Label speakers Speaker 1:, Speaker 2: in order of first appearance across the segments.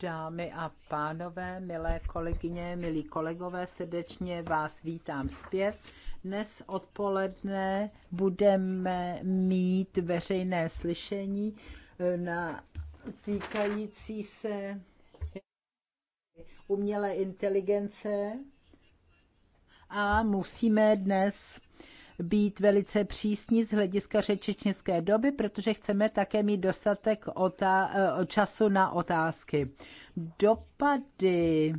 Speaker 1: Dámy a pánové, milé kolegyně, milí kolegové, srdečně vás vítám zpět. Dnes odpoledne budeme mít veřejné slyšení eh, na týkající se umělé inteligence a musíme dnes být velice přísní z hlediska řečečnické doby, protože chceme také mít dostatek eh, času na otázky. Dopady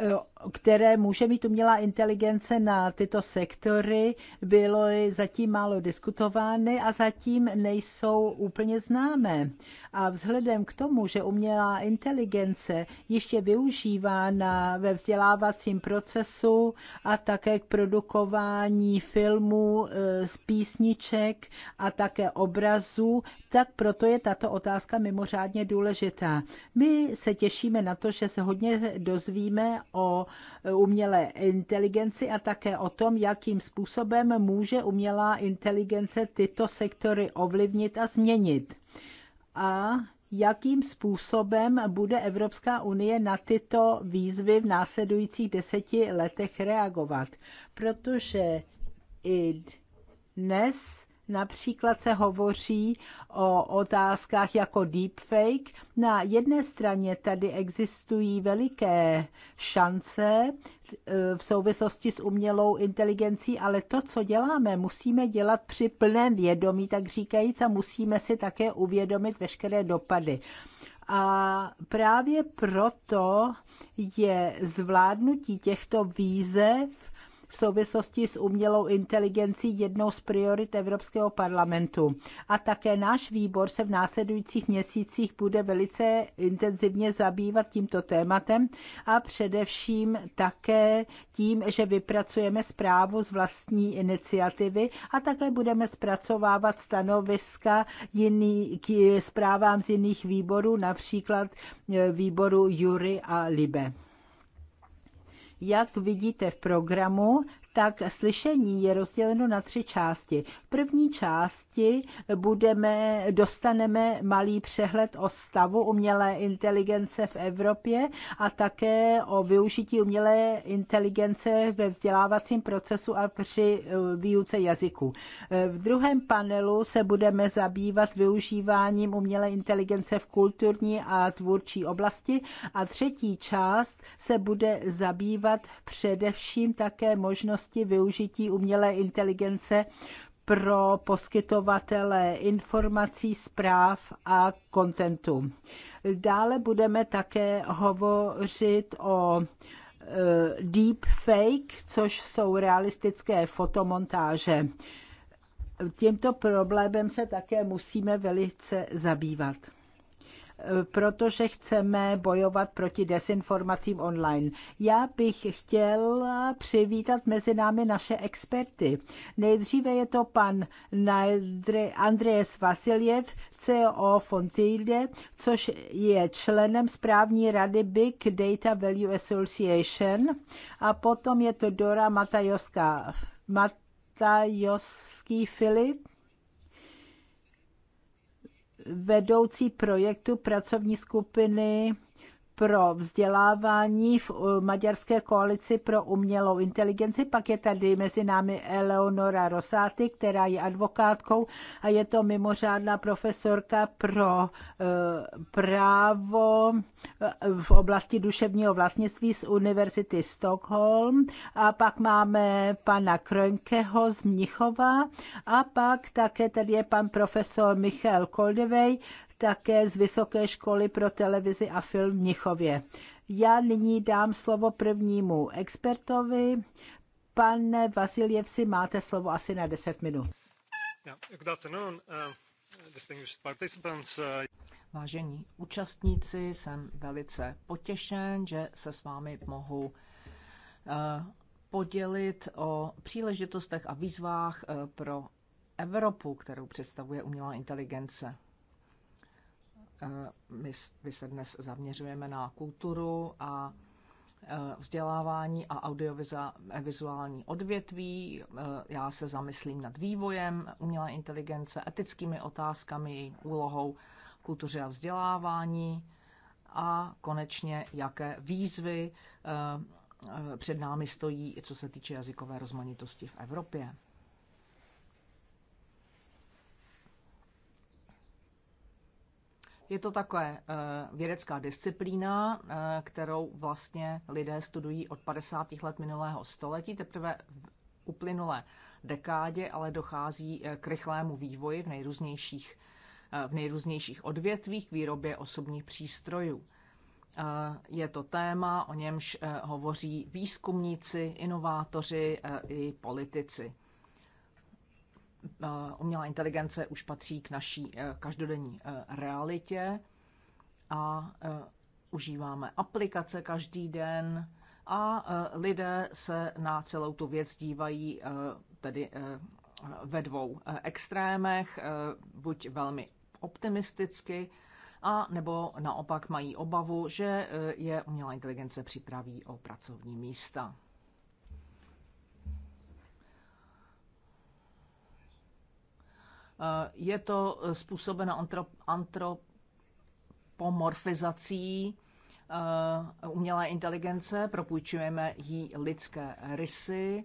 Speaker 1: eh, které může mít umělá inteligence na tyto sektory, bylo zatím málo diskutovány a zatím nejsou úplně známé. A vzhledem k tomu, že umělá inteligence ještě využívána ve vzdělávacím procesu a také k produkování filmů, e, z písniček a také obrazů, tak proto je tato otázka mimořádně důležitá. My se těšíme na to, že se hodně dozvíme o Eh, umělé inteligenci a také o tom, jakým způsobem může umělá inteligence tyto sektory ovlivnit a změnit. A jakým způsobem bude Evropská unie na tyto výzvy v následujících deseti letech reagovat. Protože i dnes Například se hovoří o otázkách jako deepfake. Na jedné straně tady existují veliké šance e, v souvislosti s umělou inteligencí, ale to, co děláme, musíme dělat při plném vědomí, tak říkajíc, a musíme si také uvědomit veškeré dopady. A právě proto je zvládnutí těchto výzev v souvislosti s umělou inteligencí jednou z priorit Evropského parlamentu. A také náš výbor se v následujících měsících bude velice intenzivně zabývat tímto tématem a především také tím, že vypracujeme zprávu z vlastní iniciativy a také budeme zpracovávat stanoviska jiný, k zprávám z jiných výborů, například e, výboru Jury a Libe. Jak vidíte v programu, tak slyšení je rozděleno na tři části. V první části budeme, dostaneme malý přehled o stavu umělé inteligence v Evropě a také o využití umělé inteligence ve vzdělávacím procesu a při eh, výuce jazyků. Eh, v druhém panelu se budeme zabývat využíváním umělé inteligence v kulturní a tvůrčí oblasti a třetí část se bude zabývat zabývat především také možnosti využití umělé inteligence pro poskytovatele informací, zpráv a kontentu. Dále budeme také hovořit o e, deep fake, což jsou realistické fotomontáže. Tímto problémem se také musíme velice zabývat protože chceme bojovat proti desinformacím online. Já bych chtěl přivítat mezi námi naše experty. Nejdříve je to pan Andreas Vasiljev, CEO Fontilde, což je členem správní rady Big Data Value Association a potom je to Dora Matajoska. Matajovský Filip, vedoucí projektu pracovní skupiny pro vzdělávání v eh, Maďarské koalici pro umělou inteligenci. Pak je tady mezi námi Eleonora Rosáty, která je advokátkou a je to mimořádná profesorka pro eh, právo eh, v oblasti duševního vlastnictví z Univerzity Stockholm. A pak máme pana Krönkeho z Mnichova a pak také tady je pan profesor Michal Koldevej, také z Vysoké školy pro televizi a film v Mnichově. Já nyní dám slovo prvnímu expertovi. Pane Vasiljevsi, máte slovo asi na 10 minut.
Speaker 2: Uh, uh,
Speaker 3: Vážení účastníci, jsem velice potěšen, že se s vámi mohu uh, podělit o příležitostech a výzvách pro Evropu, kterou představuje umělá inteligence. Eh, my, my se dnes zaměřujeme na kulturu a eh, vzdělávání a audiovizuální odvětví. Eh, já se zamyslím nad vývojem umělé inteligence, etickými otázkami, jejím úlohou kultuře a vzdělávání a konečně, jaké výzvy před námi stojí, co se týče jazykové rozmanitosti v Evropě. Je to takové eh, vědecká disciplína, eh, kterou vlastně lidé studují od 50. let minulého století. Teprve v uplynulé dekádě ale dochází eh, k rychlému vývoji v nejrůznějších, v nejrůznějších odvětvích k výrobě osobních přístrojů. Je to téma, o němž hovoří výzkumníci, inovátoři i politici umělá inteligence už patří k naší eh, každodenní eh, realitě a eh, užíváme aplikace každý den a lidé se na celou tu věc dívají tedy ve dvou extrémech, buď velmi optimisticky, a nebo naopak mají obavu, že je umělá inteligence připraví o pracovní místa. Eh, je to eh, způsobeno antropomorfizací eh, umělé inteligence, propůjčujeme jí lidské rysy,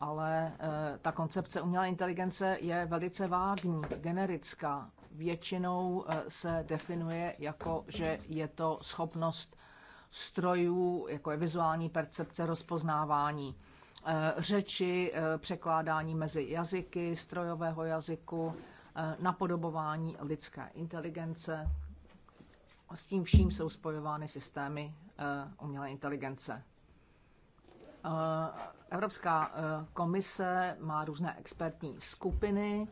Speaker 3: ale ta koncepce umělé inteligence je velice vágní, generická. Většinou se definuje jako, že je to schopnost strojů, jako je vizuální percepce, rozpoznávání Eh, řeči, eh, překládání mezi jazyky, strojového jazyku, eh, napodobování lidské inteligence. A s tím vším jsou spojovány systémy umělé inteligence. Evropská komise má různé expertní skupiny,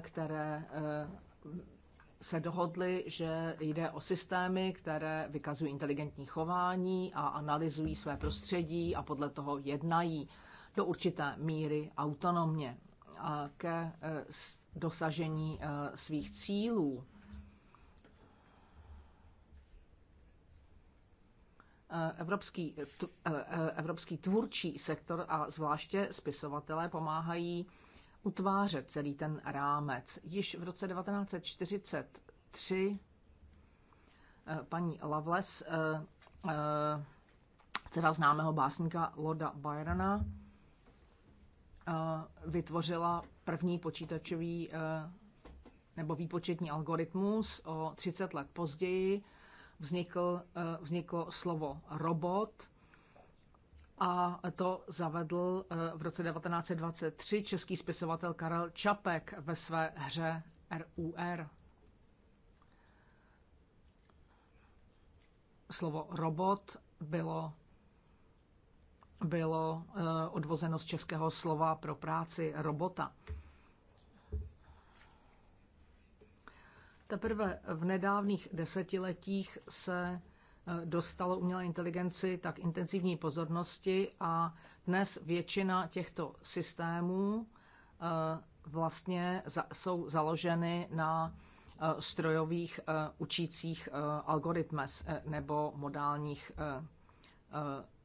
Speaker 3: které se dohodli, že jde o systémy, které vykazují inteligentní chování a analyzují své prostředí a podle toho jednají do určité míry autonomně ke e, dosažení e, svých cílů. E, evropský, evropský tvůrčí sektor a zvláště spisovatelé pomáhají utvářet celý ten rámec. Již v roce 1943 eh, paní Lavles, eh, eh, dcera známého básníka Loda Byrona, vytvořila první počítačový nebo výpočetní algoritmus. O 30 let později vznikl, vzniklo slovo robot, a to zavedl eh, v roce 1923 český spisovatel Karel Čapek ve své hře RUR. Slovo robot bylo, bylo eh, odvozeno z českého slova pro práci robota. Teprve v nedávných desetiletích se Eh, dostalo umělé inteligenci tak intenzivní pozornosti a dnes většina těchto systémů eh, vlastně jsou založeny na eh, strojových učících algoritmes nebo modálních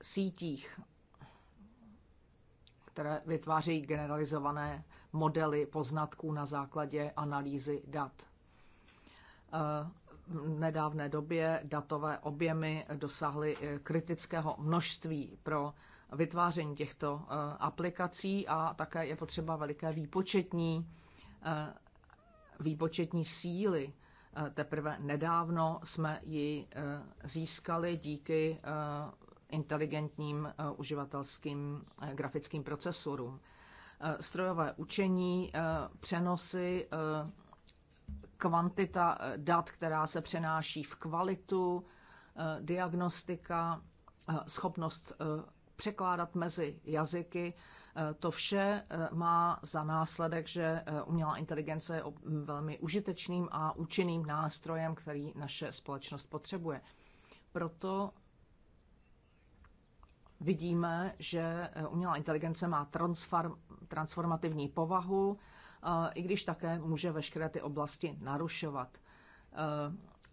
Speaker 3: sítích, které vytvářejí generalizované modely poznatků na základě analýzy dat nedávné době datové objemy dosáhly eh, kritického množství pro vytváření těchto eh, aplikací a také je potřeba veliké výpočetní, eh, výpočetní síly. Teprve nedávno jsme ji získali díky inteligentním uživatelským grafickým procesorům. Strojové učení, přenosy kvantita eh, dat, která se přenáší v kvalitu, eh, diagnostika, eh, schopnost překládat mezi jazyky. To vše má za následek, že umělá inteligence je velmi užitečným a účinným nástrojem, který naše společnost potřebuje. Proto vidíme, že umělá inteligence má transform, transformativní povahu, i když také může veškeré ty oblasti narušovat. E,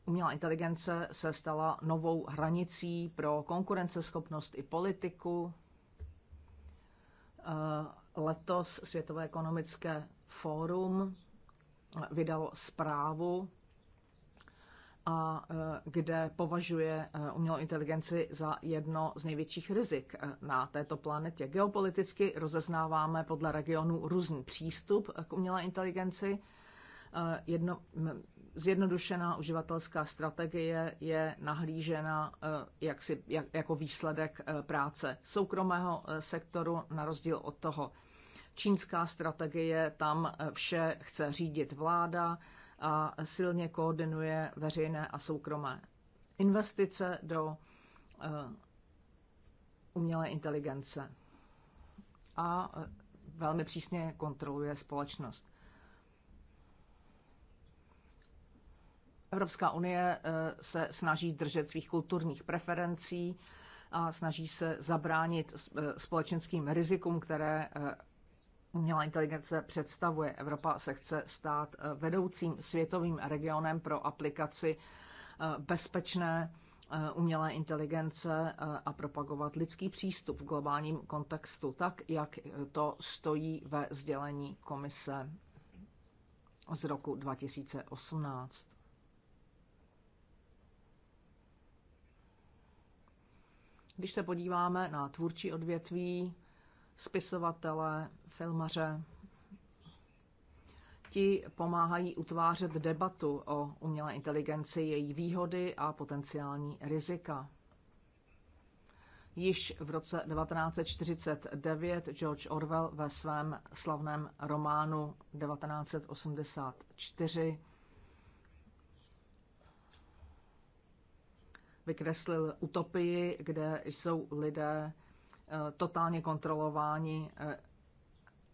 Speaker 3: umělá inteligence se stala novou hranicí pro konkurenceschopnost i politiku. E, letos Světové ekonomické fórum vydalo zprávu a e, kde považuje e, umělou inteligenci za jedno z největších rizik e, na této planetě. Geopoliticky rozeznáváme podle regionu různý přístup k umělé inteligenci. Jedno, zjednodušená uživatelská strategie je nahlížena si, jak, jako výsledek práce soukromého sektoru, na rozdíl od toho čínská strategie, tam vše chce řídit vláda, a silně koordinuje veřejné a soukromé investice do eh, umělé inteligence a eh, velmi přísně kontroluje společnost. Evropská unie eh, se snaží držet svých kulturních preferencí a snaží se zabránit společenským rizikům, které umělá inteligence představuje. Evropa se chce stát eh, vedoucím světovým regionem pro aplikaci eh, bezpečné eh, umělé inteligence a propagovat lidský přístup v globálním kontextu, tak jak to stojí ve sdělení komise z roku 2018. Když se podíváme na tvůrčí odvětví, spisovatele, filmaře. Ti pomáhají utvářet debatu o umělé inteligenci, její výhody a potenciální rizika. Již v roce 1949 George Orwell ve svém slavném románu 1984 vykreslil utopii, kde jsou lidé eh, totálně kontrolováni eh,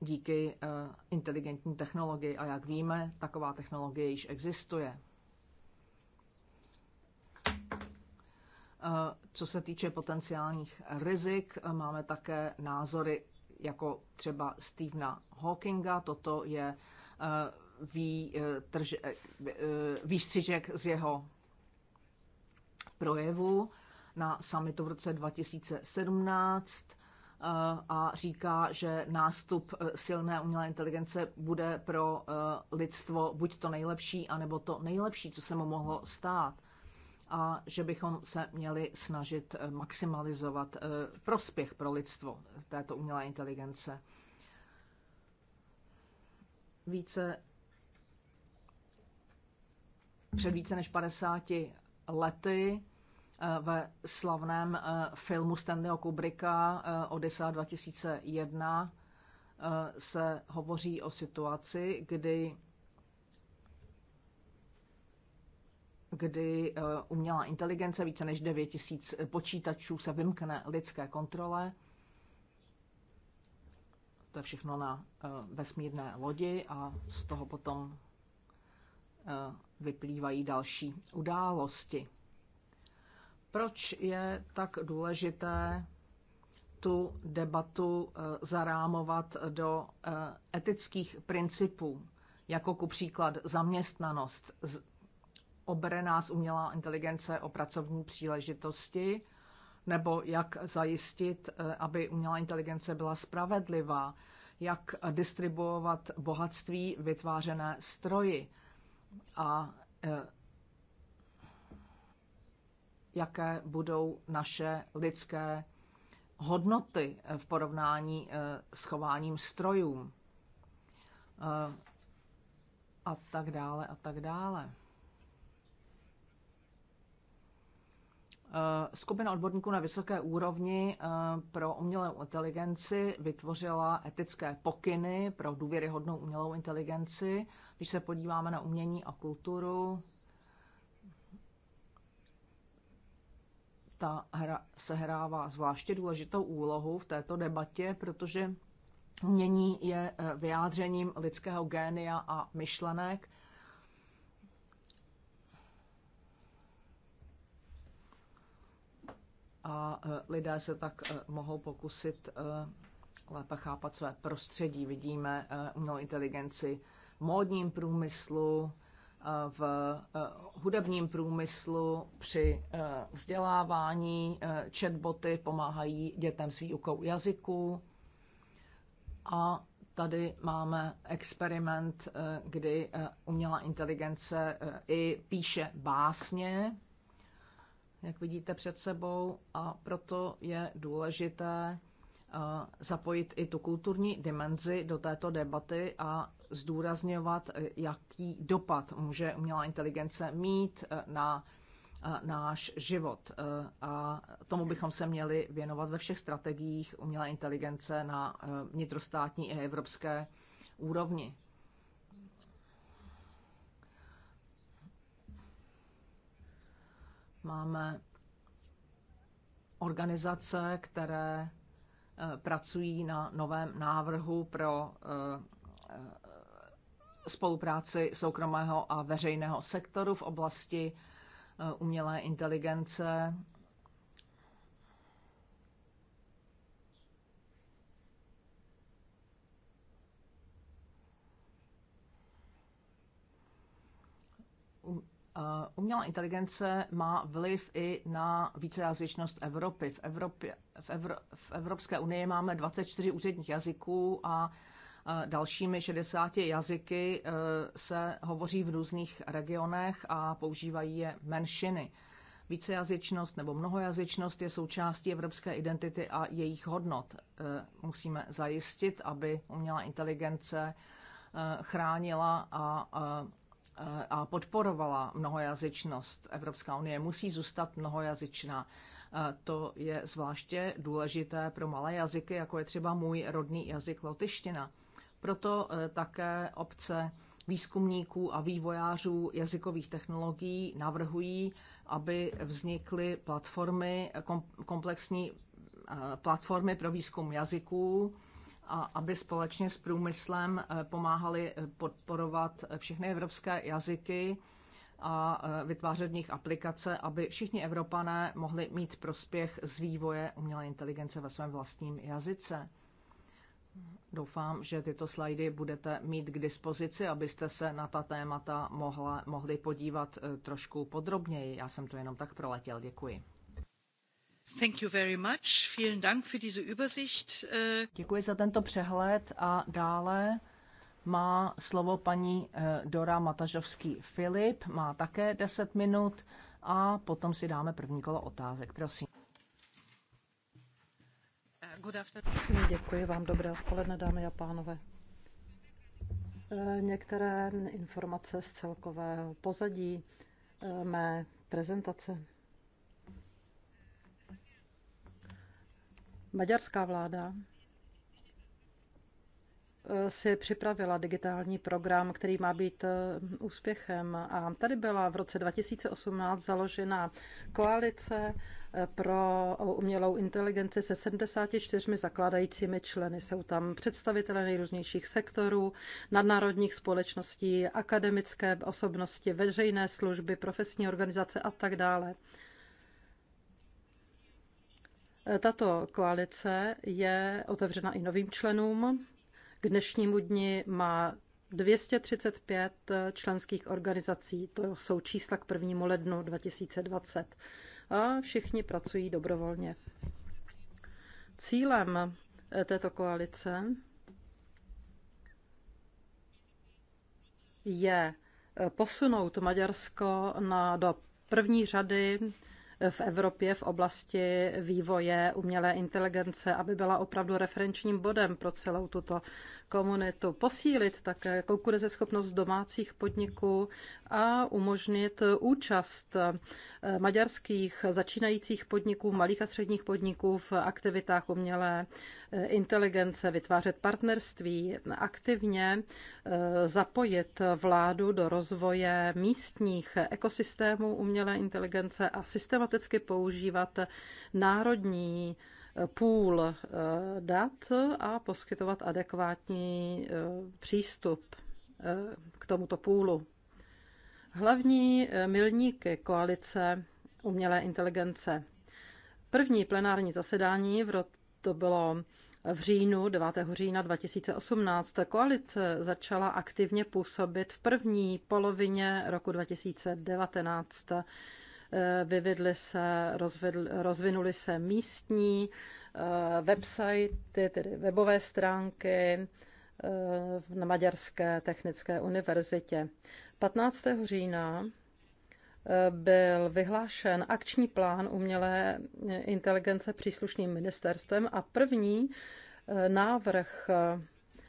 Speaker 3: díky eh, inteligentní technologii. A jak víme, taková technologie již existuje.
Speaker 1: Eh,
Speaker 3: co se týče potenciálních rizik, eh, máme také názory jako třeba Stevena Hawkinga. Toto je výstřižek z jeho projevu na summitu v roce 2017 a říká, že nástup eh, silné umělé inteligence bude pro eh, lidstvo buď to nejlepší, anebo to nejlepší, co se mu mohlo stát. A že bychom se měli snažit eh, maximalizovat prospěch pro lidstvo této umělé inteligence. Více před více než 50 lety Eh, ve slavném eh, filmu Stanleyho Kubricka eh, Odyssea 2001 se hovoří o situaci, kdy kdy umělá inteligence více než 9000 tisíc počítačů se vymkne lidské kontrole. To je všechno na vesmírné lodi a z toho potom vyplývají další události. Proč je tak důležité tu debatu eh, zarámovat do eh, etických principů, jako ku příklad zaměstnanost, obere nás umělá inteligence o pracovní příležitosti, nebo jak zajistit, eh, aby umělá inteligence byla spravedlivá, jak distribuovat bohatství vytvářené stroji a jaké budou naše lidské hodnoty v porovnání eh, s chováním strojům eh, a tak dále a tak dále. Eh, skupina odborníků na vysoké úrovni pro umělou inteligenci vytvořila etické pokyny pro důvěryhodnou umělou inteligenci. Když se podíváme na umění a kulturu, ta hra sehrává zvláště důležitou úlohu v této debatě, protože umění je eh, vyjádřením lidského génia a myšlenek. A eh, lidé se tak eh, mohou pokusit lépe chápat své prostředí. Vidíme umělou inteligenci v módním průmyslu, v eh, hudebním průmyslu, při eh, vzdělávání. Eh, chatboty pomáhají dětem s výukou jazyků. A tady máme experiment, kdy umělá inteligence i píše básně, jak vidíte před sebou, a proto je důležité zapojit i tu kulturní dimenzi do této debaty a zdůrazňovat, e, jaký dopad může umělá inteligence mít e, na e, náš život. A tomu bychom se měli věnovat ve všech strategiích umělé inteligence na vnitrostátní i evropské úrovni. Máme organizace, které Eh, pracují na novém návrhu pro eh, eh, spolupráci soukromého a veřejného sektoru v oblasti umělé inteligence Eh, umělá inteligence má vliv i na vícejazyčnost Evropy. V, Evropě, v, Evro, v Evropské unii máme 24 úředních jazyků a eh, dalšími 60 jazyky eh, se hovoří v různých regionech a používají je menšiny. Vícejazyčnost nebo mnohojazyčnost je součástí evropské identity a jejich hodnot. Musíme zajistit, aby umělá inteligence chránila a a podporovala mnohojazyčnost. Evropská unie musí zůstat mnohojazyčná. To je zvláště důležité pro malé jazyky, jako je třeba můj rodný jazyk lotyština. Proto e, také obce výzkumníků a vývojářů jazykových technologií navrhují, aby vznikly platformy, komplexní e, platformy pro výzkum jazyků, a aby společně s průmyslem eh, pomáhali eh, podporovat eh, všechny evropské jazyky a vytvářet v nich aplikace, aby všichni Evropané mohli mít prospěch z vývoje umělé inteligence ve svém vlastním jazyce. Doufám, že tyto slajdy budete mít k dispozici, abyste se na ta témata mohla, mohli podívat trošku podrobněji. Já jsem to jenom tak proletěl. Děkuji. Thank you very much. Vielen Dank für diese Übersicht. Äh, Děkuji za tento přehled a dále má slovo paní eh, Dora Matažovský-Filip, má také 10 minut a potom si dáme první kolo otázek. Prosím. Děkuji vám, dobré odpoledne,
Speaker 4: dámy a pánové. Eh, některé informace z celkového pozadí eh, mé prezentace. Maďarská vláda eh, si připravila digitální program, který má být eh, úspěchem. A tady byla v roce 2018 založena koalice eh, pro umělou inteligenci se 74 zakladajícími členy. Jsou tam představitelé nejrůznějších sektorů, nadnárodních společností, akademické osobnosti, veřejné služby, profesní organizace a tak dále. Eh, tato koalice je otevřena i novým členům. K dnešnímu dni má 235 eh, členských organizací, to jsou čísla k 1. lednu 2020. A všichni pracují dobrovolně. Cílem eh, této koalice je posunout Maďarsko na, do první řady v Evropě v oblasti vývoje umělé inteligence, aby byla opravdu referenčním bodem pro celou tuto komunitu, posílit také konkurenceschopnost domácích podniků a umožnit účast eh, maďarských začínajících podniků, malých a středních podniků v aktivitách umělé eh, inteligence, vytvářet partnerství, aktivně eh, zapojit vládu do rozvoje místních ekosystémů umělé inteligence a systematicky používat národní půl eh, dat a poskytovat adekvátní eh, přístup eh, k tomuto půlu. Hlavní milníky koalice umělé inteligence. První plenární zasedání v to bylo v říjnu, 9. října 2018, koalice začala aktivně působit v první polovině roku 2019 Eh, vyvedly se, rozvedl, rozvinuly se místní eh, website, tedy webové stránky eh, na Maďarské technické univerzitě. 15. října byl vyhlášen akční plán umělé inteligence příslušným ministerstvem a první návrh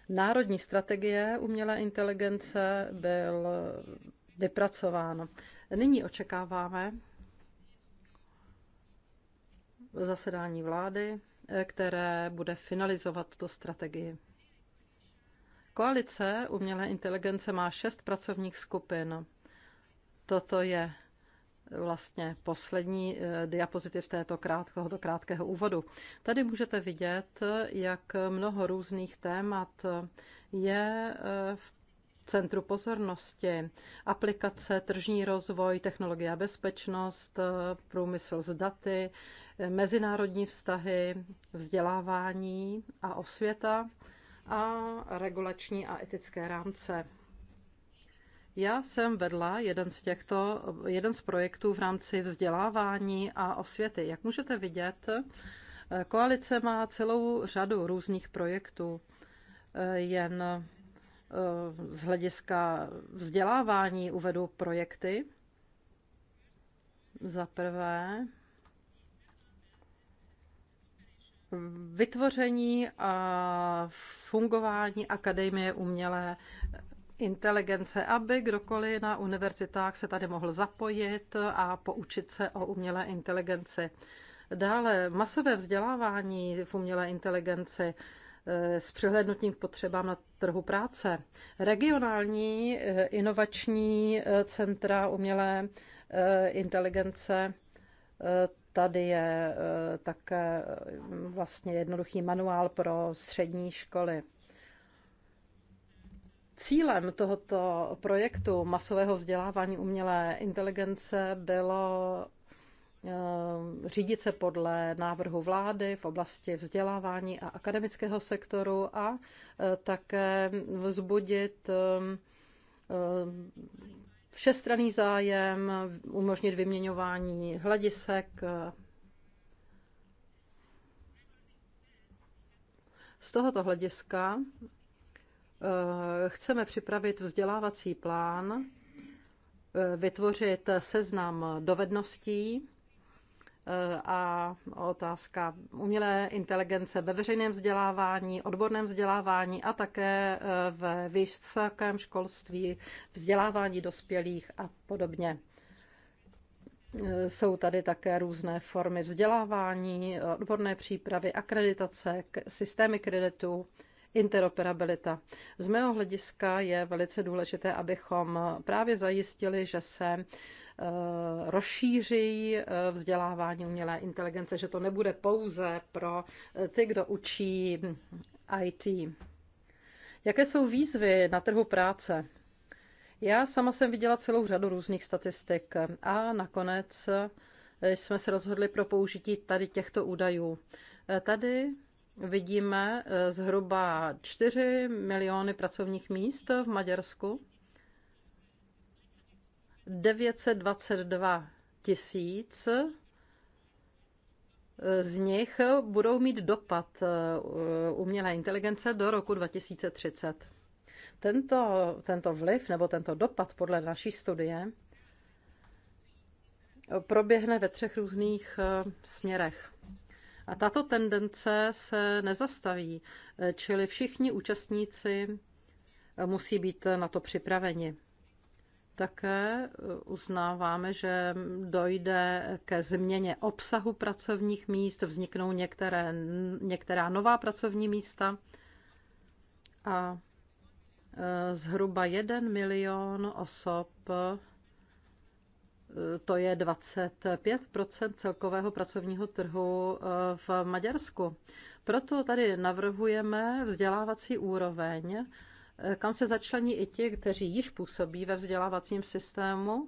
Speaker 4: národní strategie umělé inteligence byl vypracován. Nyní očekáváme, zasedání vlády, eh, které bude finalizovat tuto strategii. Koalice umělé inteligence má šest pracovních skupin. Toto je eh, vlastně poslední eh, diapozitiv této krát, tohoto krátkého úvodu. Tady můžete vidět, jak mnoho různých témat je v centru pozornosti. Aplikace, tržní rozvoj, technologie a bezpečnost, průmysl s daty, mezinárodní vztahy, vzdělávání a osvěta a regulační a etické rámce. Já jsem vedla jeden z těchto, jeden z projektů v rámci vzdělávání a osvěty. Jak můžete vidět, koalice má celou řadu různých projektů. Jen eh, z hlediska vzdělávání uvedu projekty. Za prvé vytvoření a fungování Akademie umělé inteligence, aby kdokoliv na univerzitách se tady mohl zapojit a poučit se o umělé inteligenci. Dále masové vzdělávání v umělé inteligenci eh, s přihlednutím k potřebám na trhu práce. Regionální eh, inovační eh, centra umělé inteligence Tady je eh, také eh, vlastně jednoduchý manuál pro střední školy. Cílem tohoto projektu masového vzdělávání umělé inteligence bylo eh, řídit se podle návrhu vlády v oblasti vzdělávání a akademického sektoru a také vzbudit všestranný zájem, umožnit vyměňování hledisek. Z tohoto hlediska eh, chceme připravit vzdělávací plán, eh, vytvořit seznam dovedností, a otázka umělé inteligence ve veřejném vzdělávání, odborném vzdělávání a také eh, ve vysokém školství, vzdělávání dospělých a podobně. Eh, jsou tady také různé formy vzdělávání, eh, odborné přípravy, akreditace, systémy kreditu, interoperabilita. Z mého hlediska je velice důležité, abychom právě zajistili, že se Eh, rozšíří eh, vzdělávání umělé inteligence, že to nebude pouze pro eh, ty, kdo učí IT. Jaké jsou výzvy na trhu práce? Já sama jsem viděla celou řadu různých statistik a nakonec jsme se rozhodli pro použití tady těchto údajů. Tady vidíme zhruba 4 miliony pracovních míst v Maďarsku 922 tisíc eh, z nich budou mít dopad eh, umělé inteligence do roku 2030. Tento, tento vliv nebo tento dopad podle naší studie proběhne ve třech různých eh, směrech. A tato tendence se nezastaví, čili všichni účastníci musí být na to připraveni. Také eh, uznáváme, že dojde ke změně obsahu pracovních míst, vzniknou některé, některá nová pracovní místa a eh, zhruba 1 milion osob, eh, to je 25 celkového pracovního trhu v Maďarsku. Proto tady navrhujeme vzdělávací úroveň Eh, kam se začlení i ti, kteří již působí ve vzdělávacím systému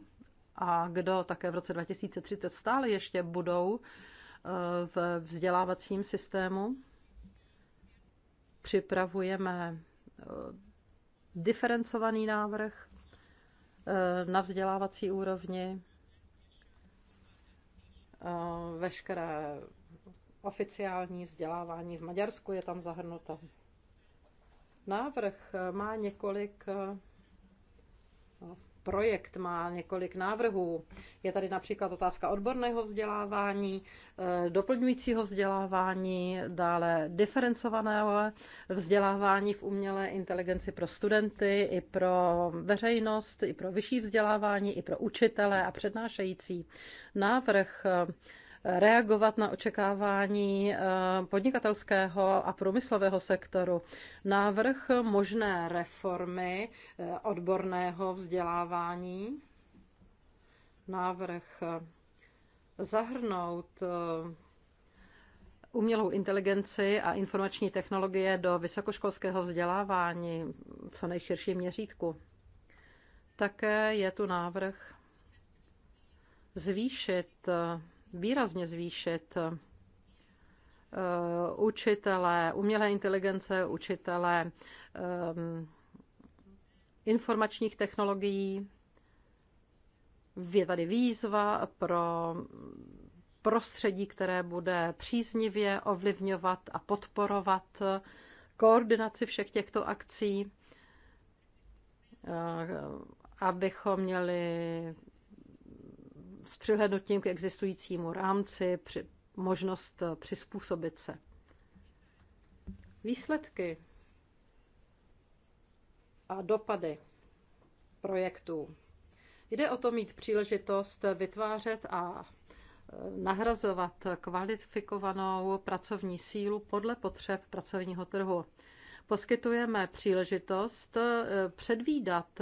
Speaker 4: a kdo také v roce 2030 stále ještě budou eh, v vzdělávacím systému. Připravujeme eh, diferencovaný návrh na vzdělávací úrovni. Veškeré oficiální vzdělávání v Maďarsku je tam zahrnuto. Návrh eh, má několik eh, projekt má několik návrhů. Je tady například otázka odborného vzdělávání, eh, doplňujícího vzdělávání, dále diferencovaného vzdělávání v umělé inteligenci pro studenty, i pro veřejnost, i pro vyšší vzdělávání, i pro učitele a přednášející. Návrh reagovat na očekávání eh, podnikatelského a průmyslového sektoru. Návrh možné reformy eh, odborného vzdělávání. Návrh eh, zahrnout umělou inteligenci a informační technologie do vysokoškolského vzdělávání v co nejširším měřítku. Také je tu návrh zvýšit výrazně zvýšit eh, učitele, umělé inteligence, učitele eh, informačních technologií. Je tady výzva pro prostředí, které bude příznivě ovlivňovat a podporovat eh, koordinaci všech těchto akcí, abychom měli s přihlednutím k existujícímu rámci při, možnost eh, přizpůsobit se. Výsledky a dopady projektů. Jde o to mít příležitost vytvářet a eh, nahrazovat kvalifikovanou pracovní sílu podle potřeb pracovního trhu. Poskytujeme příležitost eh, předvídat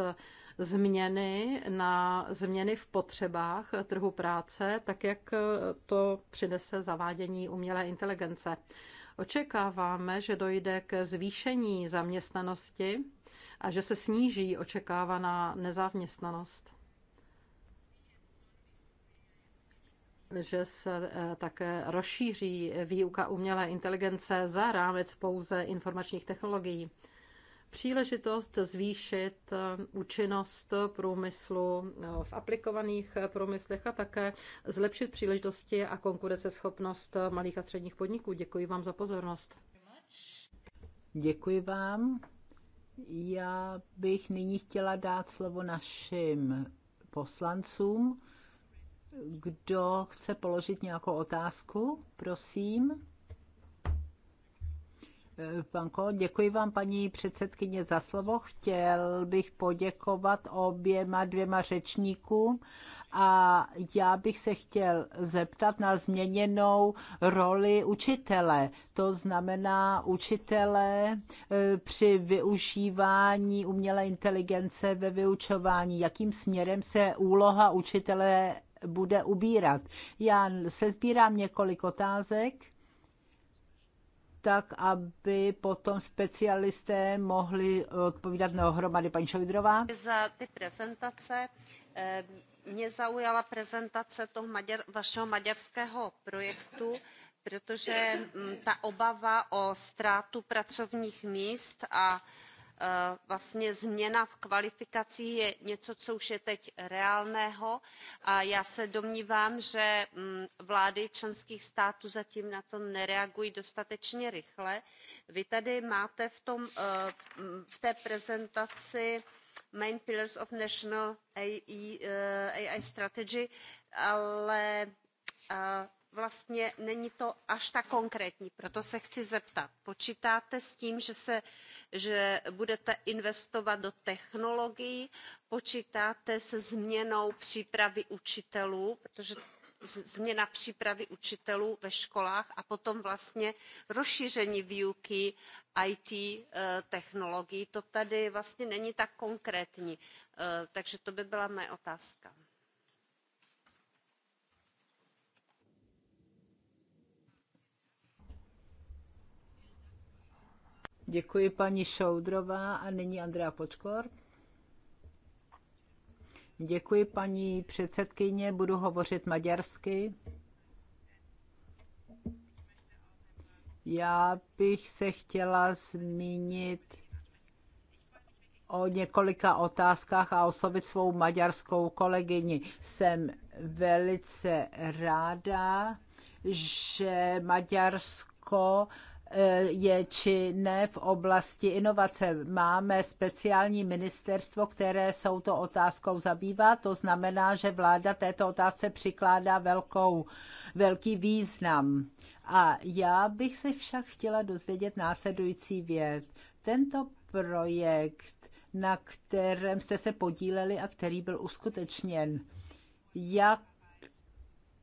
Speaker 4: změny na změny v potřebách trhu práce, tak jak to přinese zavádění umělé inteligence. Očekáváme, že dojde k zvýšení zaměstnanosti a že se sníží očekávaná nezaměstnanost. že se eh, také rozšíří výuka umělé inteligence za rámec pouze informačních technologií příležitost zvýšit eh, účinnost průmyslu eh, v aplikovaných eh, průmyslech a také zlepšit příležitosti a konkurenceschopnost
Speaker 1: malých a středních podniků. Děkuji vám za pozornost. Děkuji vám. Já bych nyní chtěla dát slovo našim poslancům. Kdo chce položit nějakou otázku, prosím. Panko, děkuji vám, paní předsedkyně, za slovo. Chtěl bych poděkovat oběma dvěma řečníkům a já bych se chtěl zeptat na změněnou roli učitele. To znamená učitele eh, při využívání umělé inteligence ve vyučování. Jakým směrem se úloha učitele bude ubírat? Já se sbírám několik otázek tak aby potom specialisté mohli eh, odpovídat na ohromady. Paní Šojdrová.
Speaker 5: Za ty prezentace eh, mě zaujala prezentace toho maďar, vašeho maďarského projektu, protože mm, ta obava o ztrátu pracovních míst a Eh, vlastně změna v kvalifikacích je něco co už je teď reálného a já se domnívám že mm, vlády členských států zatím na to nereagují dostatečně rychle. vy tady máte v, tom, eh, mm, v té prezentaci main pillars of national ai e, eh, strategy ale vlastně není to až tak konkrétní. Proto se chci zeptat, počítáte s tím, že, se, že budete investovat do technologií, počítáte se změnou přípravy učitelů, protože změna přípravy učitelů ve školách a potom vlastně rozšíření výuky IT eh, technologií. To tady vlastně není tak konkrétní, eh, takže to by byla moje otázka.
Speaker 1: Děkuji paní Šoudrová a nyní Andrea Počkor. Děkuji paní předsedkyně, budu hovořit maďarsky. Já bych se chtěla zmínit o několika otázkách a oslovit svou maďarskou kolegyni. Jsem velice ráda, že Maďarsko Eh, je či ne v oblasti inovace. Máme speciální ministerstvo, které jsou to otázkou zabývá. To znamená, že vláda této otázce přikládá velkou, velký význam. A já bych se však chtěla dozvědět následující věc. Tento projekt, na kterém jste se podíleli a který byl uskutečněn, jak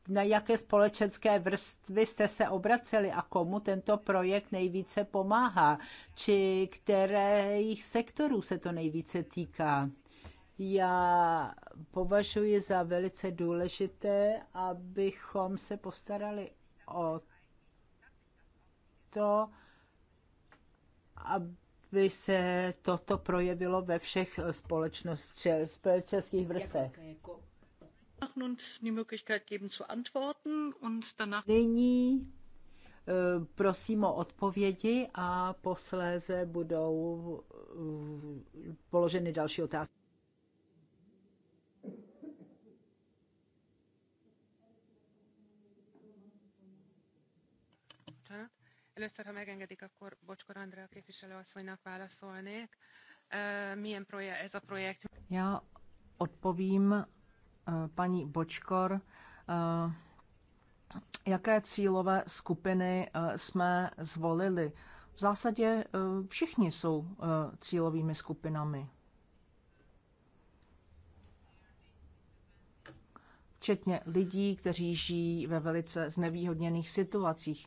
Speaker 1: na jaké společenské vrstvy jste se obraceli a komu tento projekt nejvíce pomáhá, či kterých sektorů se to nejvíce týká. Já považuji za velice důležité, abychom se postarali o to, aby se toto projevilo ve všech společenských vrstech. Jako, jako Nyní eh, prosím o odpovědi a posléze budou eh, položeny další otázky.
Speaker 5: Először, ha megengedik, akkor Bocskor Andrea képviselőasszonynak válaszolnék. Eh, milyen projekt, ez a projekt?
Speaker 3: Já odpovím Eh, paní Bočkor, eh, jaké cílové skupiny eh, jsme zvolili. V zásadě všichni jsou cílovými skupinami. Včetně lidí, kteří žijí ve velice znevýhodněných situacích.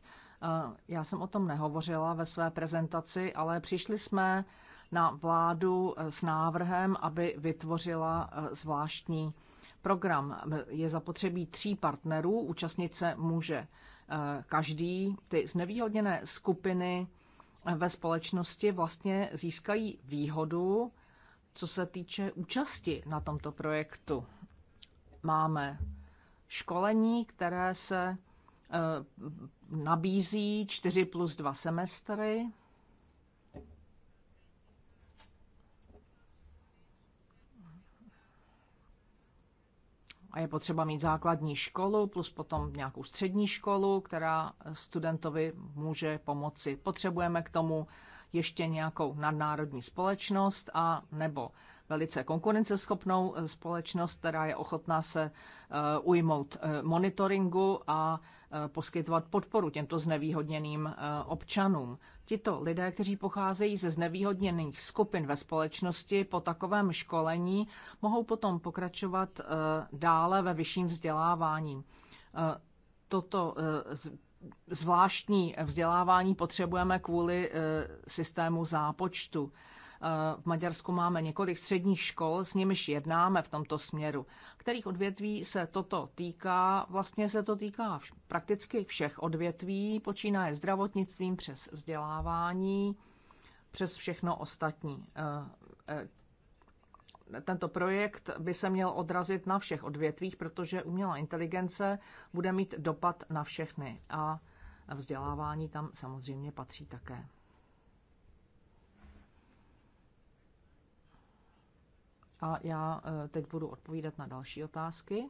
Speaker 3: Já jsem o tom nehovořila ve své prezentaci, ale přišli jsme na vládu s návrhem, aby vytvořila zvláštní program je zapotřebí tří partnerů, účastnit se může eh, každý. Ty znevýhodněné skupiny eh, ve společnosti vlastně získají výhodu, co se týče účasti na tomto projektu. Máme školení, které se eh, nabízí 4 plus 2 semestry a je potřeba mít základní školu plus potom nějakou střední školu, která studentovi může pomoci. Potřebujeme k tomu ještě nějakou nadnárodní společnost a nebo velice konkurenceschopnou eh, společnost, která je ochotná se eh, ujmout eh, monitoringu a poskytovat podporu těmto znevýhodněným občanům. Tito lidé, kteří pocházejí ze znevýhodněných skupin ve společnosti po takovém školení, mohou potom pokračovat dále ve vyšším vzdělávání. Toto zvláštní vzdělávání potřebujeme kvůli systému zápočtu. V Maďarsku máme několik středních škol, s nimiž jednáme v tomto směru. Kterých odvětví se toto týká? Vlastně se to týká prakticky všech odvětví, počínaje zdravotnictvím přes vzdělávání, přes všechno ostatní eh, eh, tento projekt by se měl odrazit na všech odvětvích, protože umělá inteligence bude mít dopad na všechny a vzdělávání tam samozřejmě patří také. A já eh, teď budu odpovídat na další otázky.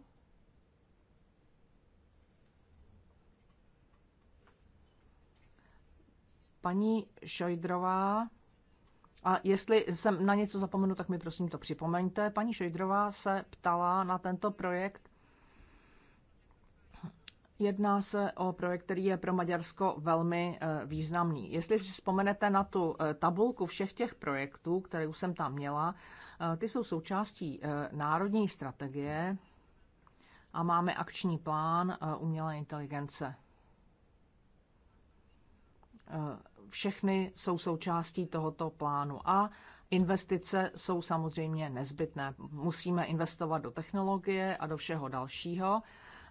Speaker 3: Paní Šojdrová, a jestli jsem na něco zapomenu, tak mi prosím to připomeňte. Paní Šojdrová se ptala na tento projekt. Jedná se o projekt, který je pro Maďarsko velmi eh, významný. Jestli si vzpomenete na tu eh, tabulku všech těch projektů, které už jsem tam měla, Eh, ty jsou součástí eh, národní strategie a máme akční plán eh, umělé inteligence. Všechny jsou součástí tohoto plánu a investice jsou samozřejmě nezbytné. Musíme investovat do technologie a do všeho dalšího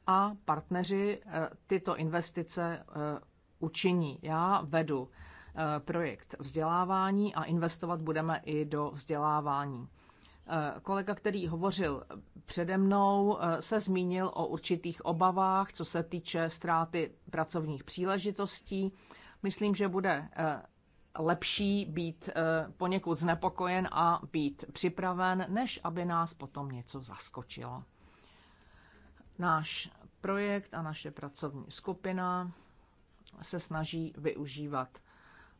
Speaker 3: a partneři tyto investice učiní. Já vedu projekt vzdělávání a investovat budeme i do vzdělávání. Eh, kolega, který hovořil přede mnou, eh, se zmínil o určitých obavách, co se týče ztráty pracovních příležitostí. Myslím, že bude eh, lepší být poněkud znepokojen a být připraven, než aby nás potom něco zaskočilo. Náš projekt a naše pracovní skupina se snaží využívat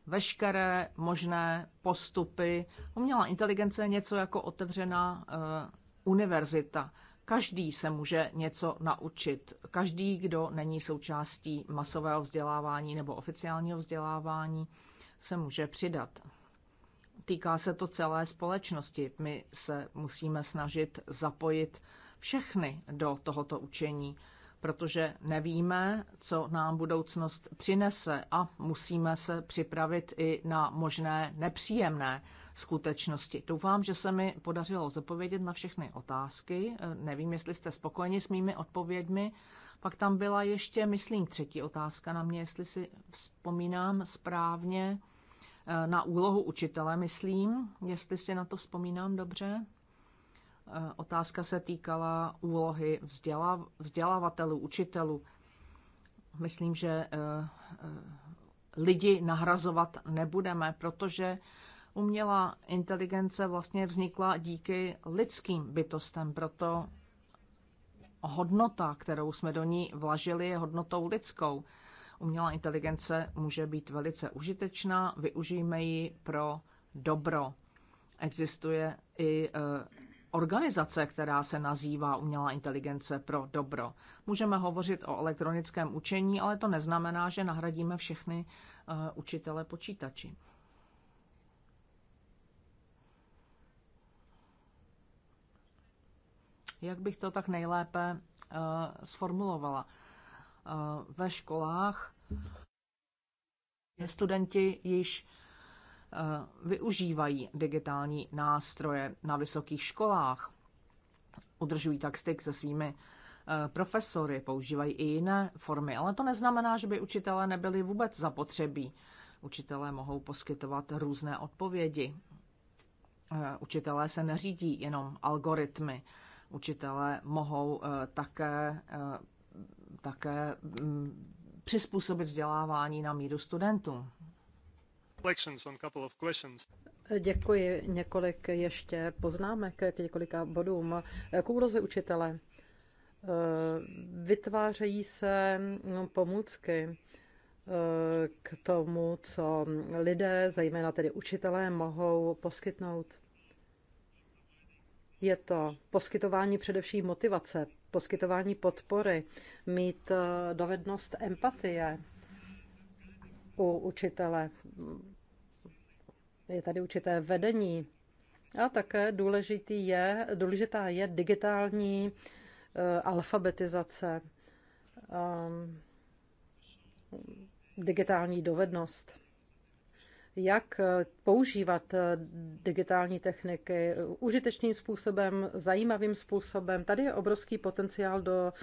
Speaker 3: veškeré možné postupy. Umělá inteligence je něco jako otevřená uh, univerzita. Každý se může něco naučit. Každý, kdo není součástí masového vzdělávání nebo oficiálního vzdělávání, se může přidat. Týká se to celé společnosti. My se musíme snažit zapojit všechny do tohoto učení protože nevíme, co nám budoucnost přinese a musíme se připravit i na možné nepříjemné skutečnosti. Doufám, že se mi podařilo zapovědět na všechny otázky. Nevím, jestli jste spokojeni s mými odpověďmi. Pak tam byla ještě, myslím, třetí otázka na mě, jestli si vzpomínám správně, eh, na úlohu učitele, myslím, jestli si na to vzpomínám dobře. Eh, otázka se týkala úlohy vzdělávatelů, učitelů. Myslím, že eh, eh, lidi nahrazovat nebudeme, protože umělá inteligence vlastně vznikla díky lidským bytostem, proto hodnota, kterou jsme do ní vlažili, je hodnotou lidskou. Umělá inteligence může být velice užitečná, využijme ji pro dobro. Existuje i organizace, která se nazývá Umělá inteligence pro dobro. Můžeme hovořit o elektronickém učení, ale to neznamená, že nahradíme všechny eh, učitele počítači. Jak bych to tak nejlépe uh, sformulovala? Uh, ve školách studenti již Eh, využívají digitální nástroje na vysokých školách. Udržují tak styk se svými eh, profesory, používají i jiné formy, ale to neznamená, že by učitelé nebyli vůbec zapotřebí. Učitelé mohou poskytovat různé odpovědi. Eh, učitelé se neřídí jenom algoritmy. Učitelé mohou také, také mm, přizpůsobit vzdělávání na míru studentům.
Speaker 4: Děkuji. Několik ještě poznámek k několika bodům. K úloze učitele. Vytvářejí se no, pomůcky eh, k tomu, co lidé, zejména tedy učitelé, mohou poskytnout. Je to poskytování především motivace, poskytování podpory, mít eh, dovednost empatie, u učitele. Je tady určité vedení. A také důležitý je, důležitá je digitální eh, alfabetizace, ehm, digitální dovednost. Jak eh, používat eh, digitální techniky užitečným způsobem, zajímavým způsobem. Tady je obrovský potenciál do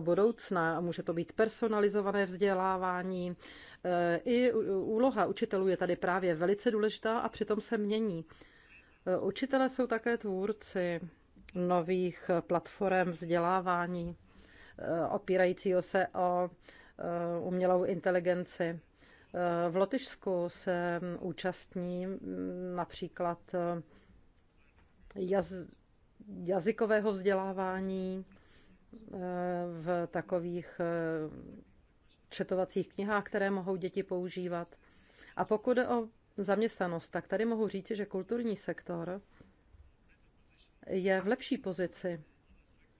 Speaker 4: budoucna. Může to být personalizované vzdělávání, Eh, I úloha učitelů je tady právě velice důležitá a přitom se mění. Eh, učitelé jsou také tvůrci nových eh, platform vzdělávání, opírajícího se o umělou inteligenci. V Lotyšsku se mm, účastní mm, například jaz, jazykového vzdělávání v takových četovacích knihách, které mohou děti používat. A pokud o zaměstnanost, tak tady mohu říct, že kulturní sektor je v lepší pozici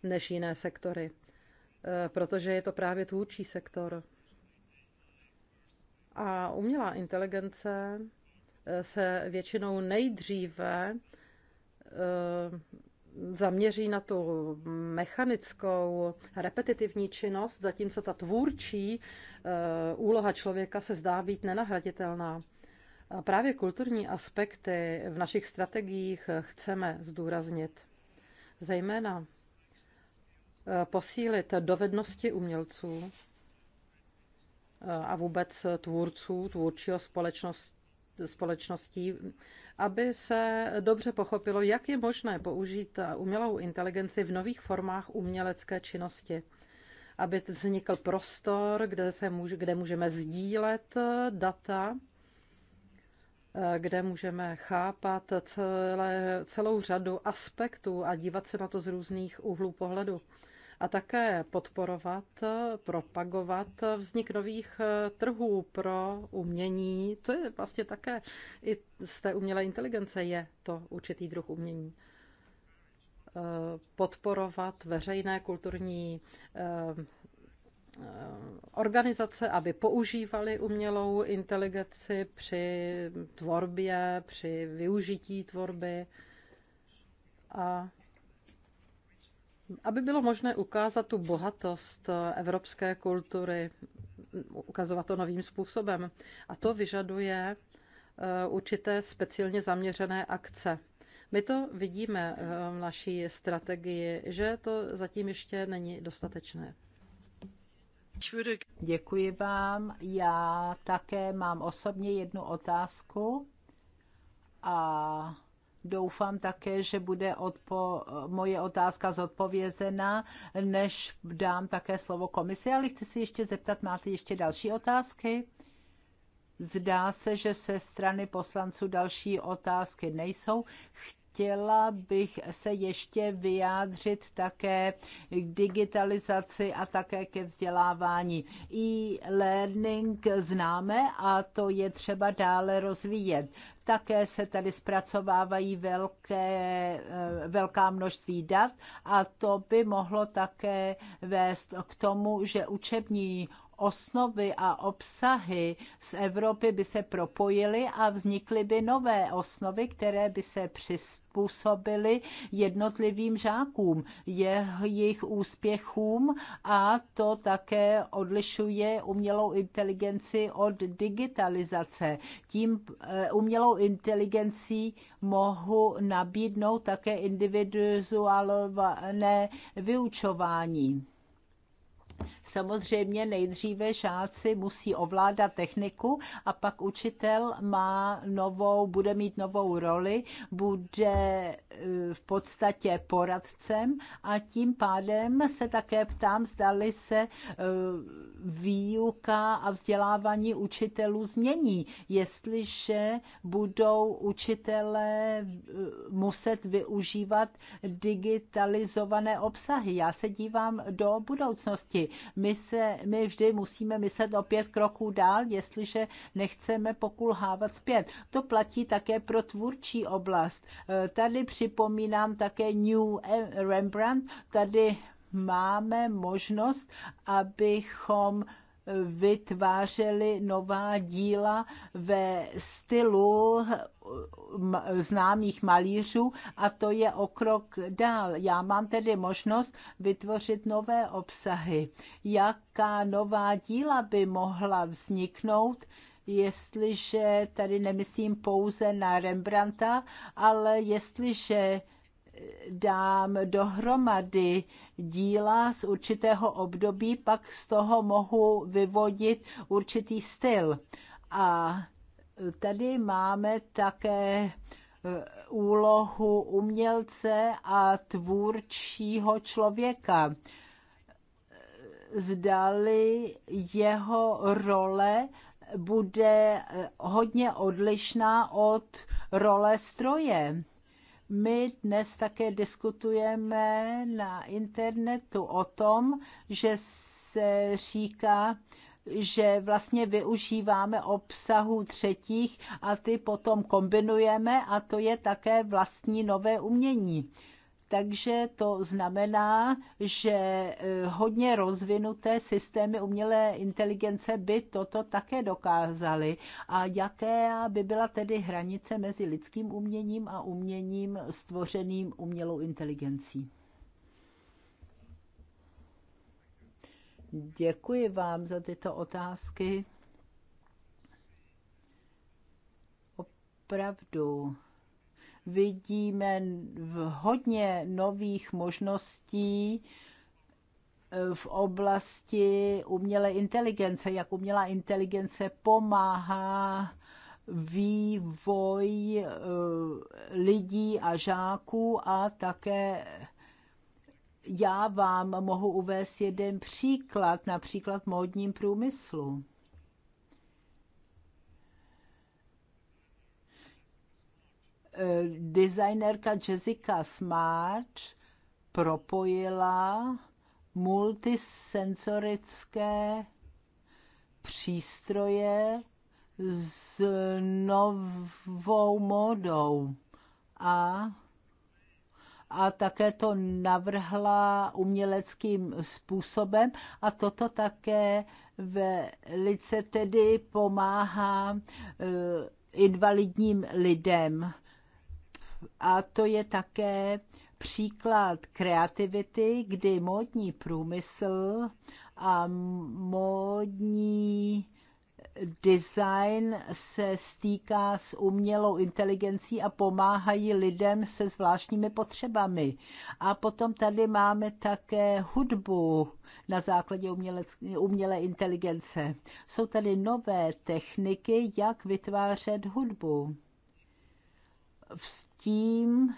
Speaker 4: než jiné sektory, eh, protože je to právě tvůrčí sektor. A umělá inteligence eh, se většinou nejdříve eh, zaměří na tu mechanickou, repetitivní činnost, zatímco ta tvůrčí eh, úloha člověka se zdá být nenahraditelná. A právě kulturní aspekty v našich strategiích chceme zdůraznit. Zejména eh, posílit dovednosti umělců eh, a vůbec tvůrců, tvůrčího společnost, společností, aby se dobře pochopilo, jak je možné použít umělou inteligenci v nových formách umělecké činnosti aby vznikl prostor, kde, se může, kde můžeme sdílet eh, data, eh, kde můžeme chápat celé, celou řadu aspektů a dívat se na to z různých úhlů pohledu a také podporovat, propagovat vznik nových eh, trhů pro umění. To je vlastně také i z té umělé inteligence je to určitý druh umění eh, podporovat veřejné kulturní eh, organizace, aby používali umělou inteligenci při tvorbě, při využití tvorby a aby bylo možné ukázat tu bohatost eh, evropské kultury, ukazovat to novým způsobem. A to vyžaduje eh, určité speciálně zaměřené akce. My to vidíme eh, v naší strategii, že to zatím
Speaker 1: ještě není dostatečné. Děkuji vám. Já také mám osobně jednu otázku a Doufám také, že bude odpo- moje otázka zodpovězena, než dám také slovo komisi, ale chci si ještě zeptat, máte ještě další otázky? Zdá se, že se strany poslanců další otázky nejsou. Chci chtěla bych se ještě vyjádřit také k digitalizaci a také ke vzdělávání. E-learning známe a to je třeba dále rozvíjet. Také se tady zpracovávají velké, eh, velká množství dat a to by mohlo také vést k tomu, že učební osnovy a obsahy z Evropy by se propojily a vznikly by nové osnovy, které by se přizpůsobily jednotlivým žákům, jejich úspěchům a to také odlišuje umělou inteligenci od digitalizace. Tím eh, umělou inteligencí mohu nabídnout také individualizované vyučování. Samozřejmě nejdříve žáci musí ovládat techniku a pak učitel má novou, bude mít novou roli, bude eh, v podstatě poradcem a tím pádem se také ptám, zdali se eh, výuka a vzdělávání učitelů změní, jestliže budou učitelé eh, muset využívat digitalizované obsahy. Já se dívám do budoucnosti. My, se, my vždy musíme myslet o pět kroků dál, jestliže nechceme pokulhávat zpět. To platí také pro tvůrčí oblast. E, tady připomínám také New Rembrandt. Tady máme možnost, abychom vytvářeli nová díla ve stylu hm, známých malířů a to je o krok dál. Já mám tedy možnost vytvořit nové obsahy. Jaká nová díla by mohla vzniknout, jestliže tady nemyslím pouze na Rembrandta, ale jestliže dám dohromady díla z určitého období, pak z toho mohu vyvodit určitý styl. A tady máme také eh, úlohu umělce a tvůrčího člověka. Eh, zdali jeho role bude eh, hodně odlišná od role stroje my dnes také diskutujeme na internetu o tom, že se říká, že vlastně využíváme obsahu třetích a ty potom kombinujeme a to je také vlastní nové umění. Takže to znamená, že eh, hodně rozvinuté systémy umělé inteligence by toto také dokázaly. A jaké by byla tedy hranice mezi lidským uměním a uměním stvořeným umělou inteligencí? Děkuji vám za tyto otázky. Opravdu vidíme v hodně nových možností eh, v oblasti umělé inteligence, jak umělá inteligence pomáhá vývoj eh, lidí a žáků a také já vám mohu uvést jeden příklad, například módním průmyslu. Eh, designérka Jessica Smart propojila multisensorické přístroje s novou modou a, a také to navrhla uměleckým způsobem a toto také velice tedy pomáhá eh, invalidním lidem a to je také příklad kreativity, kdy módní průmysl a módní design se stýká s umělou inteligencí a pomáhají lidem se zvláštními potřebami. A potom tady máme také hudbu na základě umělec, umělé inteligence. Jsou tady nové techniky, jak vytvářet hudbu s tím,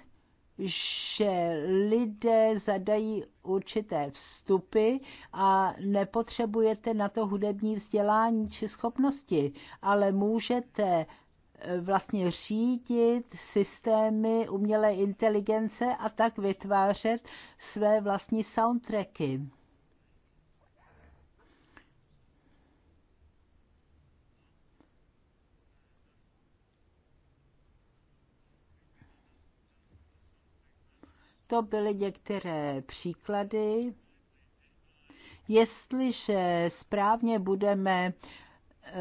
Speaker 1: že lidé zadají určité vstupy a nepotřebujete na to hudební vzdělání či schopnosti, ale můžete eh, vlastně řídit systémy umělé inteligence a tak vytvářet své vlastní soundtracky. To byly některé příklady. Jestliže správně budeme eh,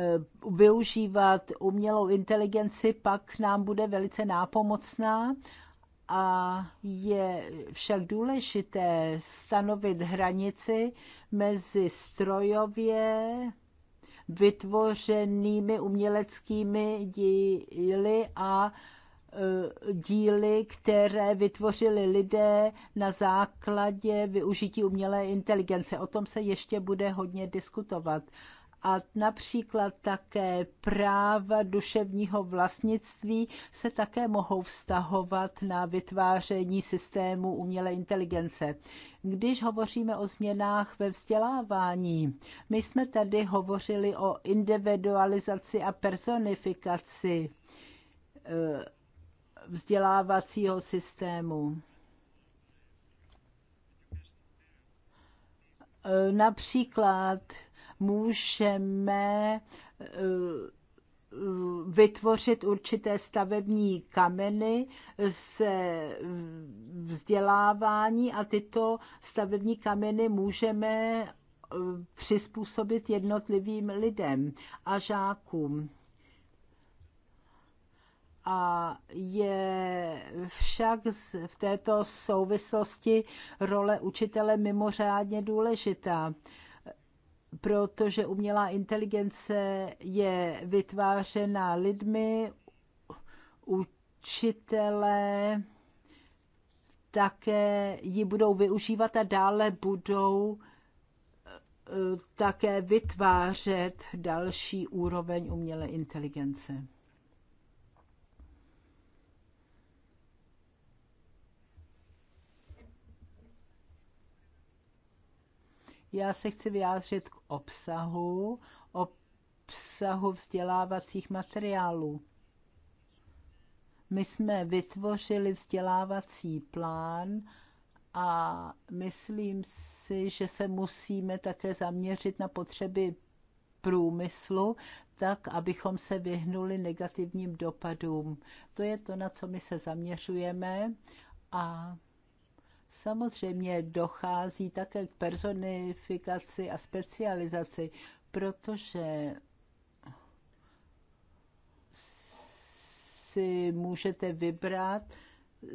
Speaker 1: využívat umělou inteligenci, pak nám bude velice nápomocná a je však důležité stanovit hranici mezi strojově vytvořenými uměleckými díly a Eh, díly, které vytvořili lidé na základě využití umělé inteligence. O tom se ještě bude hodně diskutovat. A například také práva duševního vlastnictví se také mohou vztahovat na vytváření systému umělé inteligence. Když hovoříme o změnách ve vzdělávání, my jsme tady hovořili o individualizaci a personifikaci eh, vzdělávacího systému. Například můžeme eh, vytvořit určité stavební kameny se vzdělávání a tyto stavební kameny můžeme eh, přizpůsobit jednotlivým lidem a žákům a je však v této souvislosti role učitele mimořádně důležitá, protože umělá inteligence je vytvářena lidmi, učitelé také ji budou využívat a dále budou eh, také vytvářet další úroveň umělé inteligence. Já se chci vyjádřit k obsahu, obsahu vzdělávacích materiálů. My jsme vytvořili vzdělávací plán a myslím si, že se musíme také zaměřit na potřeby průmyslu, tak, abychom se vyhnuli negativním dopadům. To je to, na co my se zaměřujeme a Samozřejmě dochází také k personifikaci a specializaci, protože si můžete vybrat,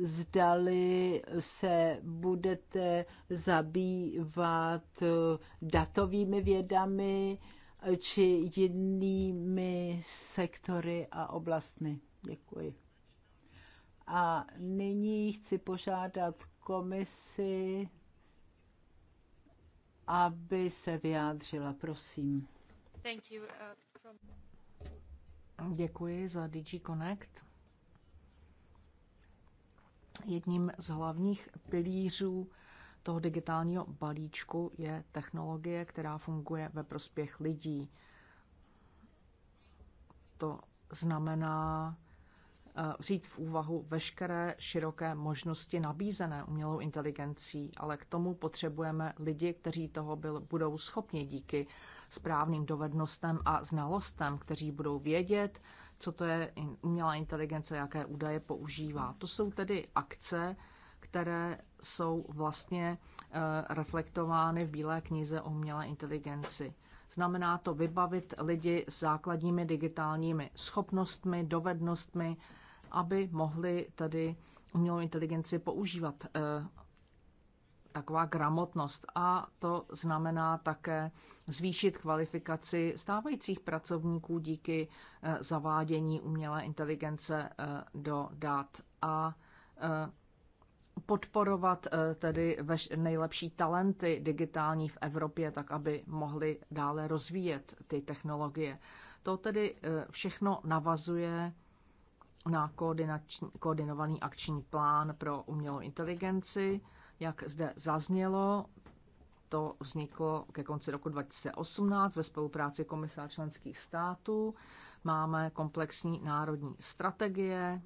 Speaker 1: zdali se budete zabývat datovými vědami či jinými sektory a oblastmi. Děkuji. A nyní chci požádat komisi, aby se vyjádřila, prosím. Thank you, uh, from...
Speaker 3: Děkuji za DG Connect. Jedním z hlavních pilířů toho digitálního balíčku je technologie, která funguje ve prospěch lidí. To znamená vzít v úvahu veškeré široké možnosti nabízené umělou inteligencí, ale k tomu potřebujeme lidi, kteří toho byl, budou schopni díky správným dovednostem a znalostem, kteří budou vědět, co to je umělá inteligence, jaké údaje používá. To jsou tedy akce, které jsou vlastně eh, reflektovány v Bílé knize o umělé inteligenci. Znamená to vybavit lidi s základními digitálními schopnostmi, dovednostmi, aby mohli tedy umělou inteligenci používat eh, taková gramotnost a to znamená také zvýšit kvalifikaci stávajících pracovníků díky eh, zavádění umělé inteligence eh, do dat a podporovat tedy nejlepší talenty digitální v Evropě, tak aby mohli dále rozvíjet ty technologie. To tedy všechno navazuje na koordinovaný akční plán pro umělou inteligenci. Jak zde zaznělo, to vzniklo ke konci roku 2018 ve spolupráci komisa členských států. Máme komplexní národní strategie,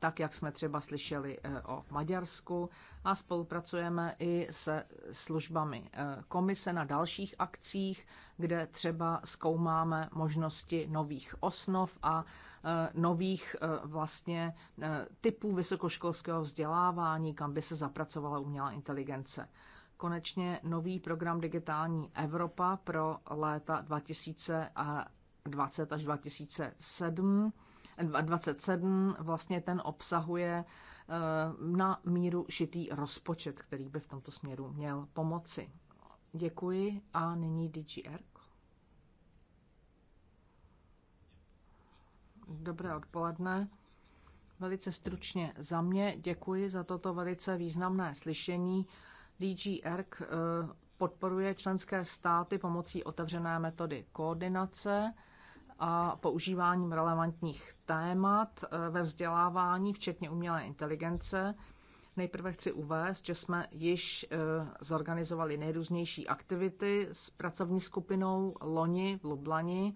Speaker 3: tak jak jsme třeba slyšeli eh, o Maďarsku, a spolupracujeme i se službami eh, komise na dalších akcích, kde třeba zkoumáme možnosti nových osnov a eh, nových vlastně typů vysokoškolského vzdělávání, kam by se zapracovala umělá inteligence konečně nový program Digitální Evropa pro léta 2020 až 2007 27 vlastně ten obsahuje eh, na míru šitý rozpočet, který by v tomto směru měl pomoci. Děkuji a nyní DGR. Dobré odpoledne. Velice stručně za mě děkuji za toto velice významné slyšení. DG ERC eh, podporuje členské státy pomocí otevřené metody koordinace a používáním relevantních témat eh, ve vzdělávání, včetně umělé inteligence. Nejprve chci uvést, že jsme již eh, zorganizovali nejrůznější aktivity s pracovní skupinou Loni v Lublani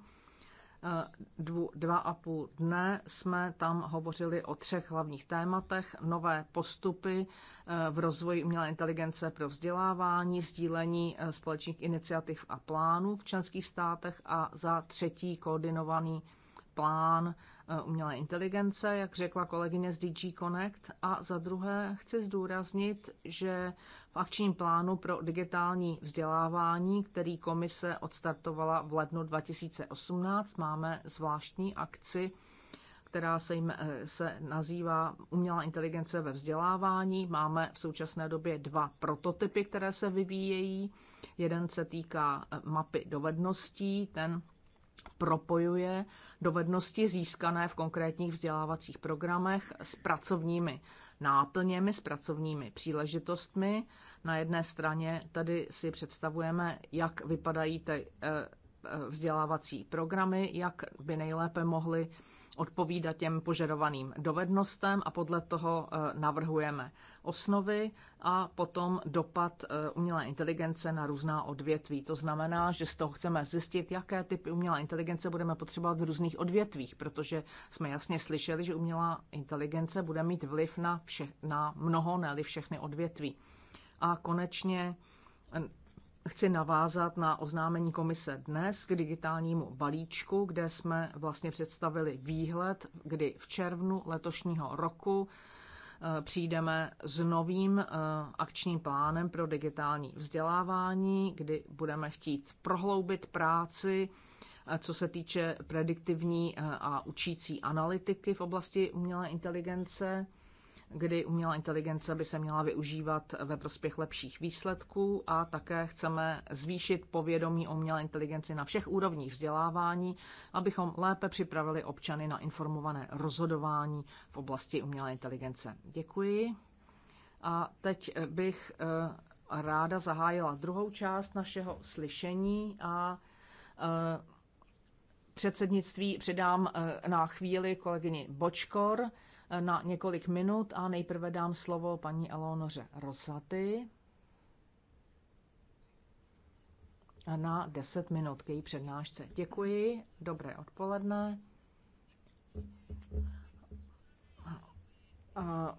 Speaker 3: dvů, dva a půl dne jsme tam hovořili o třech hlavních tématech. Nové postupy eh, v rozvoji umělé inteligence pro vzdělávání, sdílení eh, společných iniciativ a plánů v členských státech a za třetí koordinovaný plán Eh, umělé inteligence, jak řekla kolegyně z DG Connect. A za druhé chci zdůraznit, že v akčním plánu pro digitální vzdělávání, který komise odstartovala v lednu 2018, máme zvláštní akci, která se, jim, eh, se nazývá Umělá inteligence ve vzdělávání. Máme v současné době dva prototypy, které se vyvíjejí. Jeden se týká eh, mapy dovedností, ten propojuje dovednosti získané v konkrétních vzdělávacích programech s pracovními náplněmi, s pracovními příležitostmi. Na jedné straně tady si představujeme, jak vypadají ty eh, eh, vzdělávací programy, jak by nejlépe mohly odpovídat těm požadovaným dovednostem a podle toho eh, navrhujeme osnovy a potom dopad eh, umělé inteligence na různá odvětví. To znamená, že z toho chceme zjistit, jaké typy umělé inteligence budeme potřebovat v různých odvětvích, protože jsme jasně slyšeli, že umělá inteligence bude mít vliv na, vše, na mnoho, ne všechny odvětví. A konečně chci navázat na oznámení komise dnes k digitálnímu balíčku, kde jsme vlastně představili výhled, kdy v červnu letošního roku eh, přijdeme s novým eh, akčním plánem pro digitální vzdělávání, kdy budeme chtít prohloubit práci, eh, co se týče prediktivní a učící analytiky v oblasti umělé inteligence kdy umělá inteligence by se měla využívat ve prospěch lepších výsledků a také chceme zvýšit povědomí o umělé inteligenci na všech úrovních vzdělávání, abychom lépe připravili občany na informované rozhodování v oblasti umělé inteligence. Děkuji. A teď eh, bych eh, ráda zahájila druhou část našeho slyšení a eh, předsednictví předám na chvíli kolegyni Bočkor na několik minut a nejprve dám slovo paní Eleonoře Rosaty na 10 minut k její přednášce. Děkuji, dobré odpoledne.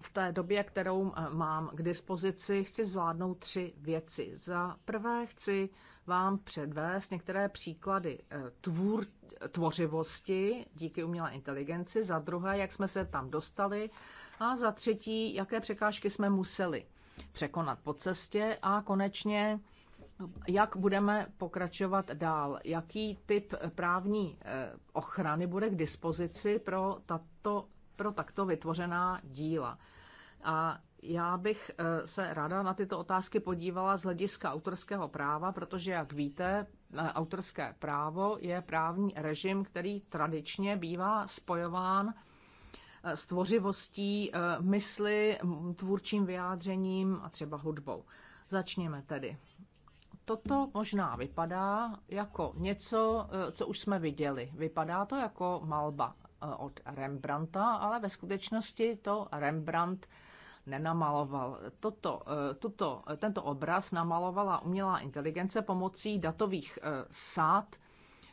Speaker 3: V té době, kterou mám k dispozici, chci zvládnout tři věci. Za prvé chci vám předvést některé příklady eh, tvůr, tvořivosti díky umělé inteligenci, za druhé, jak jsme se tam dostali a za třetí, jaké překážky jsme museli překonat po cestě a konečně, jak budeme pokračovat dál, jaký typ právní eh, ochrany bude k dispozici pro, tato, pro takto vytvořená díla. A já bych eh, se ráda na tyto otázky podívala z hlediska autorského práva, protože, jak víte, autorské právo je právní režim, který tradičně bývá spojován eh, s tvořivostí eh, mysli, tvůrčím vyjádřením a třeba hudbou. Začněme tedy. Toto možná vypadá jako něco, eh, co už jsme viděli. Vypadá to jako malba od Rembrandta, ale ve skutečnosti to Rembrandt nenamaloval. Toto, eh, tuto, eh, tento obraz namalovala umělá inteligence pomocí datových eh, sád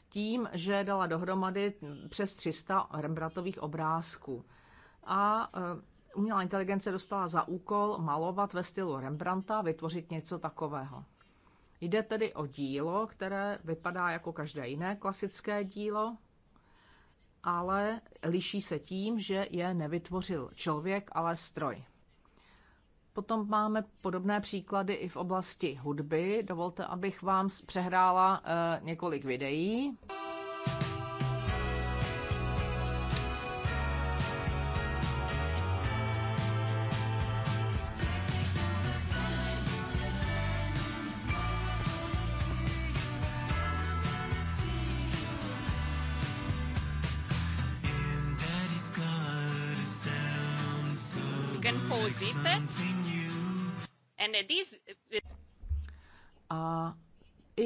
Speaker 3: tím, že dala dohromady přes 300 Rembrandtových obrázků. A umělá inteligence dostala za úkol malovat ve stylu Rembrandta, vytvořit něco takového. Jde tedy o dílo, které vypadá jako každé jiné klasické dílo, ale liší se tím, že je nevytvořil člověk, ale stroj. Potom máme podobné příklady i v oblasti hudby. Dovolte, abych vám přehrála eh, několik videí.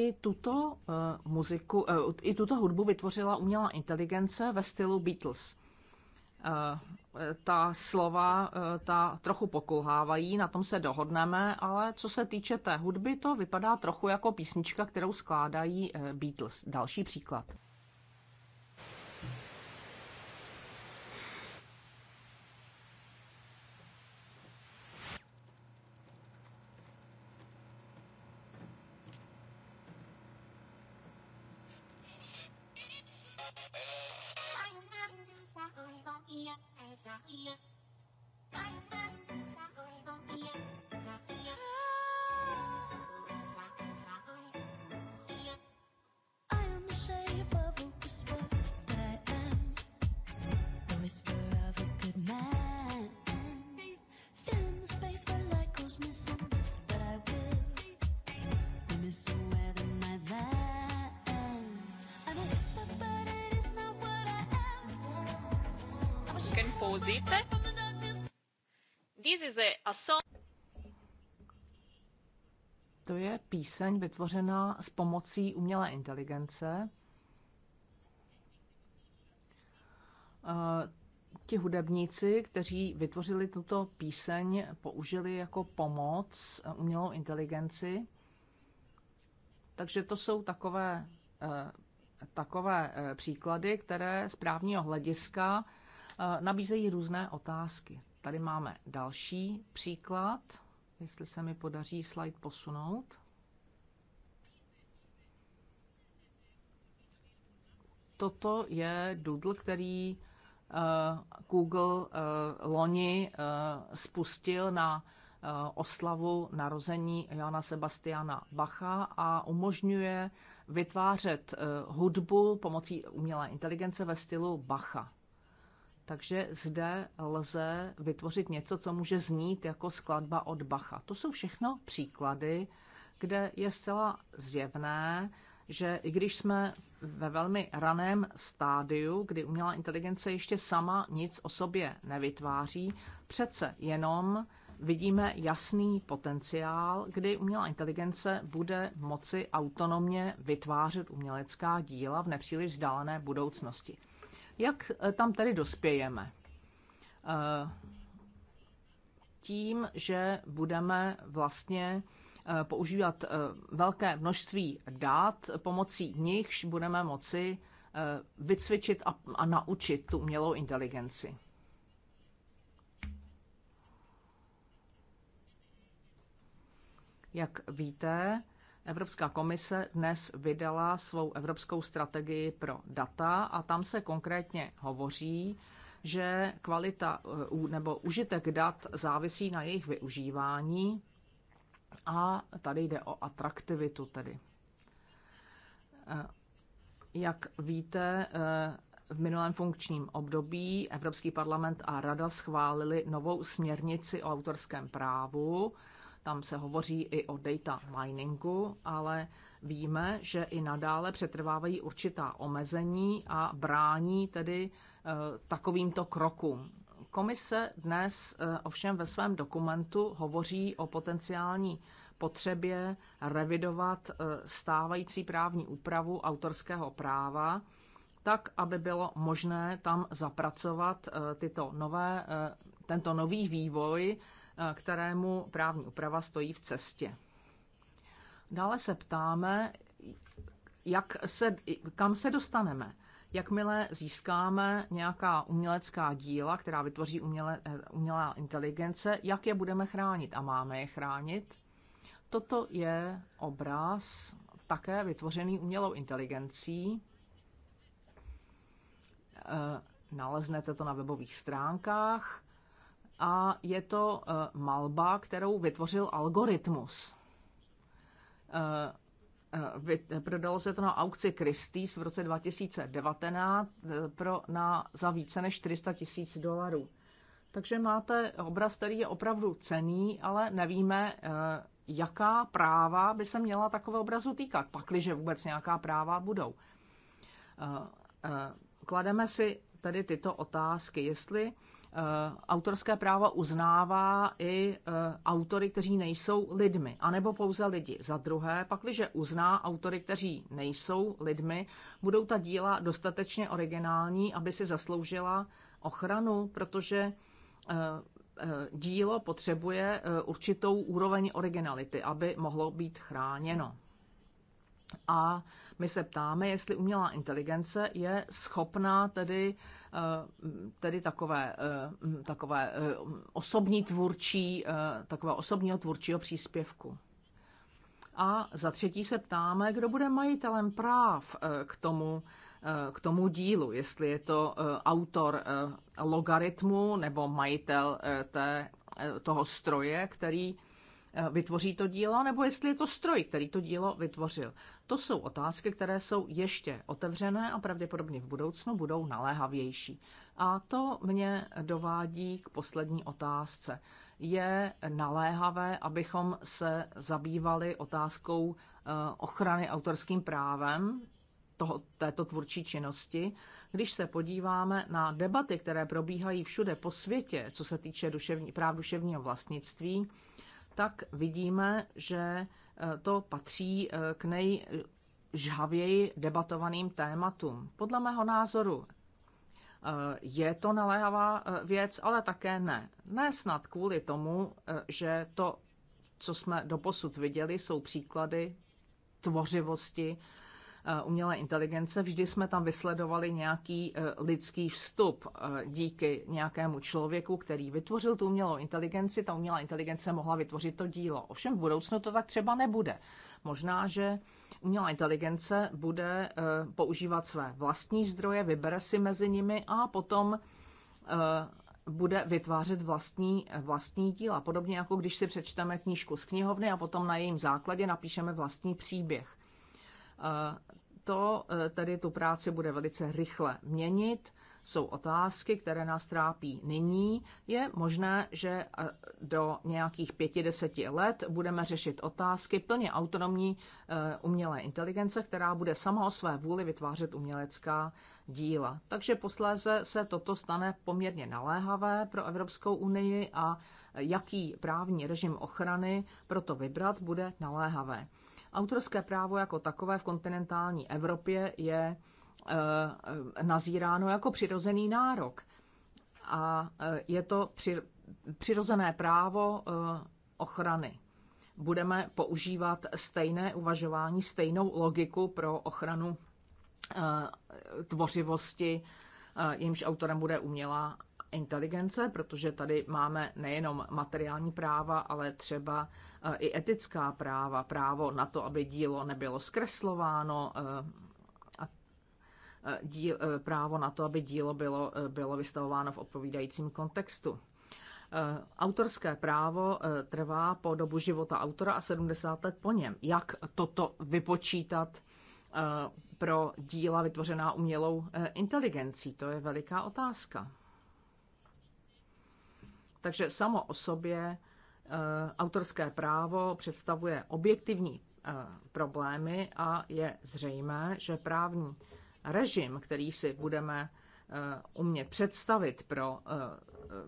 Speaker 3: i tuto eh, muziku, eh, i tuto hudbu vytvořila umělá inteligence ve stylu Beatles. Eh, ta slova ta trochu pokulhávají, na tom se dohodneme, ale co se týče té hudby, to vypadá trochu jako písnička, kterou skládají Beatles. Další příklad. To je píseň vytvořená s pomocí umělé inteligence. Eh, ti hudebníci, kteří vytvořili tuto píseň, použili jako pomoc eh, umělou inteligenci. Takže to jsou takové, eh, takové příklady, které z právního hlediska nabízejí různé otázky. Tady máme další příklad, jestli se mi podaří slide posunout. Toto je Doodle, který eh, Google eh, loni eh, spustil na oslavu narození Jana Sebastiana Bacha a umožňuje vytvářet hudbu pomocí umělé inteligence ve stylu Bacha. Takže zde lze vytvořit něco, co může znít jako skladba od Bacha. To jsou všechno příklady, kde je zcela zjevné, že i když jsme ve velmi raném stádiu, kdy umělá inteligence ještě sama nic o sobě nevytváří, přece jenom vidíme jasný potenciál, kdy umělá inteligence bude moci autonomně vytvářet umělecká díla v nepříliš vzdálené budoucnosti. Jak eh, tam tedy dospějeme? Eh, tím, že budeme vlastně eh, používat velké množství dát, pomocí nichž budeme moci vycvičit a, a naučit tu umělou inteligenci. Jak víte, Evropská komise dnes vydala svou evropskou strategii pro data a tam se konkrétně hovoří, že kvalita eh, nebo užitek dat závisí na jejich využívání a tady jde o atraktivitu tedy. Eh, jak víte, eh, v minulém funkčním období Evropský parlament a Rada schválili novou směrnici o autorském právu, tam se hovoří i o data miningu, ale víme, že i nadále přetrvávají určitá omezení a brání tedy eh, takovýmto krokům. Komise dnes eh, ovšem ve svém dokumentu hovoří o potenciální potřebě revidovat eh, stávající právní úpravu autorského práva, tak, aby bylo možné tam zapracovat tyto nové, tento nový vývoj kterému právní úprava stojí v cestě. Dále se ptáme, jak se, kam se dostaneme. Jakmile získáme nějaká umělecká díla, která vytvoří uměle, eh, umělá inteligence, jak je budeme chránit a máme je chránit? Toto je obraz také vytvořený umělou inteligencí. Eh, naleznete to na webových stránkách a je to eh, malba, kterou vytvořil algoritmus. Eh, eh, prodalo se to na aukci Christie's v roce 2019 pro, na, za více než 400 tisíc dolarů. Takže máte obraz, který je opravdu cený, ale nevíme, jaká práva by se měla takové obrazu týkat, pakliže vůbec nějaká práva budou. Klademe si tady tyto otázky, jestli Eh, autorské právo uznává i eh, autory, kteří nejsou lidmi, anebo pouze lidi. Za druhé, pakliže uzná autory, kteří nejsou lidmi, budou ta díla dostatečně originální, aby si zasloužila ochranu, protože eh, dílo potřebuje určitou úroveň originality, aby mohlo být chráněno. A my se ptáme, jestli umělá inteligence je schopná tedy, eh, tedy takové, eh, takové eh, osobní tvůrčí, takové osobního tvůrčího příspěvku. A za třetí se ptáme, kdo bude majitelem práv k tomu, k tomu dílu, jestli je to autor logaritmu nebo majitel té, toho stroje, který Eh, vytvoří to dílo, nebo jestli je to stroj, který to dílo vytvořil. To jsou otázky, které jsou ještě otevřené a pravděpodobně v budoucnu budou naléhavější. A to mě dovádí k poslední otázce. Je naléhavé, abychom se zabývali otázkou eh, ochrany autorským právem, toho, této tvůrčí činnosti. Když se podíváme na debaty, které probíhají všude po světě, co se týče duševní, práv duševního vlastnictví, tak vidíme, že eh, to patří eh, k nejžhavěji debatovaným tématům. Podle mého názoru eh, je to naléhavá věc, ale také ne. Ne snad kvůli tomu, že to, co jsme doposud viděli, jsou příklady tvořivosti umělé inteligence, vždy jsme tam vysledovali nějaký e, lidský vstup e, díky nějakému člověku, který vytvořil tu umělou inteligenci. Ta umělá inteligence mohla vytvořit to dílo. Ovšem v budoucnu to tak třeba nebude. Možná, že umělá inteligence bude e, používat své vlastní zdroje, vybere si mezi nimi a potom bude vytvářet vlastní, vlastní díla. Podobně jako když si přečteme knížku z knihovny a potom na jejím základě napíšeme vlastní příběh. Eh, to eh, tedy tu práci bude velice rychle měnit. Jsou otázky, které nás trápí nyní. Je možné, že eh, do nějakých pěti, deseti let budeme řešit otázky plně autonomní umělé inteligence, která bude sama o své vůli vytvářet umělecká díla. Takže posléze se toto stane poměrně naléhavé pro Evropskou unii a jaký právní režim ochrany pro to vybrat bude naléhavé. Autorské právo jako takové v kontinentální Evropě je eh, nazíráno jako přirozený nárok. A eh, je to při, přirozené právo eh, ochrany. Budeme používat stejné uvažování, stejnou logiku pro ochranu tvořivosti, jimž autorem bude umělá inteligence, protože tady máme nejenom materiální práva, ale třeba eh, i etická práva, právo na to, aby dílo nebylo zkreslováno, eh, eh, díl, právo na to, aby dílo bylo, bylo vystavováno v odpovídajícím kontextu. Autorské právo trvá po dobu života autora a 70 let po něm. Jak toto vypočítat pro díla vytvořená umělou inteligencí? To je veliká otázka. Takže samo o sobě eh, autorské právo představuje objektivní eh, problémy a je zřejmé, že právní režim, který si budeme eh, umět představit pro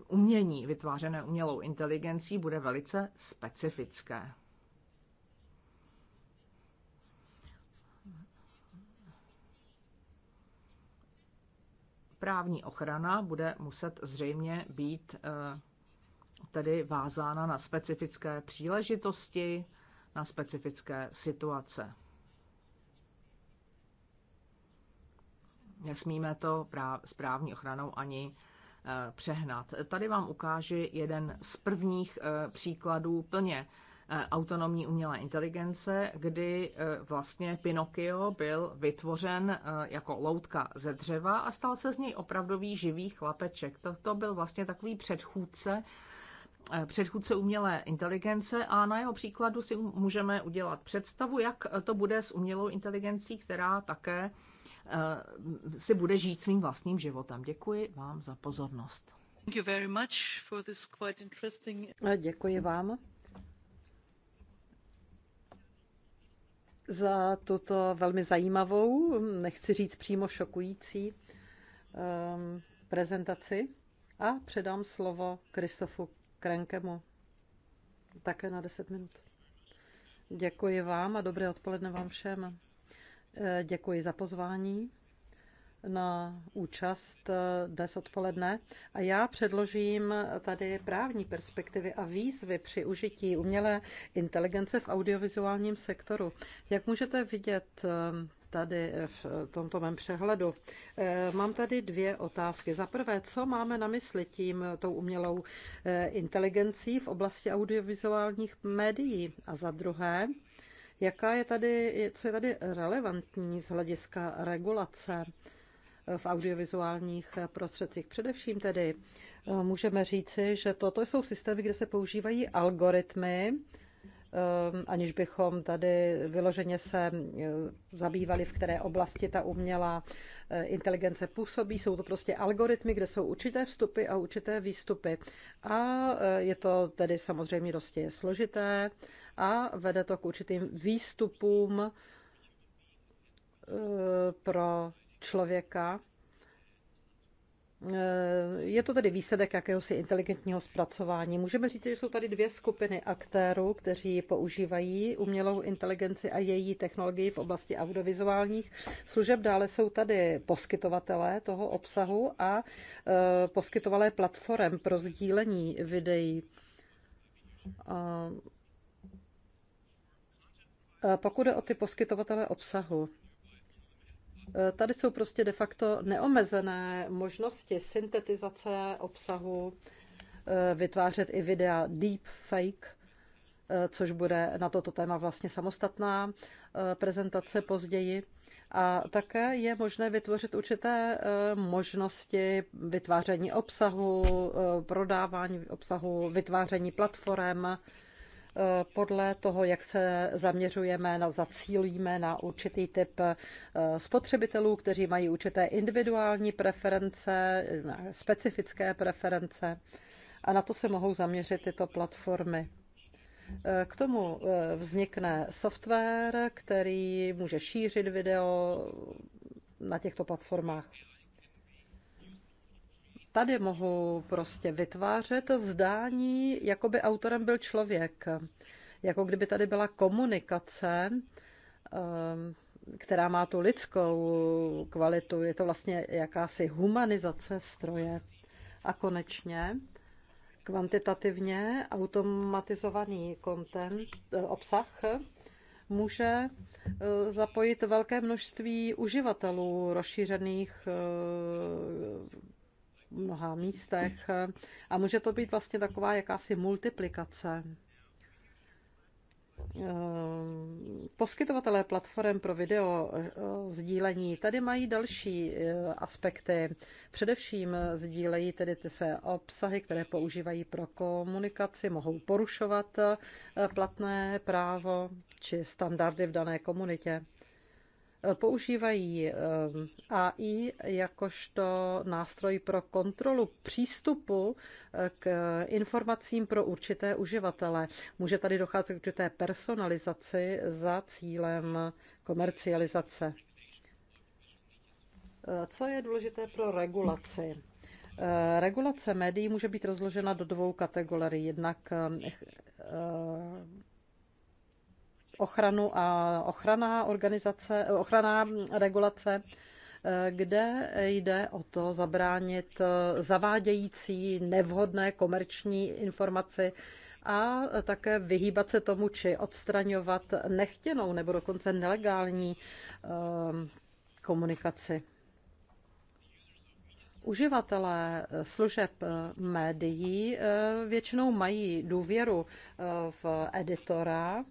Speaker 3: umění vytvářené umělou inteligencí, bude velice specifické. Právní ochrana bude muset zřejmě být tedy vázána na specifické příležitosti, na specifické situace. Nesmíme to s právní ochranou ani e, přehnat. Tady vám ukážu jeden z prvních e, příkladů plně e, autonomní umělé inteligence, kdy vlastně Pinokio byl vytvořen jako loutka ze dřeva a stal se z něj opravdový živý chlapeček. To, to byl vlastně takový předchůdce Eh, předchůdce umělé inteligence a na jeho příkladu si um-, můžeme udělat představu, jak eh, to bude s umělou inteligencí, která také eh, si bude žít svým vlastním životem. Děkuji vám za pozornost. Děkuji vám
Speaker 4: za tuto velmi zajímavou, nechci říct přímo šokující ehm, prezentaci a předám slovo Kristofu Krenkemu. Také na 10 minut. Děkuji vám a dobré odpoledne vám všem. Eh, děkuji za pozvání na účast eh, dnes odpoledne a já předložím tady právní perspektivy a výzvy při užití umělé inteligence v audiovizuálním sektoru. Jak můžete vidět, eh, tady v tomto mém přehledu. Eh, mám tady dvě otázky. Za prvé, co máme na mysli tím tou umělou eh, inteligencí v oblasti audiovizuálních médií? A za druhé, jaká je tady, co je tady relevantní z hlediska regulace eh, v audiovizuálních prostředcích? Především tedy můžeme říci, že toto jsou systémy, kde se používají algoritmy, Ehm, aniž bychom tady vyloženě se eh, zabývali, v které oblasti ta umělá eh, inteligence působí. Jsou to prostě algoritmy, kde jsou určité vstupy a určité výstupy. A eh, je to tedy samozřejmě dosti složité a vede to k určitým výstupům pro člověka, Eh, je to tedy výsledek jakéhosi inteligentního zpracování. Můžeme říct, že jsou tady dvě skupiny aktérů, kteří používají umělou inteligenci a její technologii v oblasti audiovizuálních služeb. Dále jsou tady poskytovatelé toho obsahu a eh, poskytovalé platform pro sdílení videí. Pokud je o ty poskytovatele obsahu, Eh, tady jsou prostě de facto neomezené možnosti syntetizace obsahu, eh, vytvářet i videa deep fake, eh, což bude na toto téma vlastně samostatná prezentace později. A také je možné vytvořit určité možnosti vytváření obsahu, prodávání obsahu, vytváření platform, Eh, podle toho, jak se zaměřujeme na zacílíme na určitý typ eh, spotřebitelů, kteří mají určité individuální preference, eh, specifické preference a na to se mohou zaměřit tyto platformy. K tomu vznikne software, který může šířit video na těchto platformách. Tady mohu prostě vytvářet zdání, jako by autorem byl člověk. Jako kdyby tady byla komunikace, ehm, která má tu lidskou kvalitu. Je to vlastně jakási humanizace stroje. A konečně kvantitativně automatizovaný content, eh, obsah může eh, zapojit velké množství uživatelů rozšířených eh, mnoha místech a může to být vlastně taková jakási multiplikace. Eh, poskytovatelé platform pro video eh, sdílení tady mají další eh, aspekty. Především sdílejí tedy ty své obsahy, které používají pro komunikaci, mohou porušovat platné právo či standardy v dané komunitě používají eh, AI jakožto nástroj pro kontrolu přístupu eh, k informacím pro určité uživatele. Může tady docházet k určité personalizaci za cílem komercializace. Eh, co je důležité pro regulaci? Regulace médií může být rozložena do dvou kategorií. Jednak ochranu a ochrana organizace, ochrana regulace, eh, kde jde o to zabránit eh, zavádějící nevhodné komerční informaci a také vyhýbat se tomu, či odstraňovat nechtěnou nebo dokonce nelegální eh, komunikaci. Uživatelé služeb médií většinou mají důvěru v editora,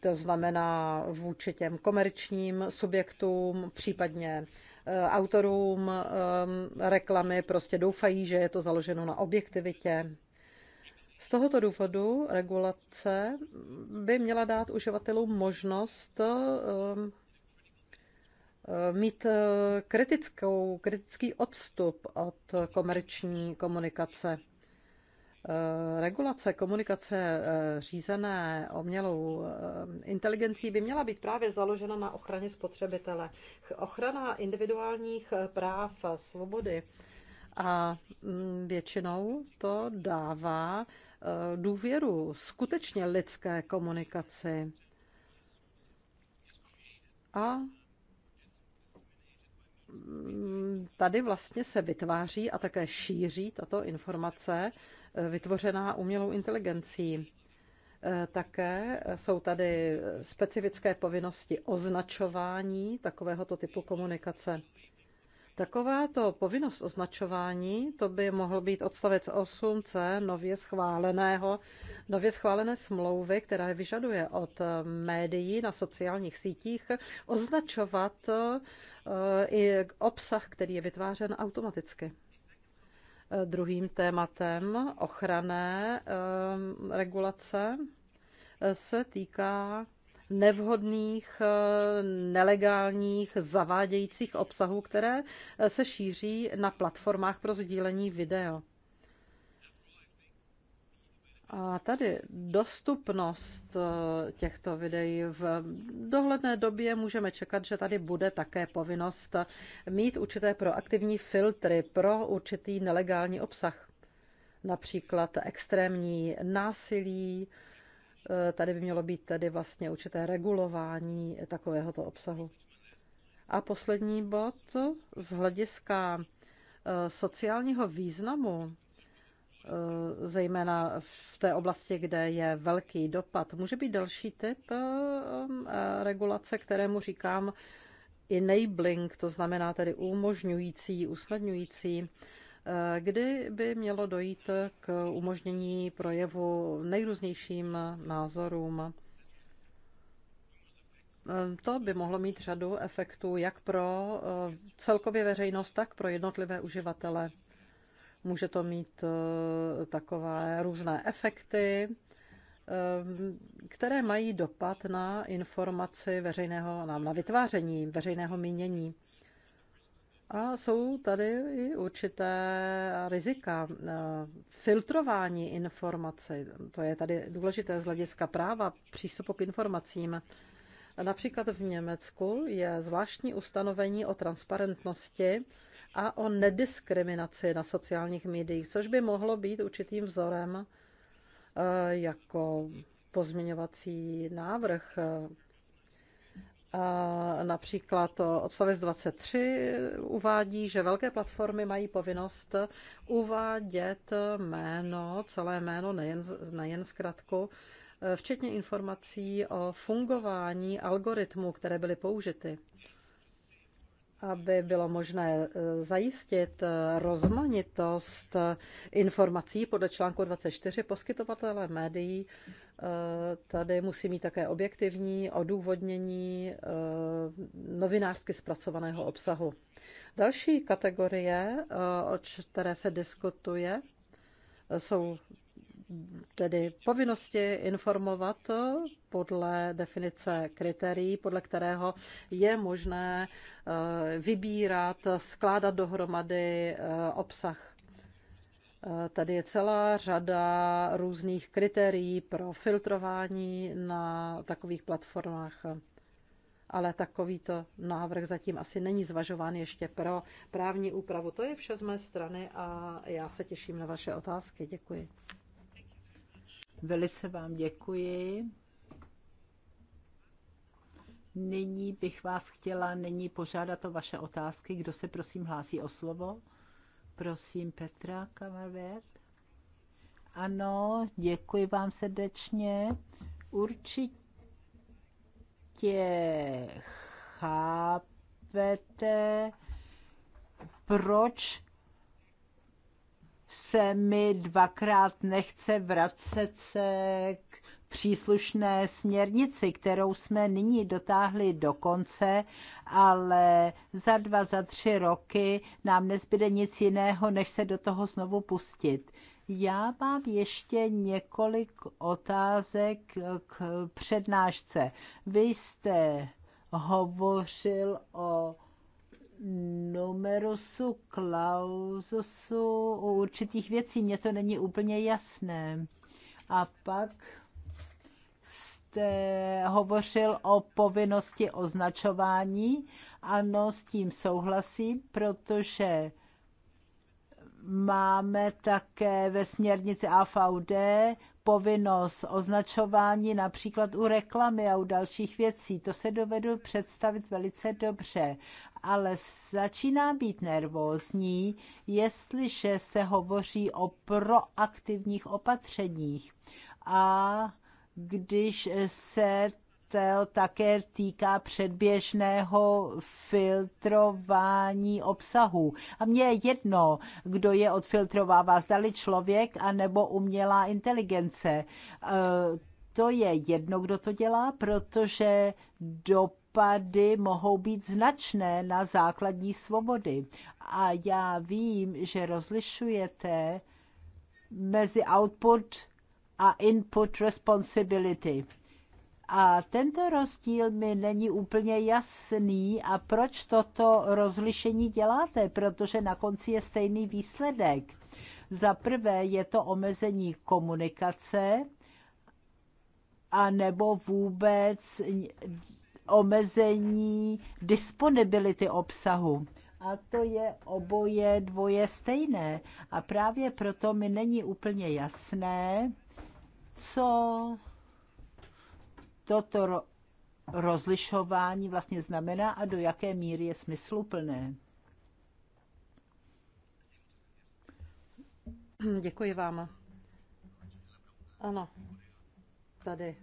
Speaker 4: to znamená vůči těm komerčním subjektům, případně eh, autorům eh, reklamy, prostě doufají, že je to založeno na objektivitě. Z tohoto důvodu regulace by měla dát uživatelům možnost eh, mít kritickou, kritický odstup od komerční komunikace. Eh, regulace komunikace eh, řízené omělou eh, inteligencí by měla být právě založena na ochraně spotřebitele. Ochrana individuálních práv, a svobody a mm, většinou to dává důvěru skutečně lidské komunikaci. A Mm, tady vlastně se vytváří a také šíří tato informace eh, vytvořená umělou inteligencí. Eh, také jsou tady specifické povinnosti označování takovéhoto typu komunikace. Takováto povinnost označování, to by mohl být odstavec 8c nově schváleného, nově schválené smlouvy, která vyžaduje od médií na sociálních sítích označovat Eh, i obsah, který je vytvářen automaticky. Eh, druhým tématem ochranné eh, regulace se týká nevhodných, nelegálních, zavádějících obsahů, které se šíří na platformách pro sdílení video. A tady dostupnost e, těchto videí v dohledné době můžeme čekat, že tady bude také povinnost mít určité proaktivní filtry pro určitý nelegální obsah. Například extrémní násilí, e, tady by mělo být tedy vlastně určité regulování takovéhoto obsahu. A poslední bod z hlediska e, sociálního významu Eh, zejména v té oblasti, kde je velký dopad. Může být další typ eh, eh, regulace, kterému říkám enabling, to znamená tedy umožňující, usnadňující, kdy by mělo dojít k umožnění projevu nejrůznějším názorům. To by mohlo mít řadu efektů jak pro celkově veřejnost, tak pro jednotlivé uživatele. Může to mít e, takové různé efekty, e, které mají dopad na informaci veřejného, na vytváření veřejného mínění. A jsou tady i určité rizika e, filtrování informací. To je tady důležité z hlediska práva přístupu k informacím. Například v Německu je zvláštní ustanovení o transparentnosti a o nediskriminaci na sociálních médiích, což by mohlo být určitým vzorem eh, jako pozměňovací návrh. A eh, například odstavec 23 uvádí, že velké platformy mají povinnost uvádět jméno, celé jméno, nejen, nejen zkratku, eh, včetně informací o fungování algoritmů, které byly použity aby bylo možné eh, zajistit eh, rozmanitost eh, informací podle článku 24 poskytovatele médií. Tady musí mít také objektivní odůvodnění novinářsky zpracovaného obsahu. Další kategorie, o které se diskutuje, jsou tedy povinnosti informovat podle definice kritérií, podle kterého je možné eh, vybírat, skládat dohromady eh, obsah. Eh, tady je celá řada různých kritérií pro filtrování na takových platformách ale takovýto návrh zatím asi není zvažován ještě pro právní úpravu. To je vše z mé strany a já se těším na vaše otázky. Děkuji.
Speaker 1: Velice vám děkuji. Nyní bych vás chtěla nyní požádat o vaše otázky. Kdo se prosím hlásí o slovo? Prosím Petra Kamarvert. Ano, děkuji vám srdečně. Určitě chápete, proč se mi dvakrát nechce vracet se k příslušné směrnici, kterou jsme nyní dotáhli do konce, ale za dva, za tři roky nám nezbyde nic jiného, než se do toho znovu pustit. Já mám ještě několik otázek k přednášce. Vy jste hovořil o numerusu claususu u určitých věcí. Mně to není úplně jasné. A pak jste hovořil o povinnosti označování. Ano, s tím souhlasím, protože máme také ve směrnici AVD povinnost označování například u reklamy a u dalších věcí. To se dovedu představit velice dobře ale začíná být nervózní, jestliže se hovoří o proaktivních opatřeních. A když se to také týká předběžného filtrování obsahu. A mně je jedno, kdo je odfiltrovává, zdali člověk anebo umělá inteligence. E, to je jedno, kdo to dělá, protože do dopady mohou být značné na základní svobody. A já vím, že rozlišujete mezi output a input responsibility. A tento rozdíl mi není úplně jasný a proč toto rozlišení děláte, protože na konci je stejný výsledek. Za prvé je to omezení komunikace a nebo vůbec omezení disponibility obsahu. A to je oboje dvoje stejné. A právě proto mi není úplně jasné, co toto rozlišování vlastně znamená a do jaké míry je smysluplné. Děkuji vám.
Speaker 4: Ano, tady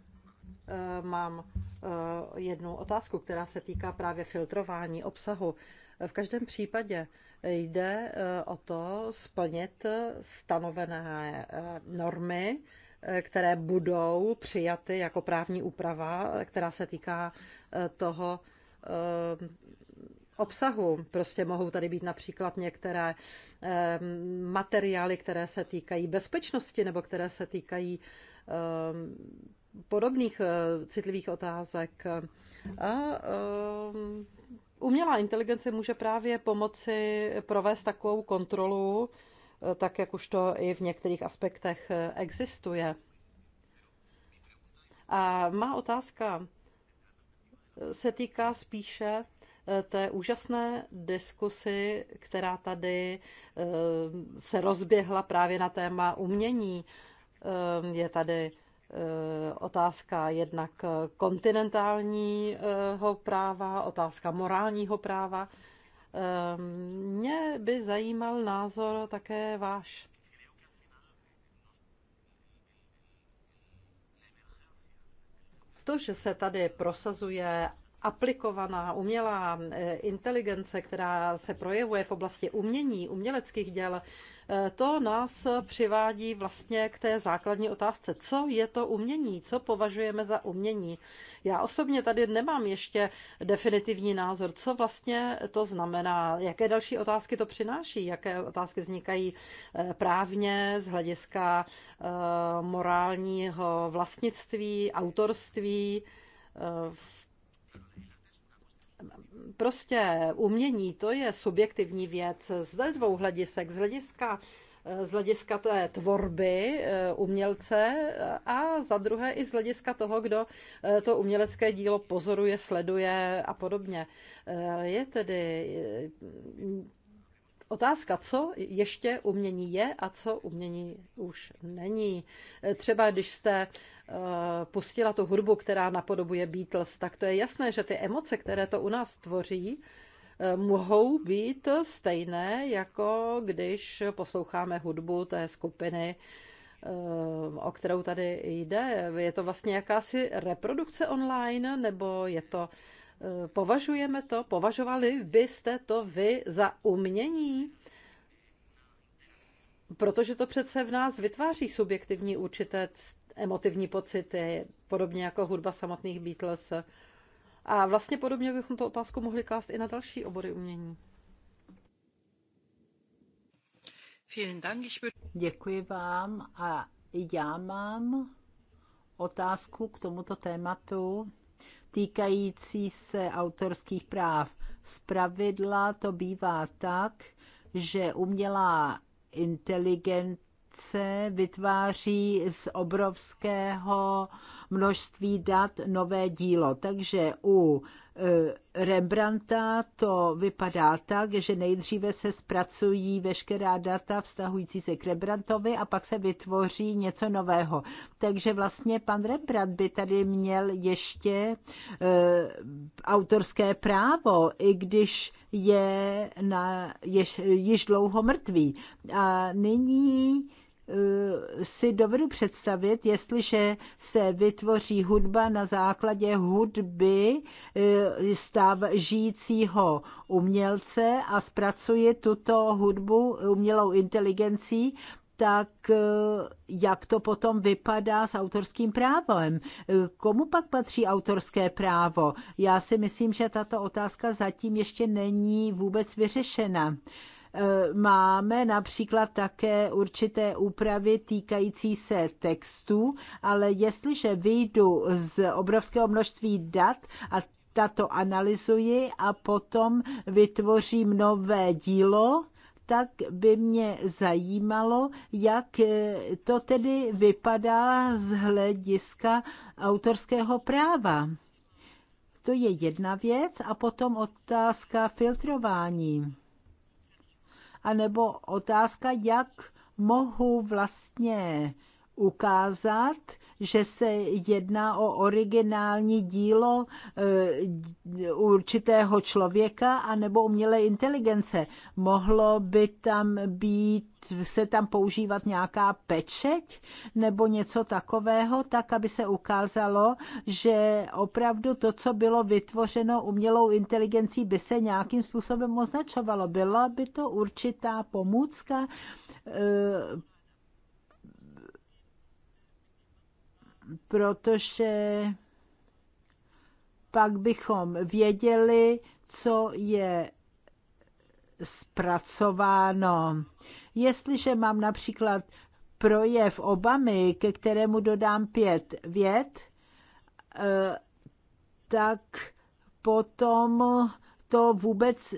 Speaker 4: Eh, mám eh, jednu otázku, která se týká právě filtrování obsahu. V každém případě jde eh, o to splnit stanovené normy, které budou přijaty jako právní úprava, která se týká toho obsahu. Prostě mohou tady být například některé materiály, které se týkají bezpečnosti nebo které se týkají podobných eh, citlivých otázek. A eh, umělá inteligence může právě pomoci provést takovou kontrolu, eh, tak jak už to i v některých aspektech existuje. A má otázka se týká spíše té úžasné diskusy, která tady se rozběhla právě na téma umění. Je tady Eh, otázka jednak kontinentálního práva, otázka morálního práva. Eh, mě by zajímal názor také váš. To, že se tady prosazuje aplikovaná umělá eh, inteligence, která se projevuje v oblasti umění, uměleckých děl, eh, to nás přivádí vlastně k té základní otázce, co je to umění, co považujeme za umění. Já osobně tady nemám ještě definitivní názor, co vlastně to znamená, jaké další otázky to přináší, jaké otázky vznikají eh, právně z hlediska morálního vlastnictví, autorství, v prostě umění to je subjektivní věc z dvou hledisek, z hlediska z hlediska té tvorby eh, umělce a za druhé i z hlediska toho, kdo eh, to umělecké dílo pozoruje, sleduje a podobně. Eh, je tedy otázka, co ještě umění je a co umění už není. Třeba když jste Eh, pustila tu hudbu, která napodobuje Beatles, tak to je jasné, že ty emoce, které to u nás tvoří, eh, mohou být stejné, jako když posloucháme hudbu té skupiny, eh, o kterou tady jde. Je to vlastně jakási reprodukce online, nebo je to, považujeme to, považovali byste to vy za umění? Protože to přece v nás vytváří subjektivní určité emotivní pocity, podobně jako hudba samotných Beatles. A vlastně podobně bychom tu otázku mohli klást i na další obory umění.
Speaker 1: Děkuji vám a já mám otázku k tomuto tématu týkající se autorských práv. pravidla to bývá tak, že umělá inteligence se vytváří z obrovského množství dat nové dílo. Takže u e, Rembrandta to vypadá tak, že nejdříve se zpracují veškerá data vztahující se k Rembrandtovi a pak se vytvoří něco nového. Takže vlastně pan Rembrandt by tady měl ještě e, autorské právo, i když je na, jež, již dlouho mrtvý. A nyní Eh, si dovedu představit, jestliže se vytvoří hudba na základě hudby eh, stav žijícího umělce a zpracuje tuto hudbu umělou inteligencí, tak eh, jak to potom vypadá s autorským právem? Komu pak patří autorské právo? Já si myslím, že tato otázka zatím ještě není vůbec vyřešena. Eh, máme například také určité úpravy týkající se textů, ale jestliže vyjdu z obrovského množství dat a tato analyzuji a potom vytvořím nové dílo, tak by mě zajímalo, jak eh, to tedy vypadá z hlediska autorského práva. To je jedna věc a potom otázka filtrování anebo otázka, jak mohu vlastně ukázat, že se jedná o originální dílo eh, určitého člověka anebo umělé inteligence. Mohlo by tam být, se tam používat nějaká pečeť nebo něco takového, tak aby se ukázalo, že opravdu to, co bylo vytvořeno umělou inteligencí, by se nějakým způsobem označovalo. Byla by to určitá pomůcka eh, protože pak bychom věděli, co je zpracováno. Jestliže mám například projev Obamy, ke kterému dodám pět vět, eh, tak potom to vůbec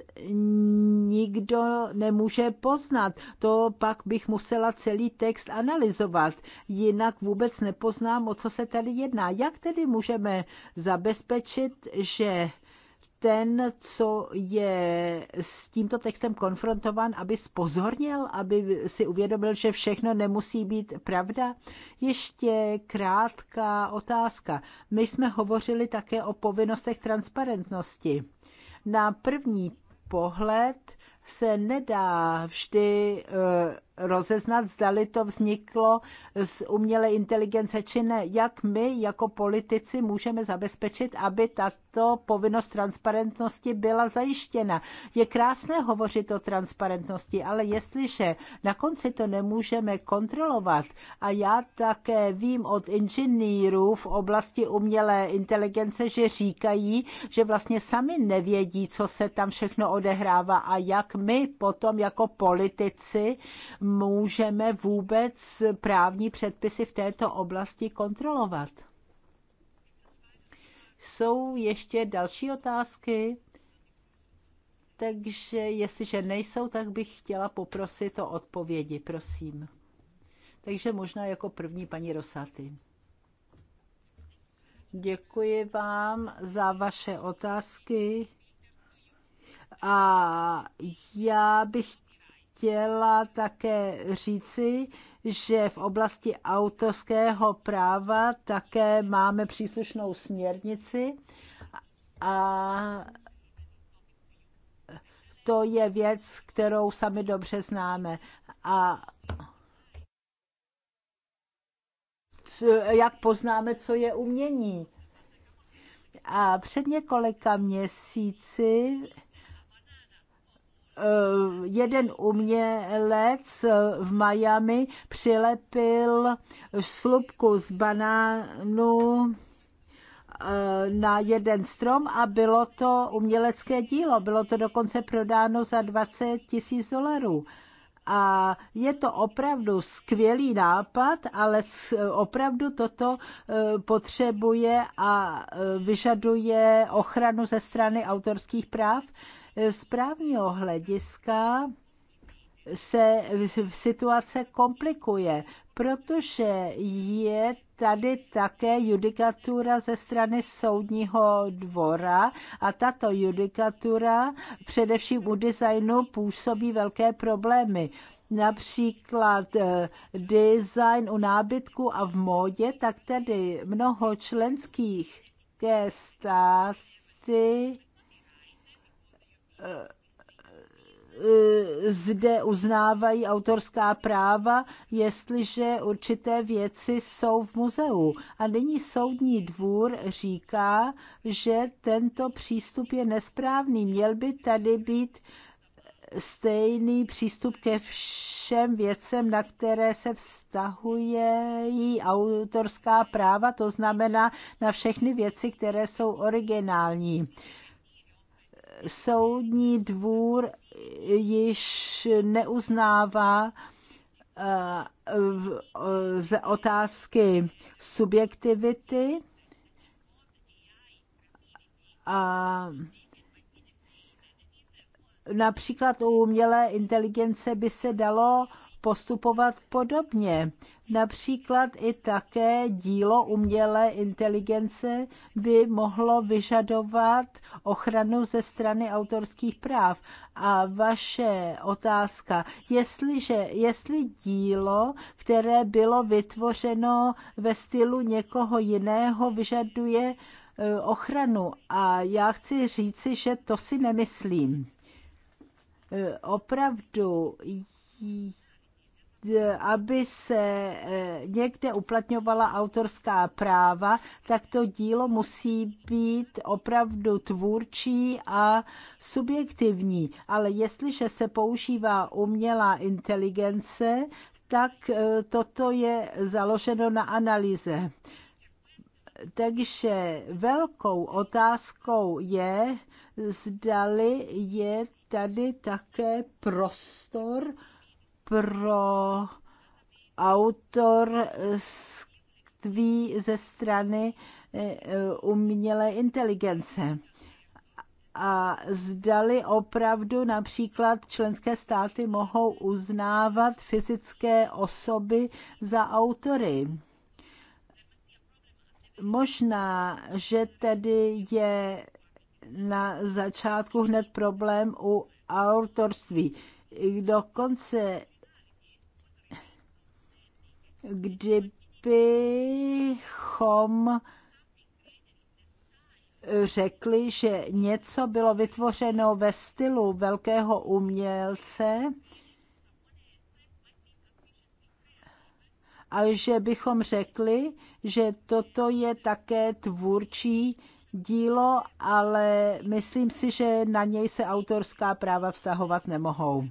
Speaker 1: nikdo nemůže poznat. To pak bych musela celý text analyzovat, jinak vůbec nepoznám, o co se tady jedná. Jak tedy můžeme zabezpečit, že ten, co je s tímto textem konfrontovan, aby spozornil, aby si uvědomil, že všechno nemusí být pravda? Ještě krátká otázka. My jsme hovořili také o povinnostech transparentnosti na první pohled se nedá vždy eh, rozeznat, zdali to vzniklo z umělé inteligence či ne. Jak my jako politici můžeme zabezpečit, aby tato povinnost transparentnosti byla zajištěna. Je krásné hovořit o transparentnosti, ale jestliže na konci to nemůžeme kontrolovat, a já také vím od inženýrů v oblasti umělé inteligence, že říkají, že vlastně sami nevědí, co se tam všechno odehrává a jak my potom jako politici můžeme vůbec právní předpisy v této oblasti kontrolovat? Jsou ještě další otázky? Takže jestliže nejsou, tak bych chtěla poprosit o odpovědi, prosím. Takže možná jako první paní Rosaty. Děkuji vám za vaše otázky. A já bych chtěla také říci, že v oblasti autorského práva také máme příslušnou směrnici a to je věc, kterou sami dobře známe. A jak poznáme, co je umění? A před několika měsíci Eh, jeden umělec v Miami přilepil slupku z banánu eh, na jeden strom a bylo to umělecké dílo. Bylo to dokonce prodáno za 20 tisíc dolarů. A je to opravdu skvělý nápad, ale opravdu toto eh, potřebuje a vyžaduje ochranu ze strany autorských práv. Z právního hlediska se situace komplikuje, protože je tady také judikatura ze strany soudního dvora a tato judikatura především u designu působí velké problémy. Například eh, design u nábytku a v módě, tak tedy mnoho členských státy Eh, eh, zde uznávají autorská práva, jestliže určité věci jsou v muzeu. A nyní soudní dvůr říká, že tento přístup je nesprávný. Měl by tady být stejný přístup ke všem věcem, na které se vztahuje jí autorská práva, to znamená na všechny věci, které jsou originální soudní dvůr již neuznává eh, eh, z otázky subjektivity a například u umělé inteligence by se dalo postupovat podobně. Například i také dílo umělé inteligence by mohlo vyžadovat ochranu ze strany autorských práv. A vaše otázka, jestliže, jestli dílo, které bylo vytvořeno ve stylu někoho jiného, vyžaduje e, ochranu. A já chci říci, že to si nemyslím. E, opravdu Eh, aby se eh, někde uplatňovala autorská práva, tak to dílo musí být opravdu tvůrčí a subjektivní. Ale jestliže se používá umělá inteligence, tak eh, toto je založeno na analýze. Takže velkou otázkou je, zdali je tady také prostor pro autorství ze strany eh, umělé inteligence. A zdali opravdu například členské státy mohou uznávat fyzické osoby za autory. Možná, že tedy je na začátku hned problém u autorství. Dokonce kdybychom řekli, že něco bylo vytvořeno ve stylu velkého umělce, a že bychom řekli, že toto je také tvůrčí dílo, ale myslím si, že na něj se autorská práva vztahovat nemohou.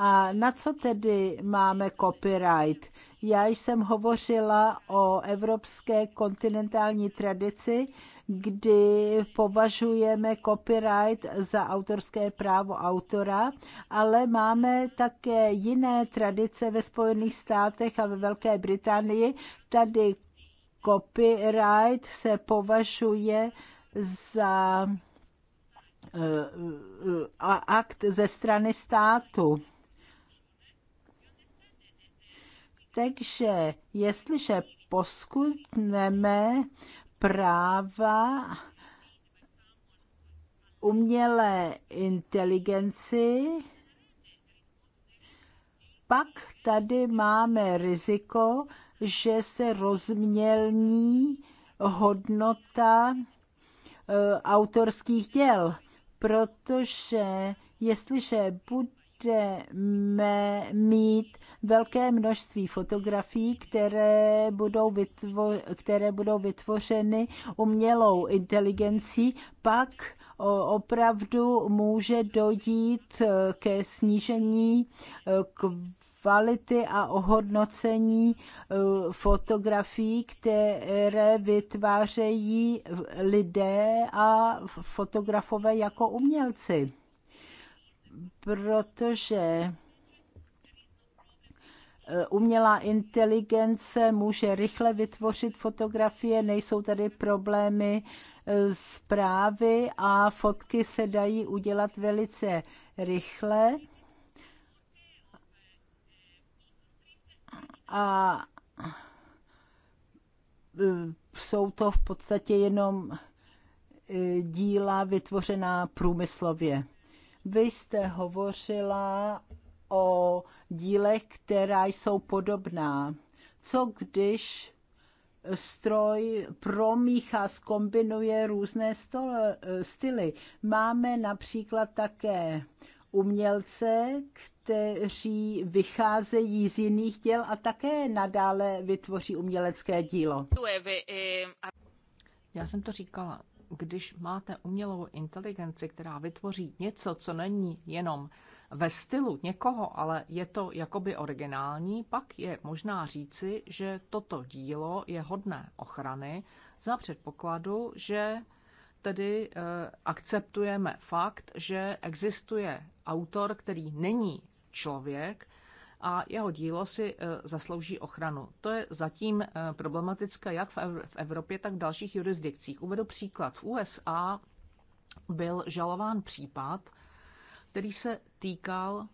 Speaker 1: A na co tedy máme copyright? Já jsem hovořila o evropské kontinentální tradici, kdy považujeme copyright za autorské právo autora, ale máme také jiné tradice ve Spojených státech a ve Velké Británii. Tady copyright se považuje za eh, eh, akt ze strany státu. Takže jestliže poskutneme práva umělé inteligenci, pak tady máme riziko, že se rozmělní hodnota eh, autorských děl, protože jestliže bude budeme mít velké množství fotografií, které budou, vytvo- které budou vytvořeny umělou inteligencí, pak opravdu může dojít e, ke snížení e, kvality a ohodnocení e, fotografií, které vytvářejí lidé a fotografové jako umělci protože eh, umělá inteligence může rychle vytvořit fotografie, nejsou tady problémy eh, zprávy a fotky se dají udělat velice rychle. A eh, jsou to v podstatě jenom díla vytvořená průmyslově. Vy jste hovořila o dílech, která jsou podobná. Co když stroj promíchá, skombinuje různé stole, styly. Máme například také umělce, kteří vycházejí z jiných děl a také nadále vytvoří umělecké dílo.
Speaker 3: Já jsem to říkala když máte umělou inteligenci, která vytvoří něco, co není jenom ve stylu někoho, ale je to jakoby originální, pak je možná říci, že toto dílo je hodné ochrany za předpokladu, že tedy eh, akceptujeme fakt, že existuje autor, který není člověk, a jeho dílo si e, zaslouží ochranu. To je zatím e, problematické jak v Evropě, tak v dalších jurisdikcích. Uvedu příklad. V USA byl žalován případ, který se týkal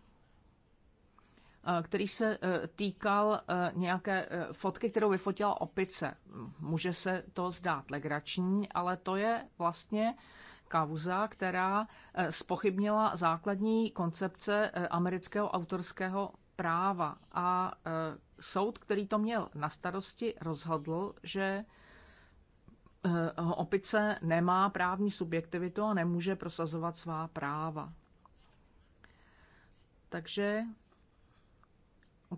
Speaker 3: e, který se týkal nějaké fotky, kterou vyfotila opice. Může se to zdát legrační, ale to je vlastně kauza, která spochybnila základní koncepce amerického autorského práva. A e, soud, který to měl na starosti, rozhodl, že e, opice nemá právní subjektivitu a nemůže prosazovat svá práva. Takže,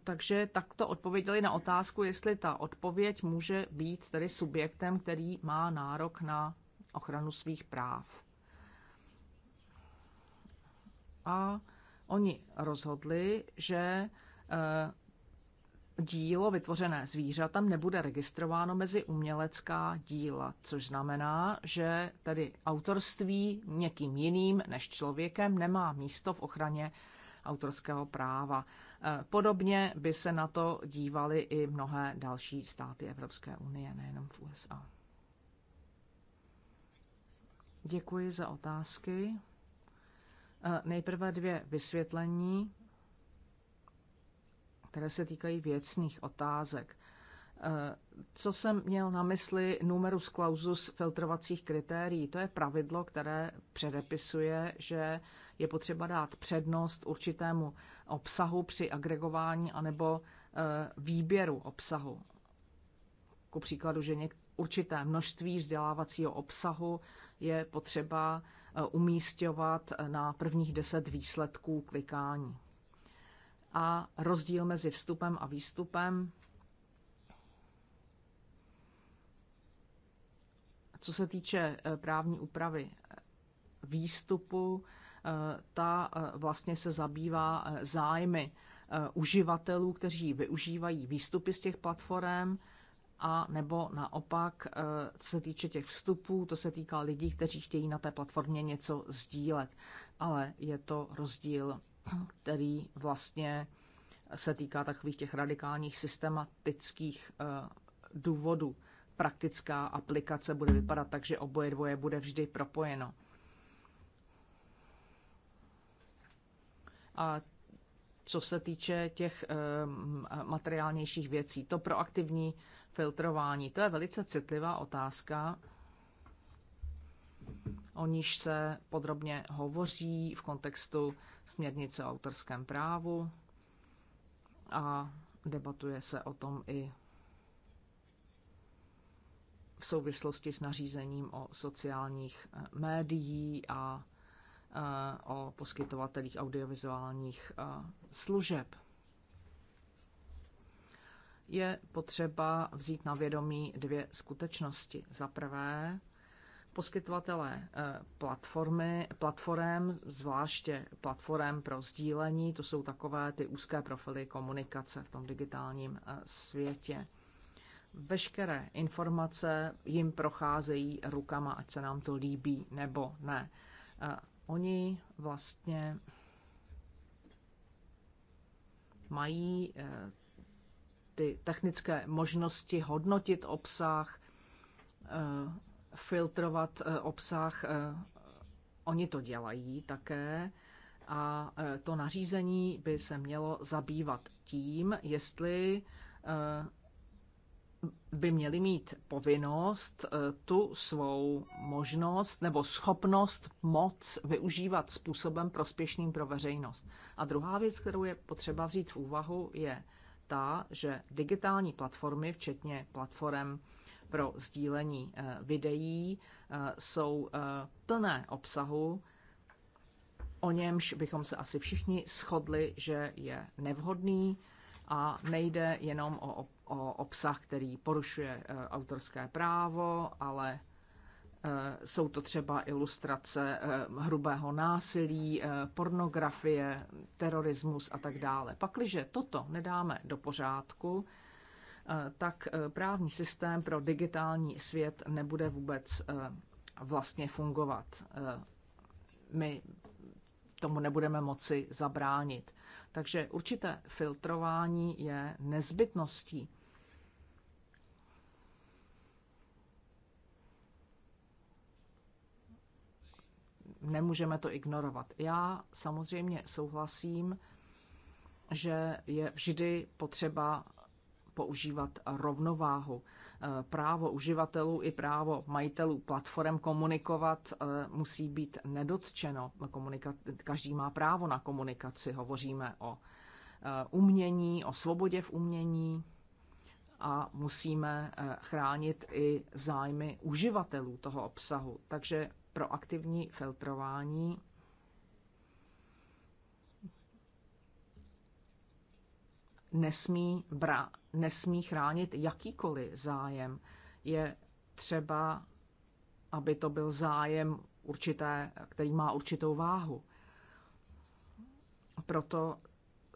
Speaker 3: takže takto odpověděli na otázku, jestli ta odpověď může být tedy subjektem, který má nárok na ochranu svých práv. A Oni rozhodli, že eh, dílo vytvořené zvířatem nebude registrováno mezi umělecká díla, což znamená, že tedy autorství někým jiným než člověkem nemá místo v ochraně autorského práva. Eh, podobně by se na to dívaly i mnohé další státy Evropské unie, nejenom v USA. Děkuji za otázky. Nejprve dvě vysvětlení, které se týkají věcných otázek. E, co jsem měl na mysli numerus clausus filtrovacích kritérií? To je pravidlo, které předepisuje, že je potřeba dát přednost určitému obsahu při agregování anebo e, výběru obsahu. Ku příkladu, že určité množství vzdělávacího obsahu je potřeba Eh, umístěvat eh, na prvních deset výsledků klikání. A rozdíl mezi vstupem a výstupem Co se týče eh, právní úpravy výstupu, ta vlastně se zabývá zájmy uživatelů, kteří využívají výstupy z těch platform a nebo naopak, eh, co se týče těch vstupů, to se týká lidí, kteří chtějí na té platformě něco sdílet. Ale je to rozdíl, který vlastně se týká takových těch radikálních systematických eh, důvodů. Praktická aplikace bude vypadat tak, že oboje dvoje bude vždy propojeno. A co se týče těch eh, materiálnějších věcí. To proaktivní filtrování. To je velice citlivá otázka, o níž se podrobně hovoří v kontextu směrnice o autorském právu a debatuje se o tom i v souvislosti s nařízením o sociálních eh, médií a eh, o poskytovatelích audiovizuálních eh, služeb je potřeba vzít na vědomí dvě skutečnosti. Za prvé, poskytovatelé eh, platformy, platform, zvláště platform pro sdílení, to jsou takové ty úzké profily komunikace v tom digitálním eh, světě. Veškeré informace jim procházejí rukama, ať se nám to líbí nebo ne. Eh, oni vlastně mají ty technické možnosti hodnotit obsah, eh, filtrovat eh, obsah. Eh, oni to dělají také a to nařízení by se mělo zabývat tím, jestli by měli mít povinnost tu svou možnost nebo schopnost moc využívat způsobem prospěšným pro veřejnost. A druhá věc, kterou je potřeba vzít v úvahu, je ta, že digitální platformy, včetně platform pro sdílení eh, videí, eh, jsou eh, plné obsahu, o němž bychom se asi všichni shodli, že je nevhodný a nejde jenom o, o obsah, který porušuje autorské právo, ale Eh, jsou to třeba ilustrace eh, hrubého násilí, eh, pornografie, terorismus a tak dále. Pakliže toto nedáme do pořádku, tak právní systém pro digitální svět nebude vůbec vlastně fungovat. My tomu nebudeme moci zabránit. Takže určité filtrování je nezbytností nemůžeme to ignorovat. Já samozřejmě souhlasím, že je vždy potřeba používat rovnováhu. E, právo uživatelů i právo majitelů platform komunikovat e, musí být nedotčeno. každý má právo na komunikaci. Hovoříme o e, umění, o svobodě v umění a musíme chránit i zájmy uživatelů toho obsahu. Takže proaktivní filtrování nesmí, bra, nesmí chránit jakýkoliv zájem. Je třeba, aby to byl zájem určité, který má určitou váhu. Proto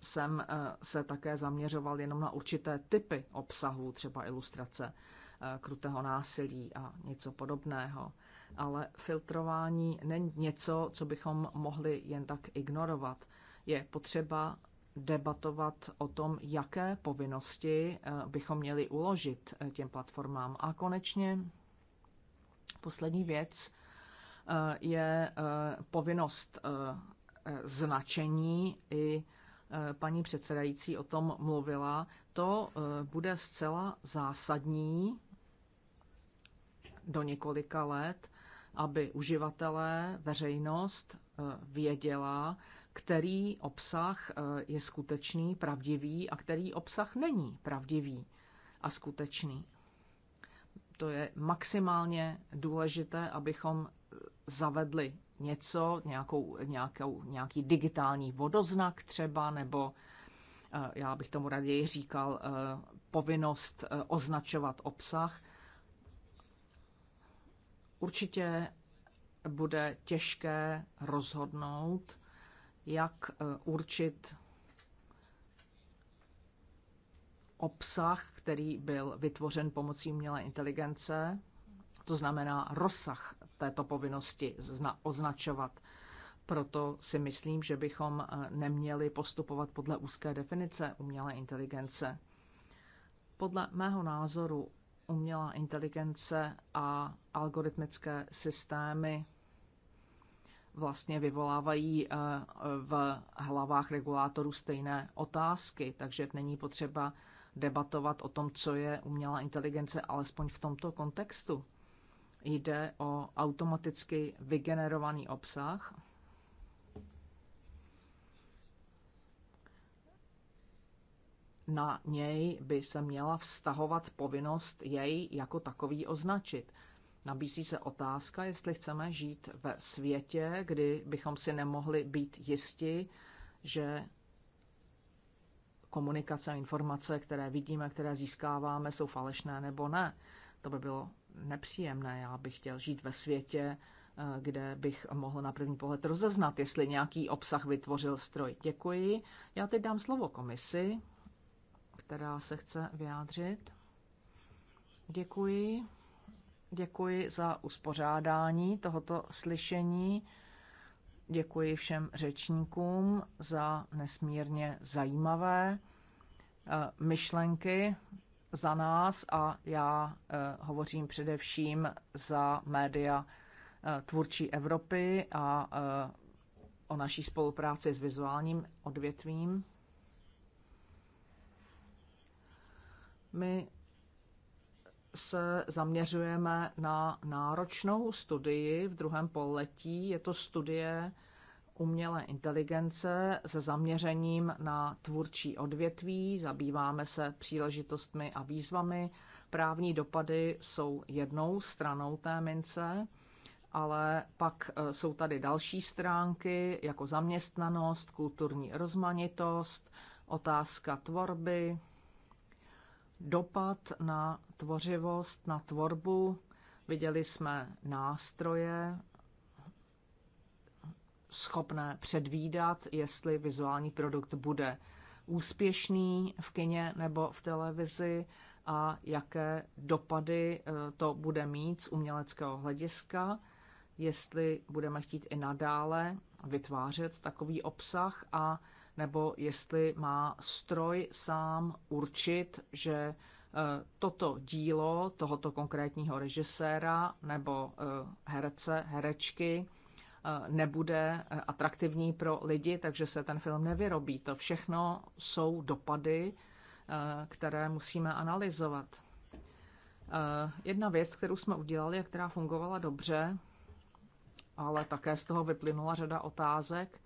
Speaker 3: jsem eh, se také zaměřoval jenom na určité typy obsahu, třeba ilustrace eh, krutého násilí a něco podobného ale filtrování není něco, co bychom mohli jen tak ignorovat. Je potřeba debatovat o tom, jaké povinnosti eh, bychom měli uložit eh, těm platformám. A konečně poslední věc eh, je povinnost značení i paní předsedající o tom mluvila, to bude zcela zásadní do několika let aby uživatelé, veřejnost eh, věděla, který obsah eh, je skutečný, pravdivý a který obsah není pravdivý a skutečný. To je maximálně důležité, abychom eh, zavedli něco, nějakou, nějakou, nějaký digitální vodoznak třeba, nebo já bych tomu raději říkal povinnost označovat obsah, Určitě bude těžké rozhodnout, jak e, určit obsah, který byl vytvořen pomocí umělé inteligence, to znamená rozsah této povinnosti označovat. Proto si myslím, že bychom e, neměli postupovat podle úzké definice umělé inteligence. Podle mého názoru umělá inteligence a algoritmické systémy vlastně vyvolávají eh, v hlavách regulátorů stejné otázky, takže není potřeba debatovat o tom, co je umělá inteligence, alespoň v tomto kontextu. Jde o automaticky vygenerovaný obsah, na něj by se měla vztahovat povinnost jej jako takový označit. Nabízí se otázka, jestli chceme žít ve světě, kdy bychom si nemohli být jisti, že komunikace a informace, které vidíme, které získáváme, jsou falešné nebo ne. To by bylo nepříjemné. Já bych chtěl žít ve světě, eh, kde bych mohl na první pohled rozeznat, jestli nějaký obsah vytvořil stroj. Děkuji. Já teď dám slovo komisi která se chce vyjádřit. Děkuji. Děkuji za uspořádání tohoto slyšení. Děkuji všem řečníkům za nesmírně zajímavé eh, myšlenky za nás a já eh, hovořím především za média eh, Tvůrčí Evropy a o naší spolupráci s vizuálním odvětvím. My se zaměřujeme na náročnou studii v druhém poletí. Je to studie umělé inteligence se zaměřením na tvůrčí odvětví. Zabýváme se příležitostmi a výzvami. Právní dopady jsou jednou stranou té mince, ale pak e, jsou tady další stránky, jako zaměstnanost, kulturní rozmanitost, otázka tvorby, dopad na tvořivost, na tvorbu. Viděli jsme nástroje schopné předvídat, jestli vizuální produkt bude úspěšný v kině nebo v televizi a jaké dopady eh, to bude mít z uměleckého hlediska, jestli budeme chtít i nadále vytvářet takový obsah a nebo jestli má stroj sám určit, že eh, toto dílo tohoto konkrétního režiséra nebo eh, herce, herečky eh, nebude atraktivní pro lidi, takže se ten film nevyrobí. To všechno jsou dopady, které musíme analyzovat. Jedna věc, kterou jsme udělali a která fungovala dobře, ale také z toho vyplynula řada otázek,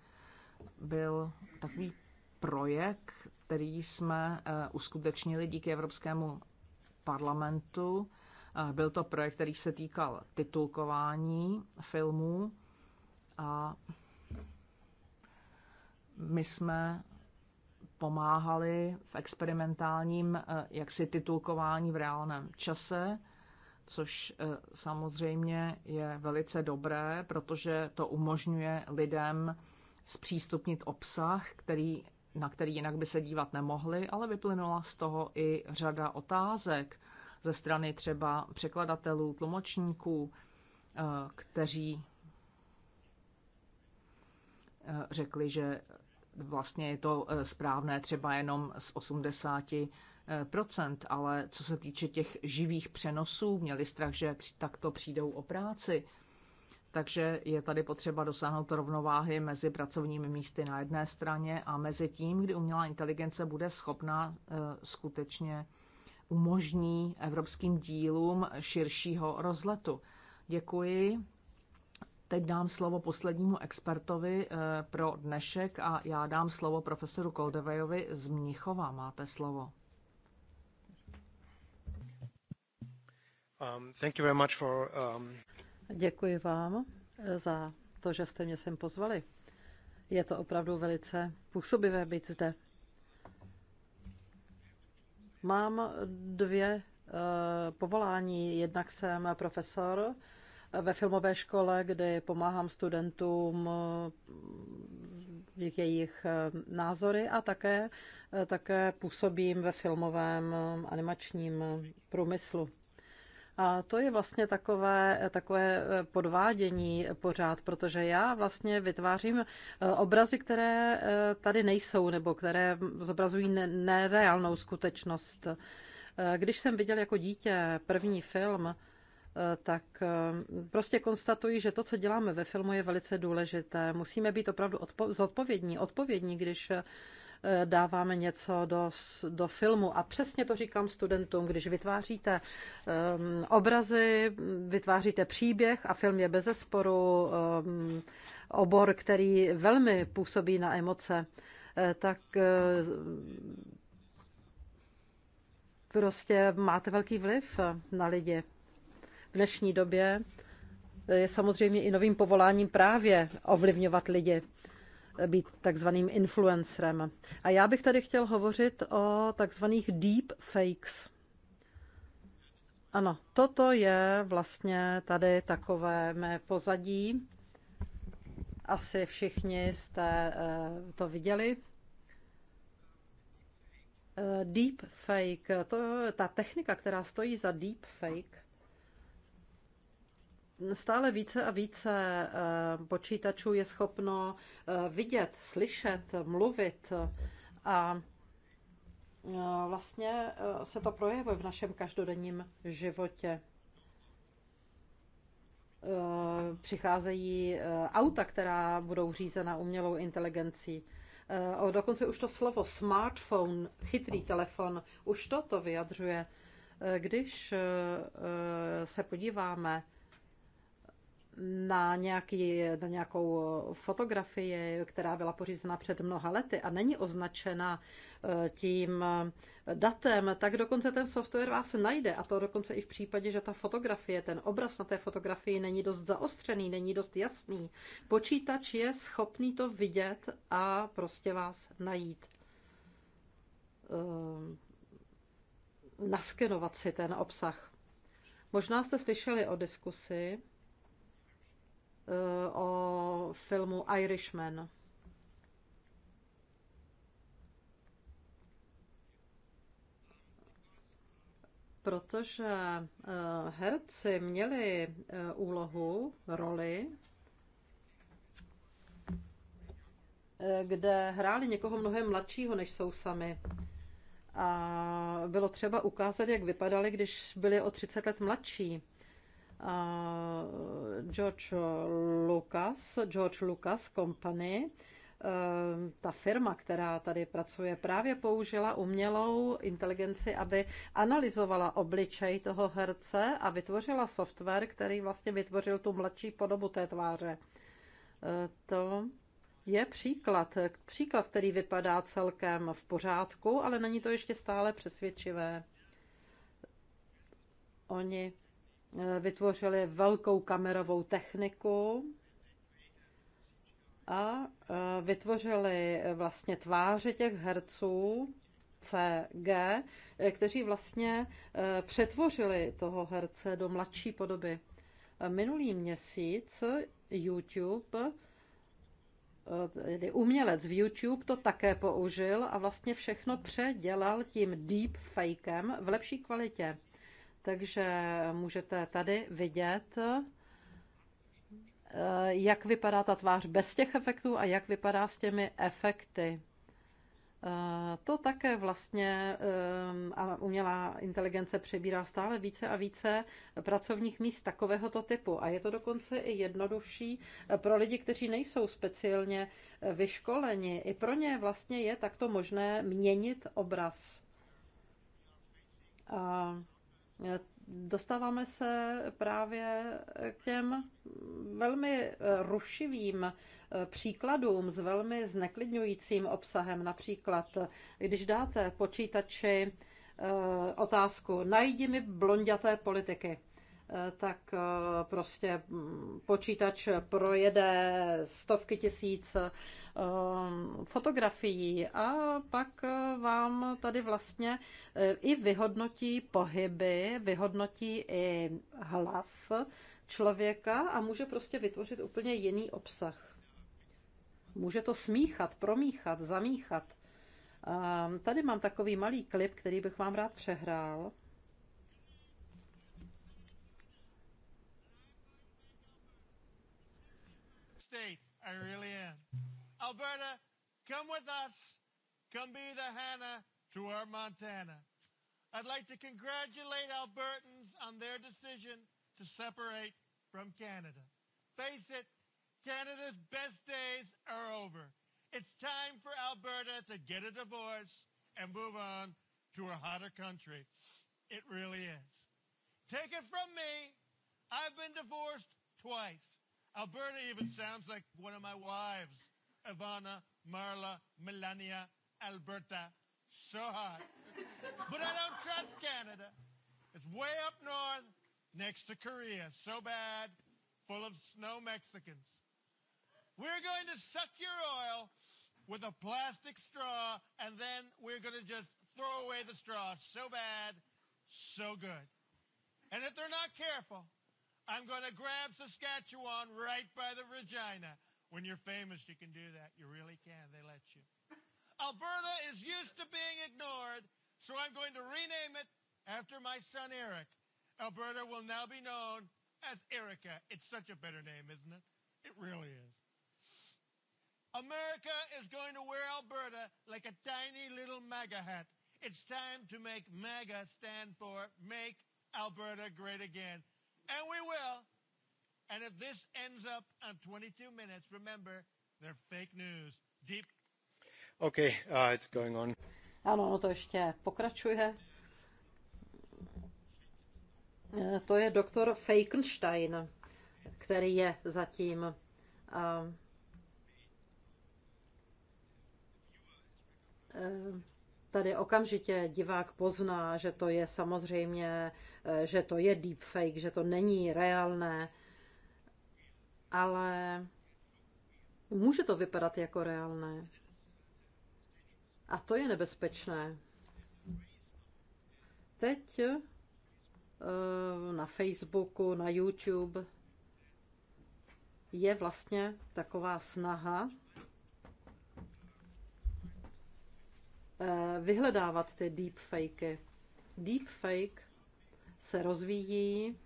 Speaker 3: byl takový projekt, který jsme eh, uskutečnili díky Evropskému parlamentu. Eh, byl to projekt, který se týkal titulkování filmů a my jsme pomáhali v experimentálním eh, jaksi titulkování v reálném čase, což samozřejmě je velice dobré, protože to umožňuje lidem zpřístupnit obsah, který, na který jinak by se dívat nemohli, ale vyplynula z toho i řada otázek ze strany třeba překladatelů, tlumočníků, eh, kteří eh, řekli, že vlastně je to eh, správné třeba jenom z 80 procent, ale co se týče těch živých přenosů, měli strach, že takto přijdou o práci. Takže je tady potřeba dosáhnout rovnováhy mezi pracovními místy na jedné straně a mezi tím, kdy umělá inteligence bude schopná e, skutečně umožní evropským dílům širšího rozletu. Děkuji. Teď dám slovo poslednímu expertovi e, pro dnešek a já dám slovo profesoru Koldevejovi z Mnichova. Máte slovo.
Speaker 2: Um, thank you very much for, um...
Speaker 3: Děkuji vám eh,
Speaker 4: za to, že jste mě sem pozvali. Je to opravdu velice působivé být zde. Mám dvě eh, povolání. Jednak jsem profesor eh, ve filmové škole, kdy pomáhám studentům jejich názory a také, také působím ve filmovém animačním průmyslu. A to je vlastně takové, takové eh, podvádění pořád, protože já vlastně vytvářím eh, obrazy, které eh, tady nejsou nebo které zobrazují nereálnou skutečnost. Když jsem viděl jako dítě první film, tak prostě konstatuji, že to, co děláme ve filmu, je velice důležité. Musíme být opravdu odpo- zodpovědní, odpovědní, když Eh, dáváme něco do, do filmu. A přesně to říkám studentům, když vytváříte um, obrazy, vytváříte příběh a film je bez zesporu um, obor, který velmi působí na emoce, eh, tak eh, prostě máte velký vliv na lidi. V dnešní době je samozřejmě i novým povoláním právě ovlivňovat lidi být takzvaným influencerem. A já bych tady chtěl hovořit o takzvaných deep fakes. Ano, toto je vlastně tady takové mé pozadí. Asi všichni jste eh, to viděli. Eh, deep fake, to, ta technika, která stojí za deep fake, stále více a více eh, počítačů je schopno eh, vidět, slyšet, mluvit a eh, vlastně se to projevuje v našem každodenním životě. Přicházejí auta, která budou řízena umělou inteligencí. O, dokonce už to slovo smartphone, chytrý telefon, už toto vyjadřuje. Když se podíváme na, nějaký, na nějakou fotografii, která byla pořízena před mnoha lety a není označena eh, tím eh, datem, tak dokonce ten software vás najde. A to dokonce i v případě, že ta fotografie, ten obraz na té fotografii není dost zaostřený, není dost jasný. Počítač je schopný to vidět a prostě vás najít. Eh, naskenovat si ten obsah. Možná jste slyšeli o diskusi, Eh, o filmu Irishman. Protože eh, herci měli eh, úlohu, roli, kde hráli někoho mnohem mladšího, než jsou sami. A bylo třeba ukázat, jak vypadali, když byli o 30 let mladší. Eh, George Lucas, George Lucas Company, eh, ta firma, která tady pracuje, právě použila umělou inteligenci, aby analyzovala obličej toho herce a vytvořila software, který vlastně vytvořil tu mladší podobu té tváře. Eh, to je příklad, příklad, který vypadá celkem v pořádku, ale není to ještě stále přesvědčivé. Oni Eh, vytvořili velkou kamerovou techniku a eh, vytvořili vlastně tváře těch herců CG, eh, kteří vlastně přetvořili toho herce do mladší podoby. Minulý měsíc YouTube tedy umělec v YouTube to také použil a vlastně všechno předělal tím deep fakem v lepší kvalitě. Takže můžete tady vidět, eh, jak vypadá ta tvář bez těch efektů a jak vypadá s těmi efekty. Eh, to také vlastně eh, a umělá inteligence přebírá stále více a více pracovních míst takovéhoto typu. A je to dokonce i jednodušší pro lidi, kteří nejsou speciálně vyškoleni. I pro ně vlastně je takto možné měnit obraz. A dostáváme se právě k těm velmi rušivým příkladům s velmi zneklidňujícím obsahem. Například, když dáte počítači eh, otázku najdi mi blondiaté politiky, eh, tak eh, prostě mm, počítač projede stovky tisíc Ehm, fotografií a pak eh, vám tady vlastně eh, i vyhodnotí pohyby, vyhodnotí i hlas člověka a může prostě vytvořit úplně jiný obsah. Může to smíchat, promíchat, zamíchat. Ehm, tady mám takový malý klip, který bych vám rád přehrál.
Speaker 2: State, I really am. Alberta, come with us. Come be the Hannah to our Montana. I'd like to congratulate Albertans on their decision to separate from Canada. Face it, Canada's best days are over. It's time for Alberta to get a divorce and move on to a hotter country. It really is. Take it from me, I've been divorced twice. Alberta even sounds like one of my wives. Ivana, Marla, Melania, Alberta. So hot. but I don't trust Canada. It's way up north next to Korea. So bad, full of snow Mexicans. We're going to suck your oil with a plastic straw, and then we're going to just throw away the straw. So bad, so good. And if they're not careful, I'm going to grab Saskatchewan right by the vagina. When you're famous, you can do that. You really can. They let you. Alberta is used to being ignored, so I'm going to rename it after my son Eric. Alberta will now be known as Erica. It's such a better name, isn't it? It really is. America is going to wear Alberta like a tiny little MAGA hat. It's time to make MAGA stand for Make Alberta Great Again. And we will. And if this ends up on 22 minutes, remember, they're fake news. Deep. Okay, uh, it's going on. Ano, no to
Speaker 4: ještě pokračuje. Eh, to je doktor Feikenstein, který je zatím. uh, tady okamžitě divák pozná, že to je samozřejmě, že to je deepfake, že to není reálné ale může to vypadat jako reálné. A to je nebezpečné. Teď eh, na Facebooku, na YouTube je vlastně taková snaha eh, vyhledávat ty deepfakey. Deepfake se rozvíjí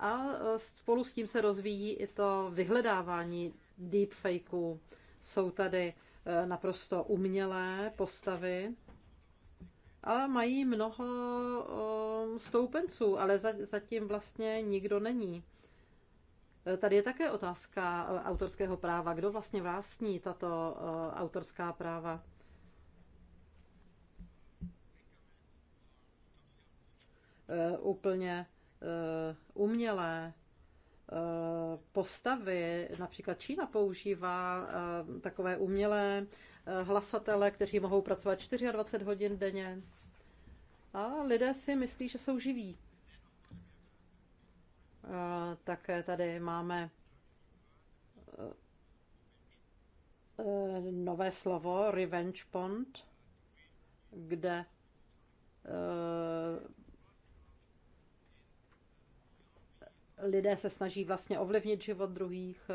Speaker 4: a e, spolu s tím se rozvíjí i to vyhledávání deepfakeů. Jsou tady e, naprosto umělé postavy, ale mají mnoho e, stoupenců, ale zatím vlastně nikdo není. Tady je také otázka autorského práva. Kdo vlastně vlastní tato autorská práva? Úplně Eh, umělé eh, postavy. Například Čína používá eh, takové umělé hlasatele, kteří mohou pracovat 24 hodin denně. A lidé si myslí, že jsou živí. Také tady máme nové slovo revenge pond, kde lidé se snaží vlastně ovlivnit život druhých.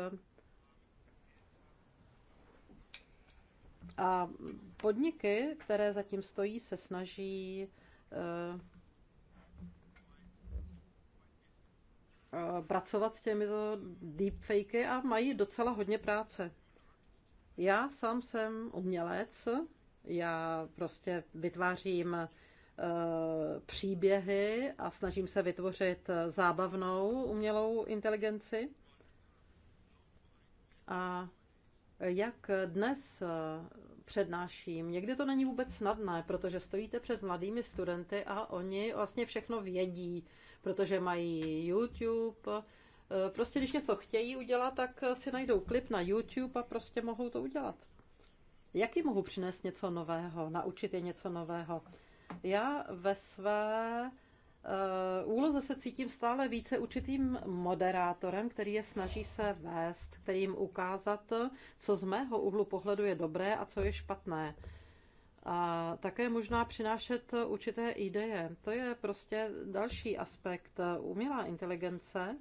Speaker 4: A podniky, které zatím stojí, se snaží eh, pracovat s těmito deepfakey a mají docela hodně práce. Já sám jsem umělec, já prostě vytvářím Eh, příběhy a snažím se vytvořit zábavnou umělou inteligenci. A jak dnes přednáším, někdy to není vůbec snadné, protože stojíte před mladými studenty a oni vlastně všechno vědí, protože mají YouTube. Eh, prostě když něco chtějí udělat, tak si najdou klip na YouTube a prostě mohou to udělat. Jak jim mohu přinést něco nového, naučit je něco nového? Já ve své eh, úloze se cítím stále více určitým moderátorem, který je snaží se vést, který jim ukázat, co z mého úhlu pohledu je dobré a co je špatné. A také možná přinášet určité ideje. To je prostě další aspekt. Umělá inteligence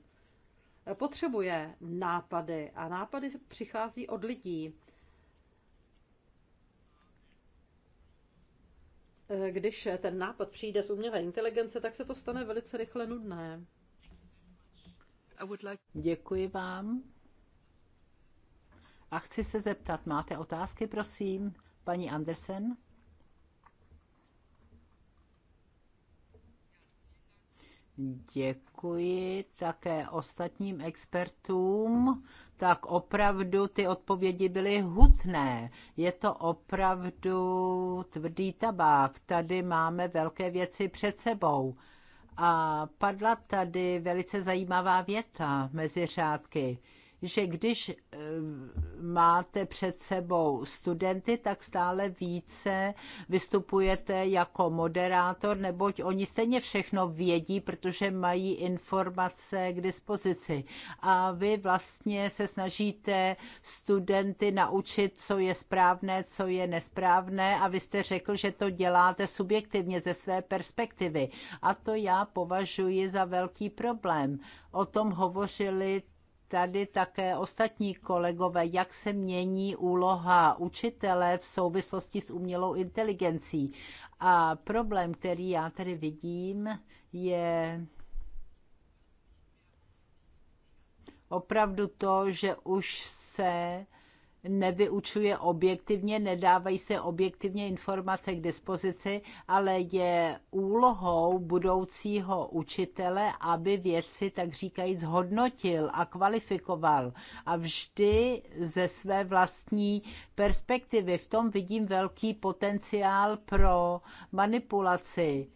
Speaker 4: potřebuje nápady a nápady přichází od lidí. Eh, když ten nápad přijde z umělé inteligence, tak se to stane
Speaker 1: velice rychle nudné. Děkuji vám. A chci se zeptat, máte otázky, prosím, paní Andersen? Děkuji také ostatním expertům. Tak opravdu ty odpovědi byly hutné. Je to opravdu tvrdý tabák. Tady máme velké věci před sebou. A padla tady velice zajímavá věta mezi řádky že když eh, máte před sebou studenty, tak stále více vystupujete jako moderátor, neboť oni stejně všechno vědí, protože mají informace k dispozici. A vy vlastně se snažíte studenty naučit, co je správné, co je nesprávné a vy jste řekl, že to děláte subjektivně ze své perspektivy. A to já považuji za velký problém. O tom hovořili tady také ostatní kolegové, jak se mění úloha učitele v souvislosti s umělou inteligencí. A problém, který já tady vidím, je opravdu to, že už se nevyučuje objektivně, nedávají se objektivně informace k dispozici, ale je úlohou budoucího učitele, aby věci, tak říkajíc, hodnotil a kvalifikoval. A vždy ze své vlastní perspektivy. V tom vidím velký potenciál pro manipulaci.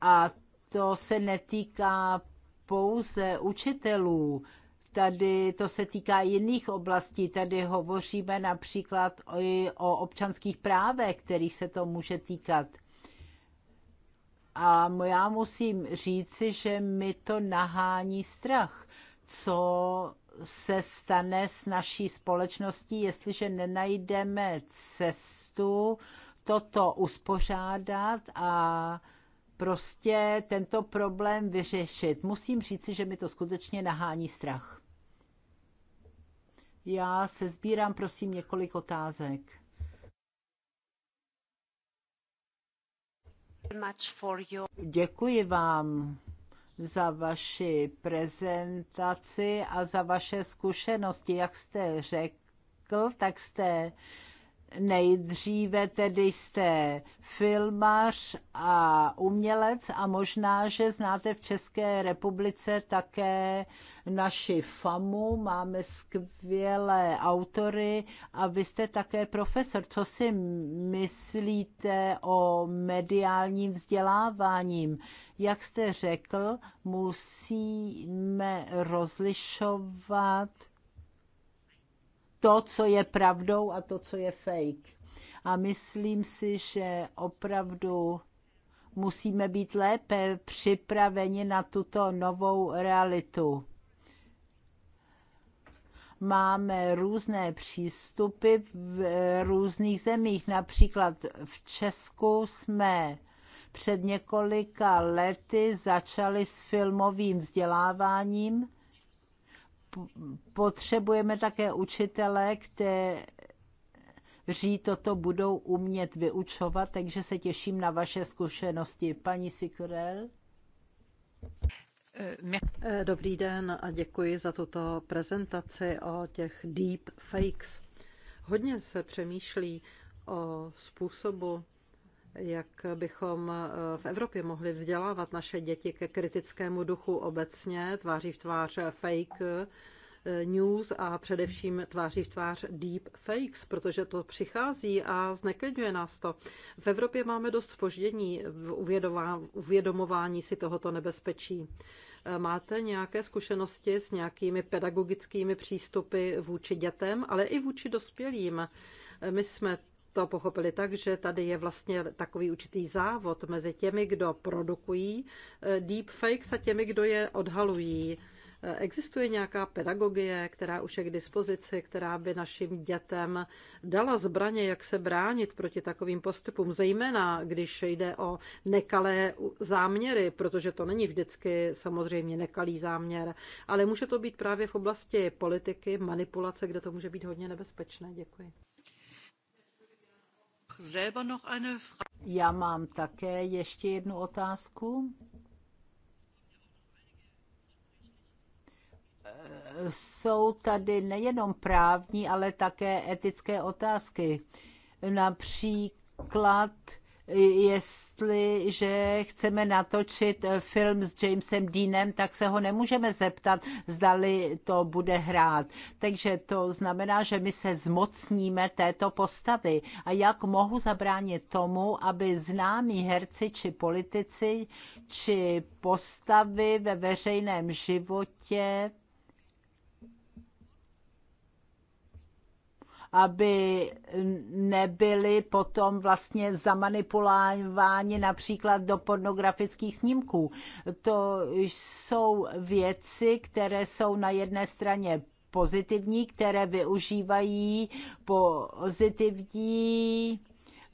Speaker 1: A to se netýká pouze učitelů, tady to se týká jiných oblastí. Tady hovoříme například o, o občanských právech, kterých se to může týkat. A já musím říci, že mi to nahání strach, co se stane s naší společností, jestliže nenajdeme cestu toto uspořádat a prostě tento problém vyřešit. Musím říci, že mi to skutečně nahání strach. Já se sbírám, prosím, několik otázek. Děkuji vám za vaši prezentaci a za vaše zkušenosti. Jak jste řekl, tak jste Nejdříve tedy jste filmař a umělec a možná, že znáte v České republice také naši FAMu, máme skvělé autory a vy jste také profesor. Co si myslíte o mediálním vzděláváním? Jak jste řekl, musíme rozlišovat to, co je pravdou a to, co je fake. A myslím si, že opravdu musíme být lépe připraveni na tuto novou realitu. Máme různé přístupy v různých zemích. Například v Česku jsme před několika lety začali s filmovým vzděláváním potřebujeme také učitele, kteří toto budou umět vyučovat, takže se těším na vaše zkušenosti. Paní Sikorel. Dobrý den a děkuji za tuto prezentaci o
Speaker 4: těch deep fakes. Hodně se přemýšlí o způsobu, jak bychom eh, v Evropě mohli vzdělávat naše děti ke kritickému duchu obecně, tváří v tvář fake eh, news a především tváří v tvář deep fakes, protože to přichází a zneklidňuje nás to. V Evropě máme dost spoždění v uvědomování si tohoto nebezpečí. Eh, máte nějaké zkušenosti s nějakými pedagogickými přístupy vůči dětem, ale i vůči dospělým? My jsme to pochopili tak, že tady je vlastně takový určitý závod mezi těmi, kdo produkují eh, deepfakes a těmi, kdo je odhalují. Eh, existuje nějaká pedagogie, která už je k dispozici, která by našim dětem dala zbraně, jak se bránit proti takovým postupům, zejména když jde o nekalé záměry, protože to není vždycky samozřejmě nekalý záměr, ale může to být právě v oblasti politiky, manipulace,
Speaker 1: kde to může být hodně nebezpečné. Děkuji. Já mám také ještě jednu otázku. Jsou tady nejenom právní, ale také etické otázky. Například že chceme natočit eh, film s Jamesem Deanem, tak se ho nemůžeme zeptat, zdali to bude hrát. Takže to znamená, že my se zmocníme této postavy. A jak mohu zabránit tomu, aby známí herci či politici či postavy ve veřejném životě aby nebyli potom vlastně zamanipulováni například do pornografických snímků. To jsou věci, které jsou na jedné straně pozitivní, které využívají pozitivní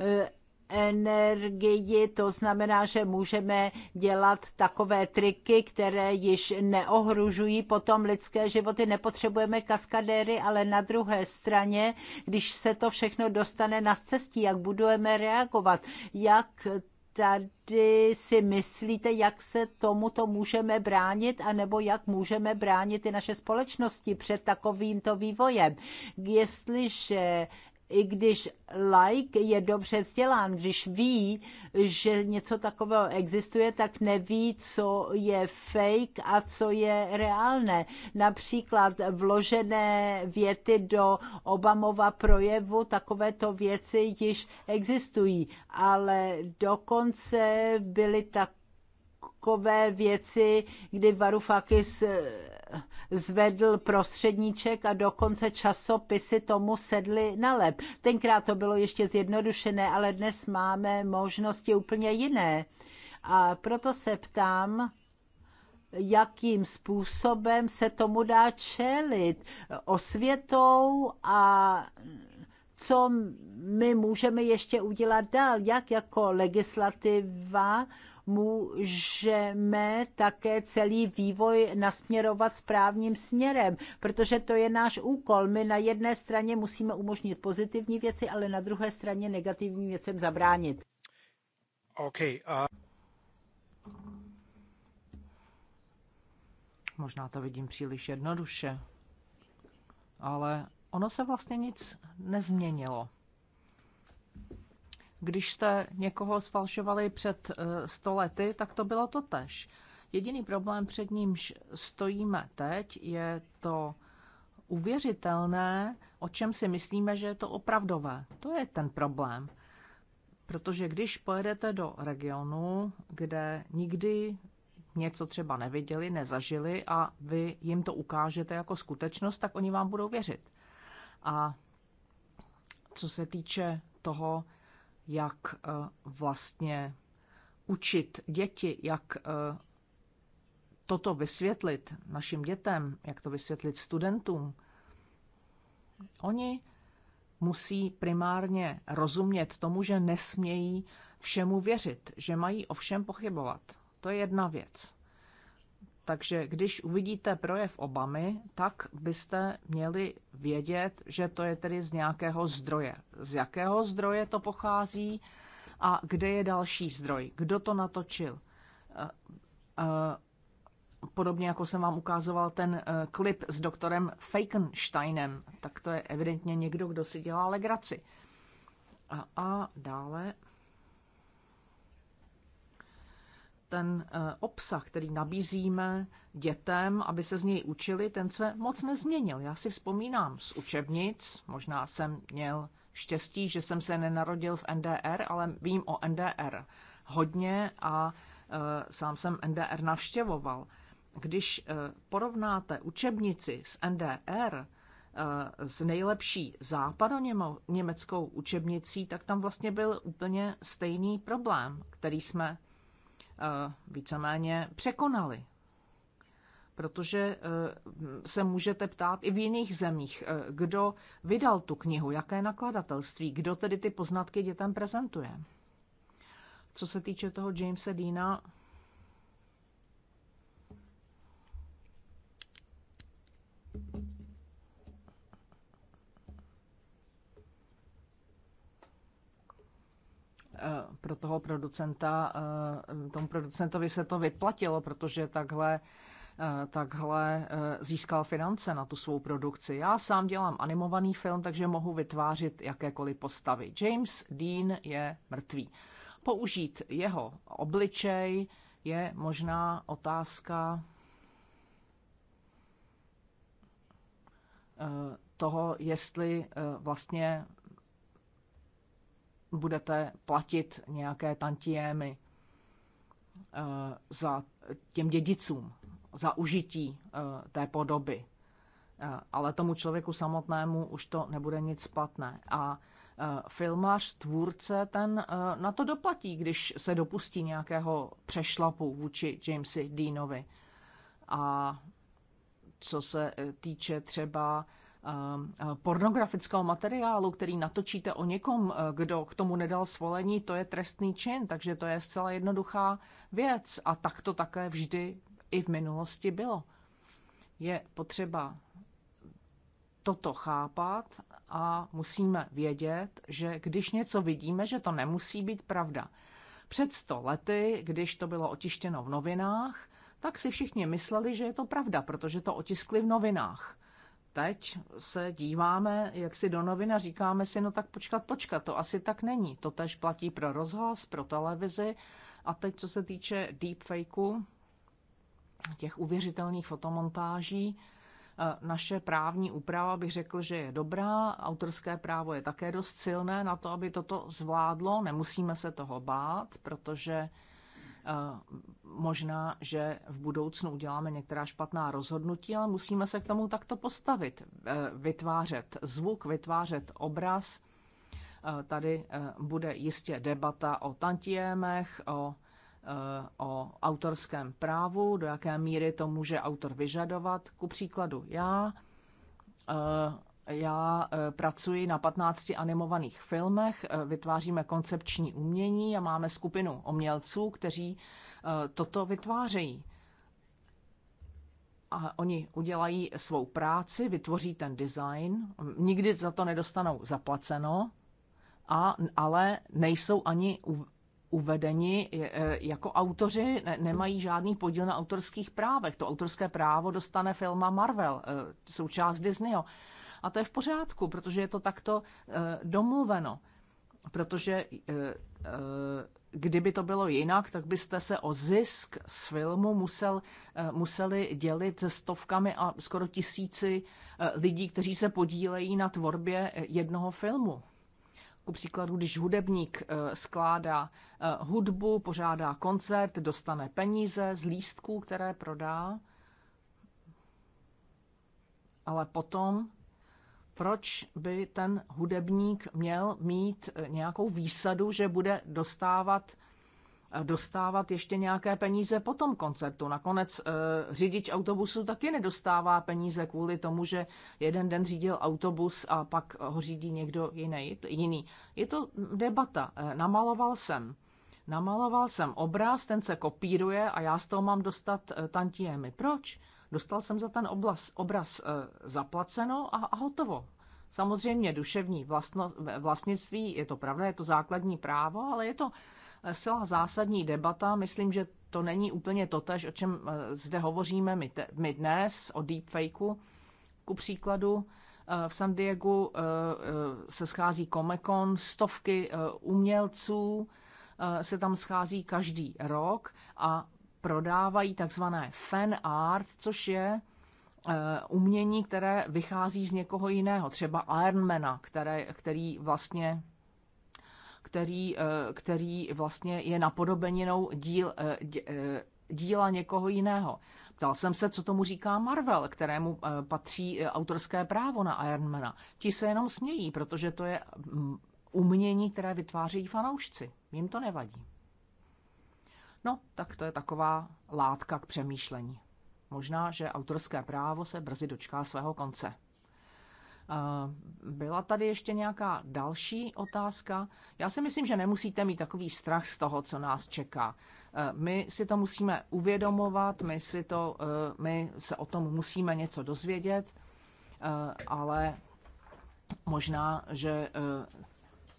Speaker 1: eh, energii, to znamená, že můžeme dělat takové triky, které již neohružují potom lidské životy. Nepotřebujeme kaskadéry, ale na druhé straně, když se to všechno dostane na cestí, jak budeme reagovat, jak tady si myslíte, jak se tomuto můžeme bránit, anebo jak můžeme bránit i naše společnosti před takovýmto vývojem. Jestliže i když like je dobře vzdělán, když ví, že něco takového existuje, tak neví, co je fake a co je reálné. Například vložené věty do Obamova projevu, takovéto věci již existují, ale dokonce byly tak takové věci, kdy Varufakis eh, zvedl prostředníček a dokonce časopisy tomu sedly na lep. Tenkrát to bylo ještě zjednodušené, ale dnes máme možnosti úplně jiné. A proto se ptám, jakým způsobem se tomu dá čelit osvětou a co my můžeme ještě udělat dál, jak jako legislativa můžeme také celý vývoj nasměrovat správným směrem, protože to je náš úkol. My na jedné straně musíme umožnit pozitivní věci, ale na druhé straně negativním věcem zabránit.
Speaker 2: Okay, uh...
Speaker 3: Možná to vidím příliš jednoduše, ale ono se vlastně nic nezměnilo. Když jste někoho sfalšovali před 100 eh, lety, tak to bylo to tež. Jediný problém, před nímž stojíme teď, je to uvěřitelné, o čem si myslíme, že je to opravdové. To je ten problém. Protože když pojedete do regionu, kde nikdy něco třeba neviděli, nezažili a vy jim to ukážete jako skutečnost, tak oni vám budou věřit. A co se týče toho, jak eh, vlastně učit děti, jak eh, toto vysvětlit našim dětem, jak to vysvětlit studentům. Oni musí primárně rozumět tomu, že nesmějí všemu věřit, že mají o všem pochybovat. To je jedna věc. Takže když uvidíte projev Obamy, tak byste měli vědět, že to je tedy z nějakého zdroje. Z jakého zdroje to pochází a kde je další zdroj? Kdo to natočil? Eh, eh, podobně jako jsem vám ukázoval ten eh, klip s doktorem Fakensteinem, tak to je evidentně někdo, kdo si dělá legraci. A, a dále ten eh, obsah, který nabízíme dětem, aby se z něj učili, ten se moc nezměnil. Já si vzpomínám z učebnic, možná jsem měl štěstí, že jsem se nenarodil v NDR, ale vím o NDR hodně a eh, sám jsem NDR navštěvoval. Když eh, porovnáte učebnici z NDR, s nejlepší západoněmeckou učebnicí, tak tam vlastně byl úplně stejný problém, který jsme víceméně překonali. Protože e, se můžete ptát i v jiných zemích, e, kdo vydal tu knihu, jaké nakladatelství, kdo tedy ty poznatky dětem prezentuje. Co se týče toho Jamesa Deana, Eh, pro toho producenta, eh, tomu producentovi se to vyplatilo, protože takhle eh, takhle získal finance na tu svou produkci. Já sám dělám animovaný film, takže mohu vytvářet jakékoliv postavy. James Dean je mrtvý. Použít jeho obličej je možná otázka toho, jestli vlastně budete platit nějaké tantiémy eh, za těm dědicům, za užití eh, té podoby. Eh, ale tomu člověku samotnému už to nebude nic platné. A filmař, tvůrce, ten na to doplatí, když se dopustí nějakého přešlapu vůči Jamesi Deanovi. A co se týče třeba Eh, eh, pornografického materiálu, který natočíte o někom, eh, kdo k tomu nedal svolení, to je trestný čin, takže to je zcela jednoduchá věc a tak to také vždy i v minulosti bylo. Je potřeba toto chápat a musíme vědět, že když něco vidíme, že to nemusí být pravda. Před sto lety, když to bylo otištěno v novinách, tak si všichni mysleli, že je to pravda, protože to otiskli v novinách teď se díváme, jak si do novin a říkáme si, no tak počkat, počkat, to asi tak není. To tež platí pro rozhlas, pro televizi. A teď, co se týče deepfakeu, těch uvěřitelných fotomontáží, eh, naše právní úprava bych řekl, že je dobrá, autorské právo je také dost silné na to, aby toto zvládlo, nemusíme se toho bát, protože Eh, možná, že v budoucnu uděláme některá špatná rozhodnutí, ale musíme se k tomu takto postavit. Eh, vytvářet zvuk, vytvářet obraz. Eh, tady bude jistě debata o tantiémech, o o autorském právu, do jaké míry to může autor vyžadovat. Ku příkladu já já e, pracuji na 15 animovaných filmech, e, vytváříme koncepční umění a máme skupinu umělců, kteří e, toto vytvářejí. A oni udělají svou práci, vytvoří ten design, nikdy za to nedostanou zaplaceno, a, ale nejsou ani uvedeni jako autoři, nemají žádný podíl na autorských právech. To autorské právo dostane filma Marvel, součást Disneyho. A to je v pořádku, protože je to takto eh, domluveno. Protože eh, eh, kdyby to bylo jinak, tak byste se o zisk z filmu musel, museli dělit se stovkami a skoro tisíci lidí, kteří se podílejí na tvorbě jednoho filmu. Ku příkladu, když hudebník skládá hudbu, pořádá koncert, dostane peníze z lístků, které prodá, ale potom proč by ten hudebník měl mít eh, nějakou výsadu, že bude dostávat eh, dostávat ještě nějaké peníze po tom koncertu. Nakonec e, řidič autobusu taky nedostává peníze kvůli tomu, že jeden den řídil autobus a pak ho řídí někdo jiný. jiný. Je to debata. E, namaloval jsem. Namaloval jsem obraz, ten se kopíruje a já z toho mám dostat tantiemy. Proč? Dostal jsem za ten oblaz, obraz eh, zaplaceno a, a hotovo. Samozřejmě duševní vlastno, vlastnictví, je to pravda, je to základní právo, ale je to sila eh, zásadní debata. Myslím, že to není úplně totež, o čem eh, zde hovoříme my, te, my dnes, o deepfakeu. Ku příkladu v San Diego se schází Comecon, stovky umělců se tam schází každý rok a prodávají takzvané fan art, což je eh, umění, které vychází z někoho jiného, třeba Ironmana, které, který vlastně který, eh, který vlastně je napodobeninou díl, eh, díla někoho jiného. Ptal jsem se, co tomu říká Marvel, kterému patří autorské právo na Ironmana. Ti se jenom smějí, protože to je mm, umění, které vytváří fanoušci. Jim to nevadí. No, tak to je taková látka k přemýšlení. Možná, že autorské právo se brzy dočká svého konce. Eh, byla tady ještě nějaká další otázka? Já si myslím, že nemusíte mít takový strach z toho, co nás čeká. Eh, my si to musíme uvědomovat, my, si to, eh, my se o tom musíme něco dozvědět, ale možná, že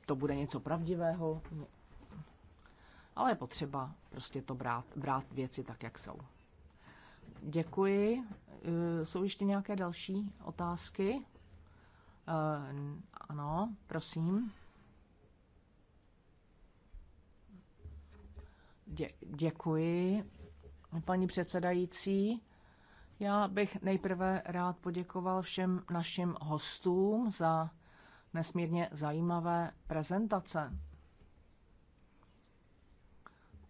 Speaker 3: to bude něco pravdivého, ale je potřeba prostě to brát, brát věci tak, jak jsou. Děkuji. E, jsou ještě nějaké další otázky? E, ano, prosím. Dě- děkuji, paní předsedající. Já bych nejprve rád poděkoval všem našim hostům za nesmírně zajímavé prezentace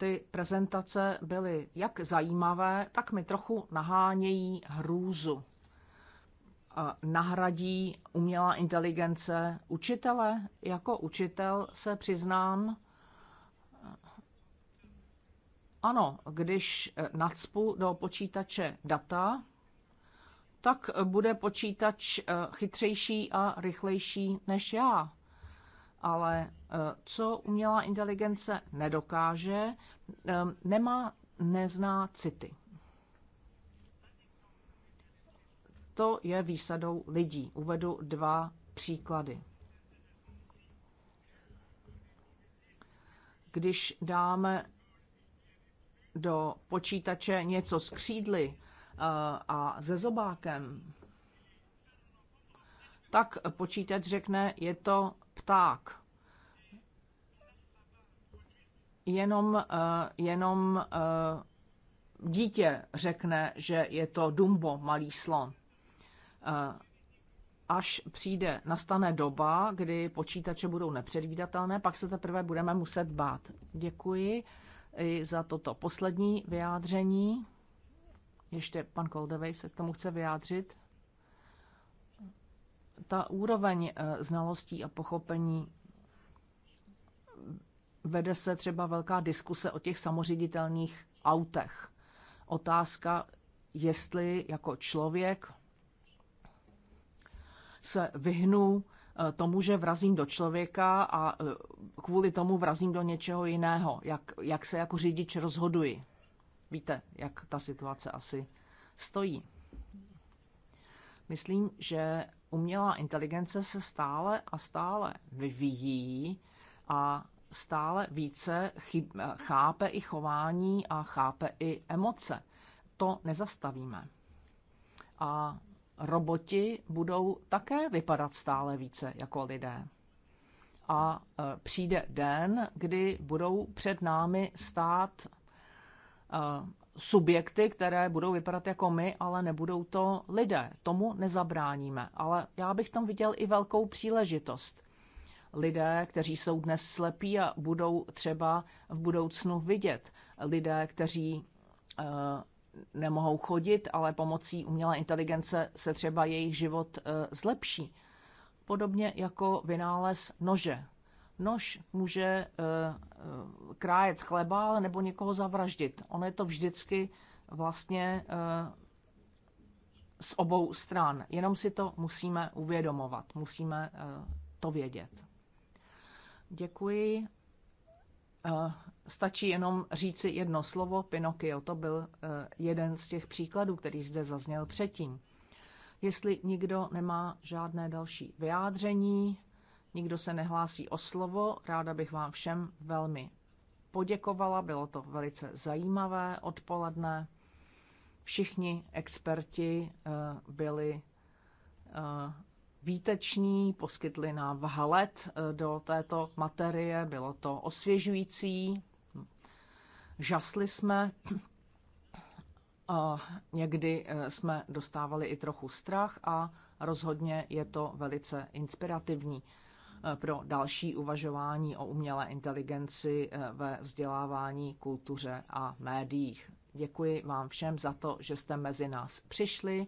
Speaker 3: ty prezentace byly jak zajímavé, tak mi trochu nahánějí hrůzu. Nahradí umělá inteligence učitele? Jako učitel se přiznám, ano, když nacpu do počítače data, tak bude počítač eh, chytřejší a rychlejší než já ale eh, co umělá inteligence nedokáže, eh, nemá, nezná city. To je výsadou lidí. Uvedu dva příklady. Když dáme do počítače něco s křídly eh, a ze zobákem, tak počítač řekne, je to pták. Jenom, eh, jenom eh, dítě řekne, že je to Dumbo, malý slon. Eh, až přijde, nastane doba, kdy počítače budou nepředvídatelné, pak se teprve budeme muset bát. Děkuji i za toto poslední vyjádření. Ještě pan Koldevej se k tomu chce vyjádřit ta úroveň eh, znalostí a pochopení vede se třeba velká diskuse o těch samoředitelných autech. Otázka, jestli jako člověk se vyhnu eh, tomu, že vrazím do člověka a eh, kvůli tomu vrazím do něčeho jiného, jak, jak se jako řidič rozhoduji. Víte, jak ta situace asi stojí. Myslím, že umělá inteligence se stále a stále vyvíjí a stále více chyb, chápe i chování a chápe i emoce. To nezastavíme. A roboti budou také vypadat stále více jako lidé. A e, přijde den, kdy budou před námi stát e, subjekty, které budou vypadat jako my, ale nebudou to lidé. Tomu nezabráníme. Ale já bych tam viděl i velkou příležitost. Lidé, kteří jsou dnes slepí a budou třeba v budoucnu vidět. Lidé, kteří e, nemohou chodit, ale pomocí umělé inteligence se třeba jejich život e, zlepší. Podobně jako vynález nože nož může eh, eh, krájet chleba nebo někoho zavraždit. Ono je to vždycky vlastně eh, z obou stran. Jenom si to musíme uvědomovat, musíme to vědět. Děkuji. Stačí jenom říci jedno slovo, Pinokio, to byl jeden z těch příkladů, který zde zazněl předtím. Jestli nikdo nemá žádné další vyjádření, Nikdo se nehlásí o slovo. Ráda bych vám všem velmi poděkovala. Bylo to velice zajímavé odpoledne. Všichni experti eh, byli eh, výteční, poskytli nám vhled eh, do této materie, bylo to osvěžující, žasli jsme, a někdy jsme dostávali i trochu strach a rozhodně je to velice inspirativní pro další uvažování o umělé inteligenci eh, ve vzdělávání, kultuře a médiích. Děkuji vám všem za to, že jste mezi nás přišli.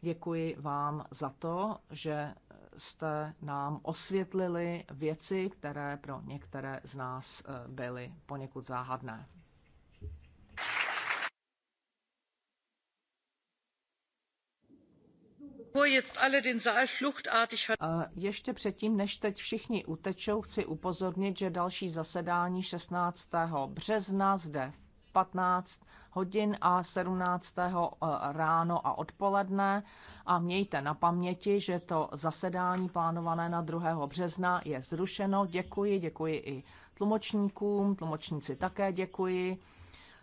Speaker 3: Děkuji vám za to, že jste nám osvětlili věci, které pro některé z nás eh, byly poněkud záhadné. A ještě předtím, než teď všichni utečou, chci upozornit, že další zasedání 16. března zde v 15 hodin a 17. Eh, ráno a odpoledne. A mějte na paměti, že to zasedání plánované na 2. března je zrušeno. Děkuji, děkuji i tlumočníkům, tlumočníci také děkuji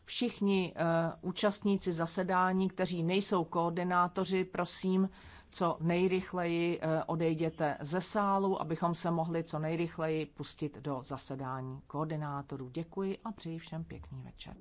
Speaker 3: všichni uh, účastníci zasedání, kteří nejsou koordinátoři, prosím, co nejrychleji eh, odejděte ze sálu, abychom se mohli co nejrychleji pustit do zasedání koordinátorů. Děkuji a přeji všem pěkný večer.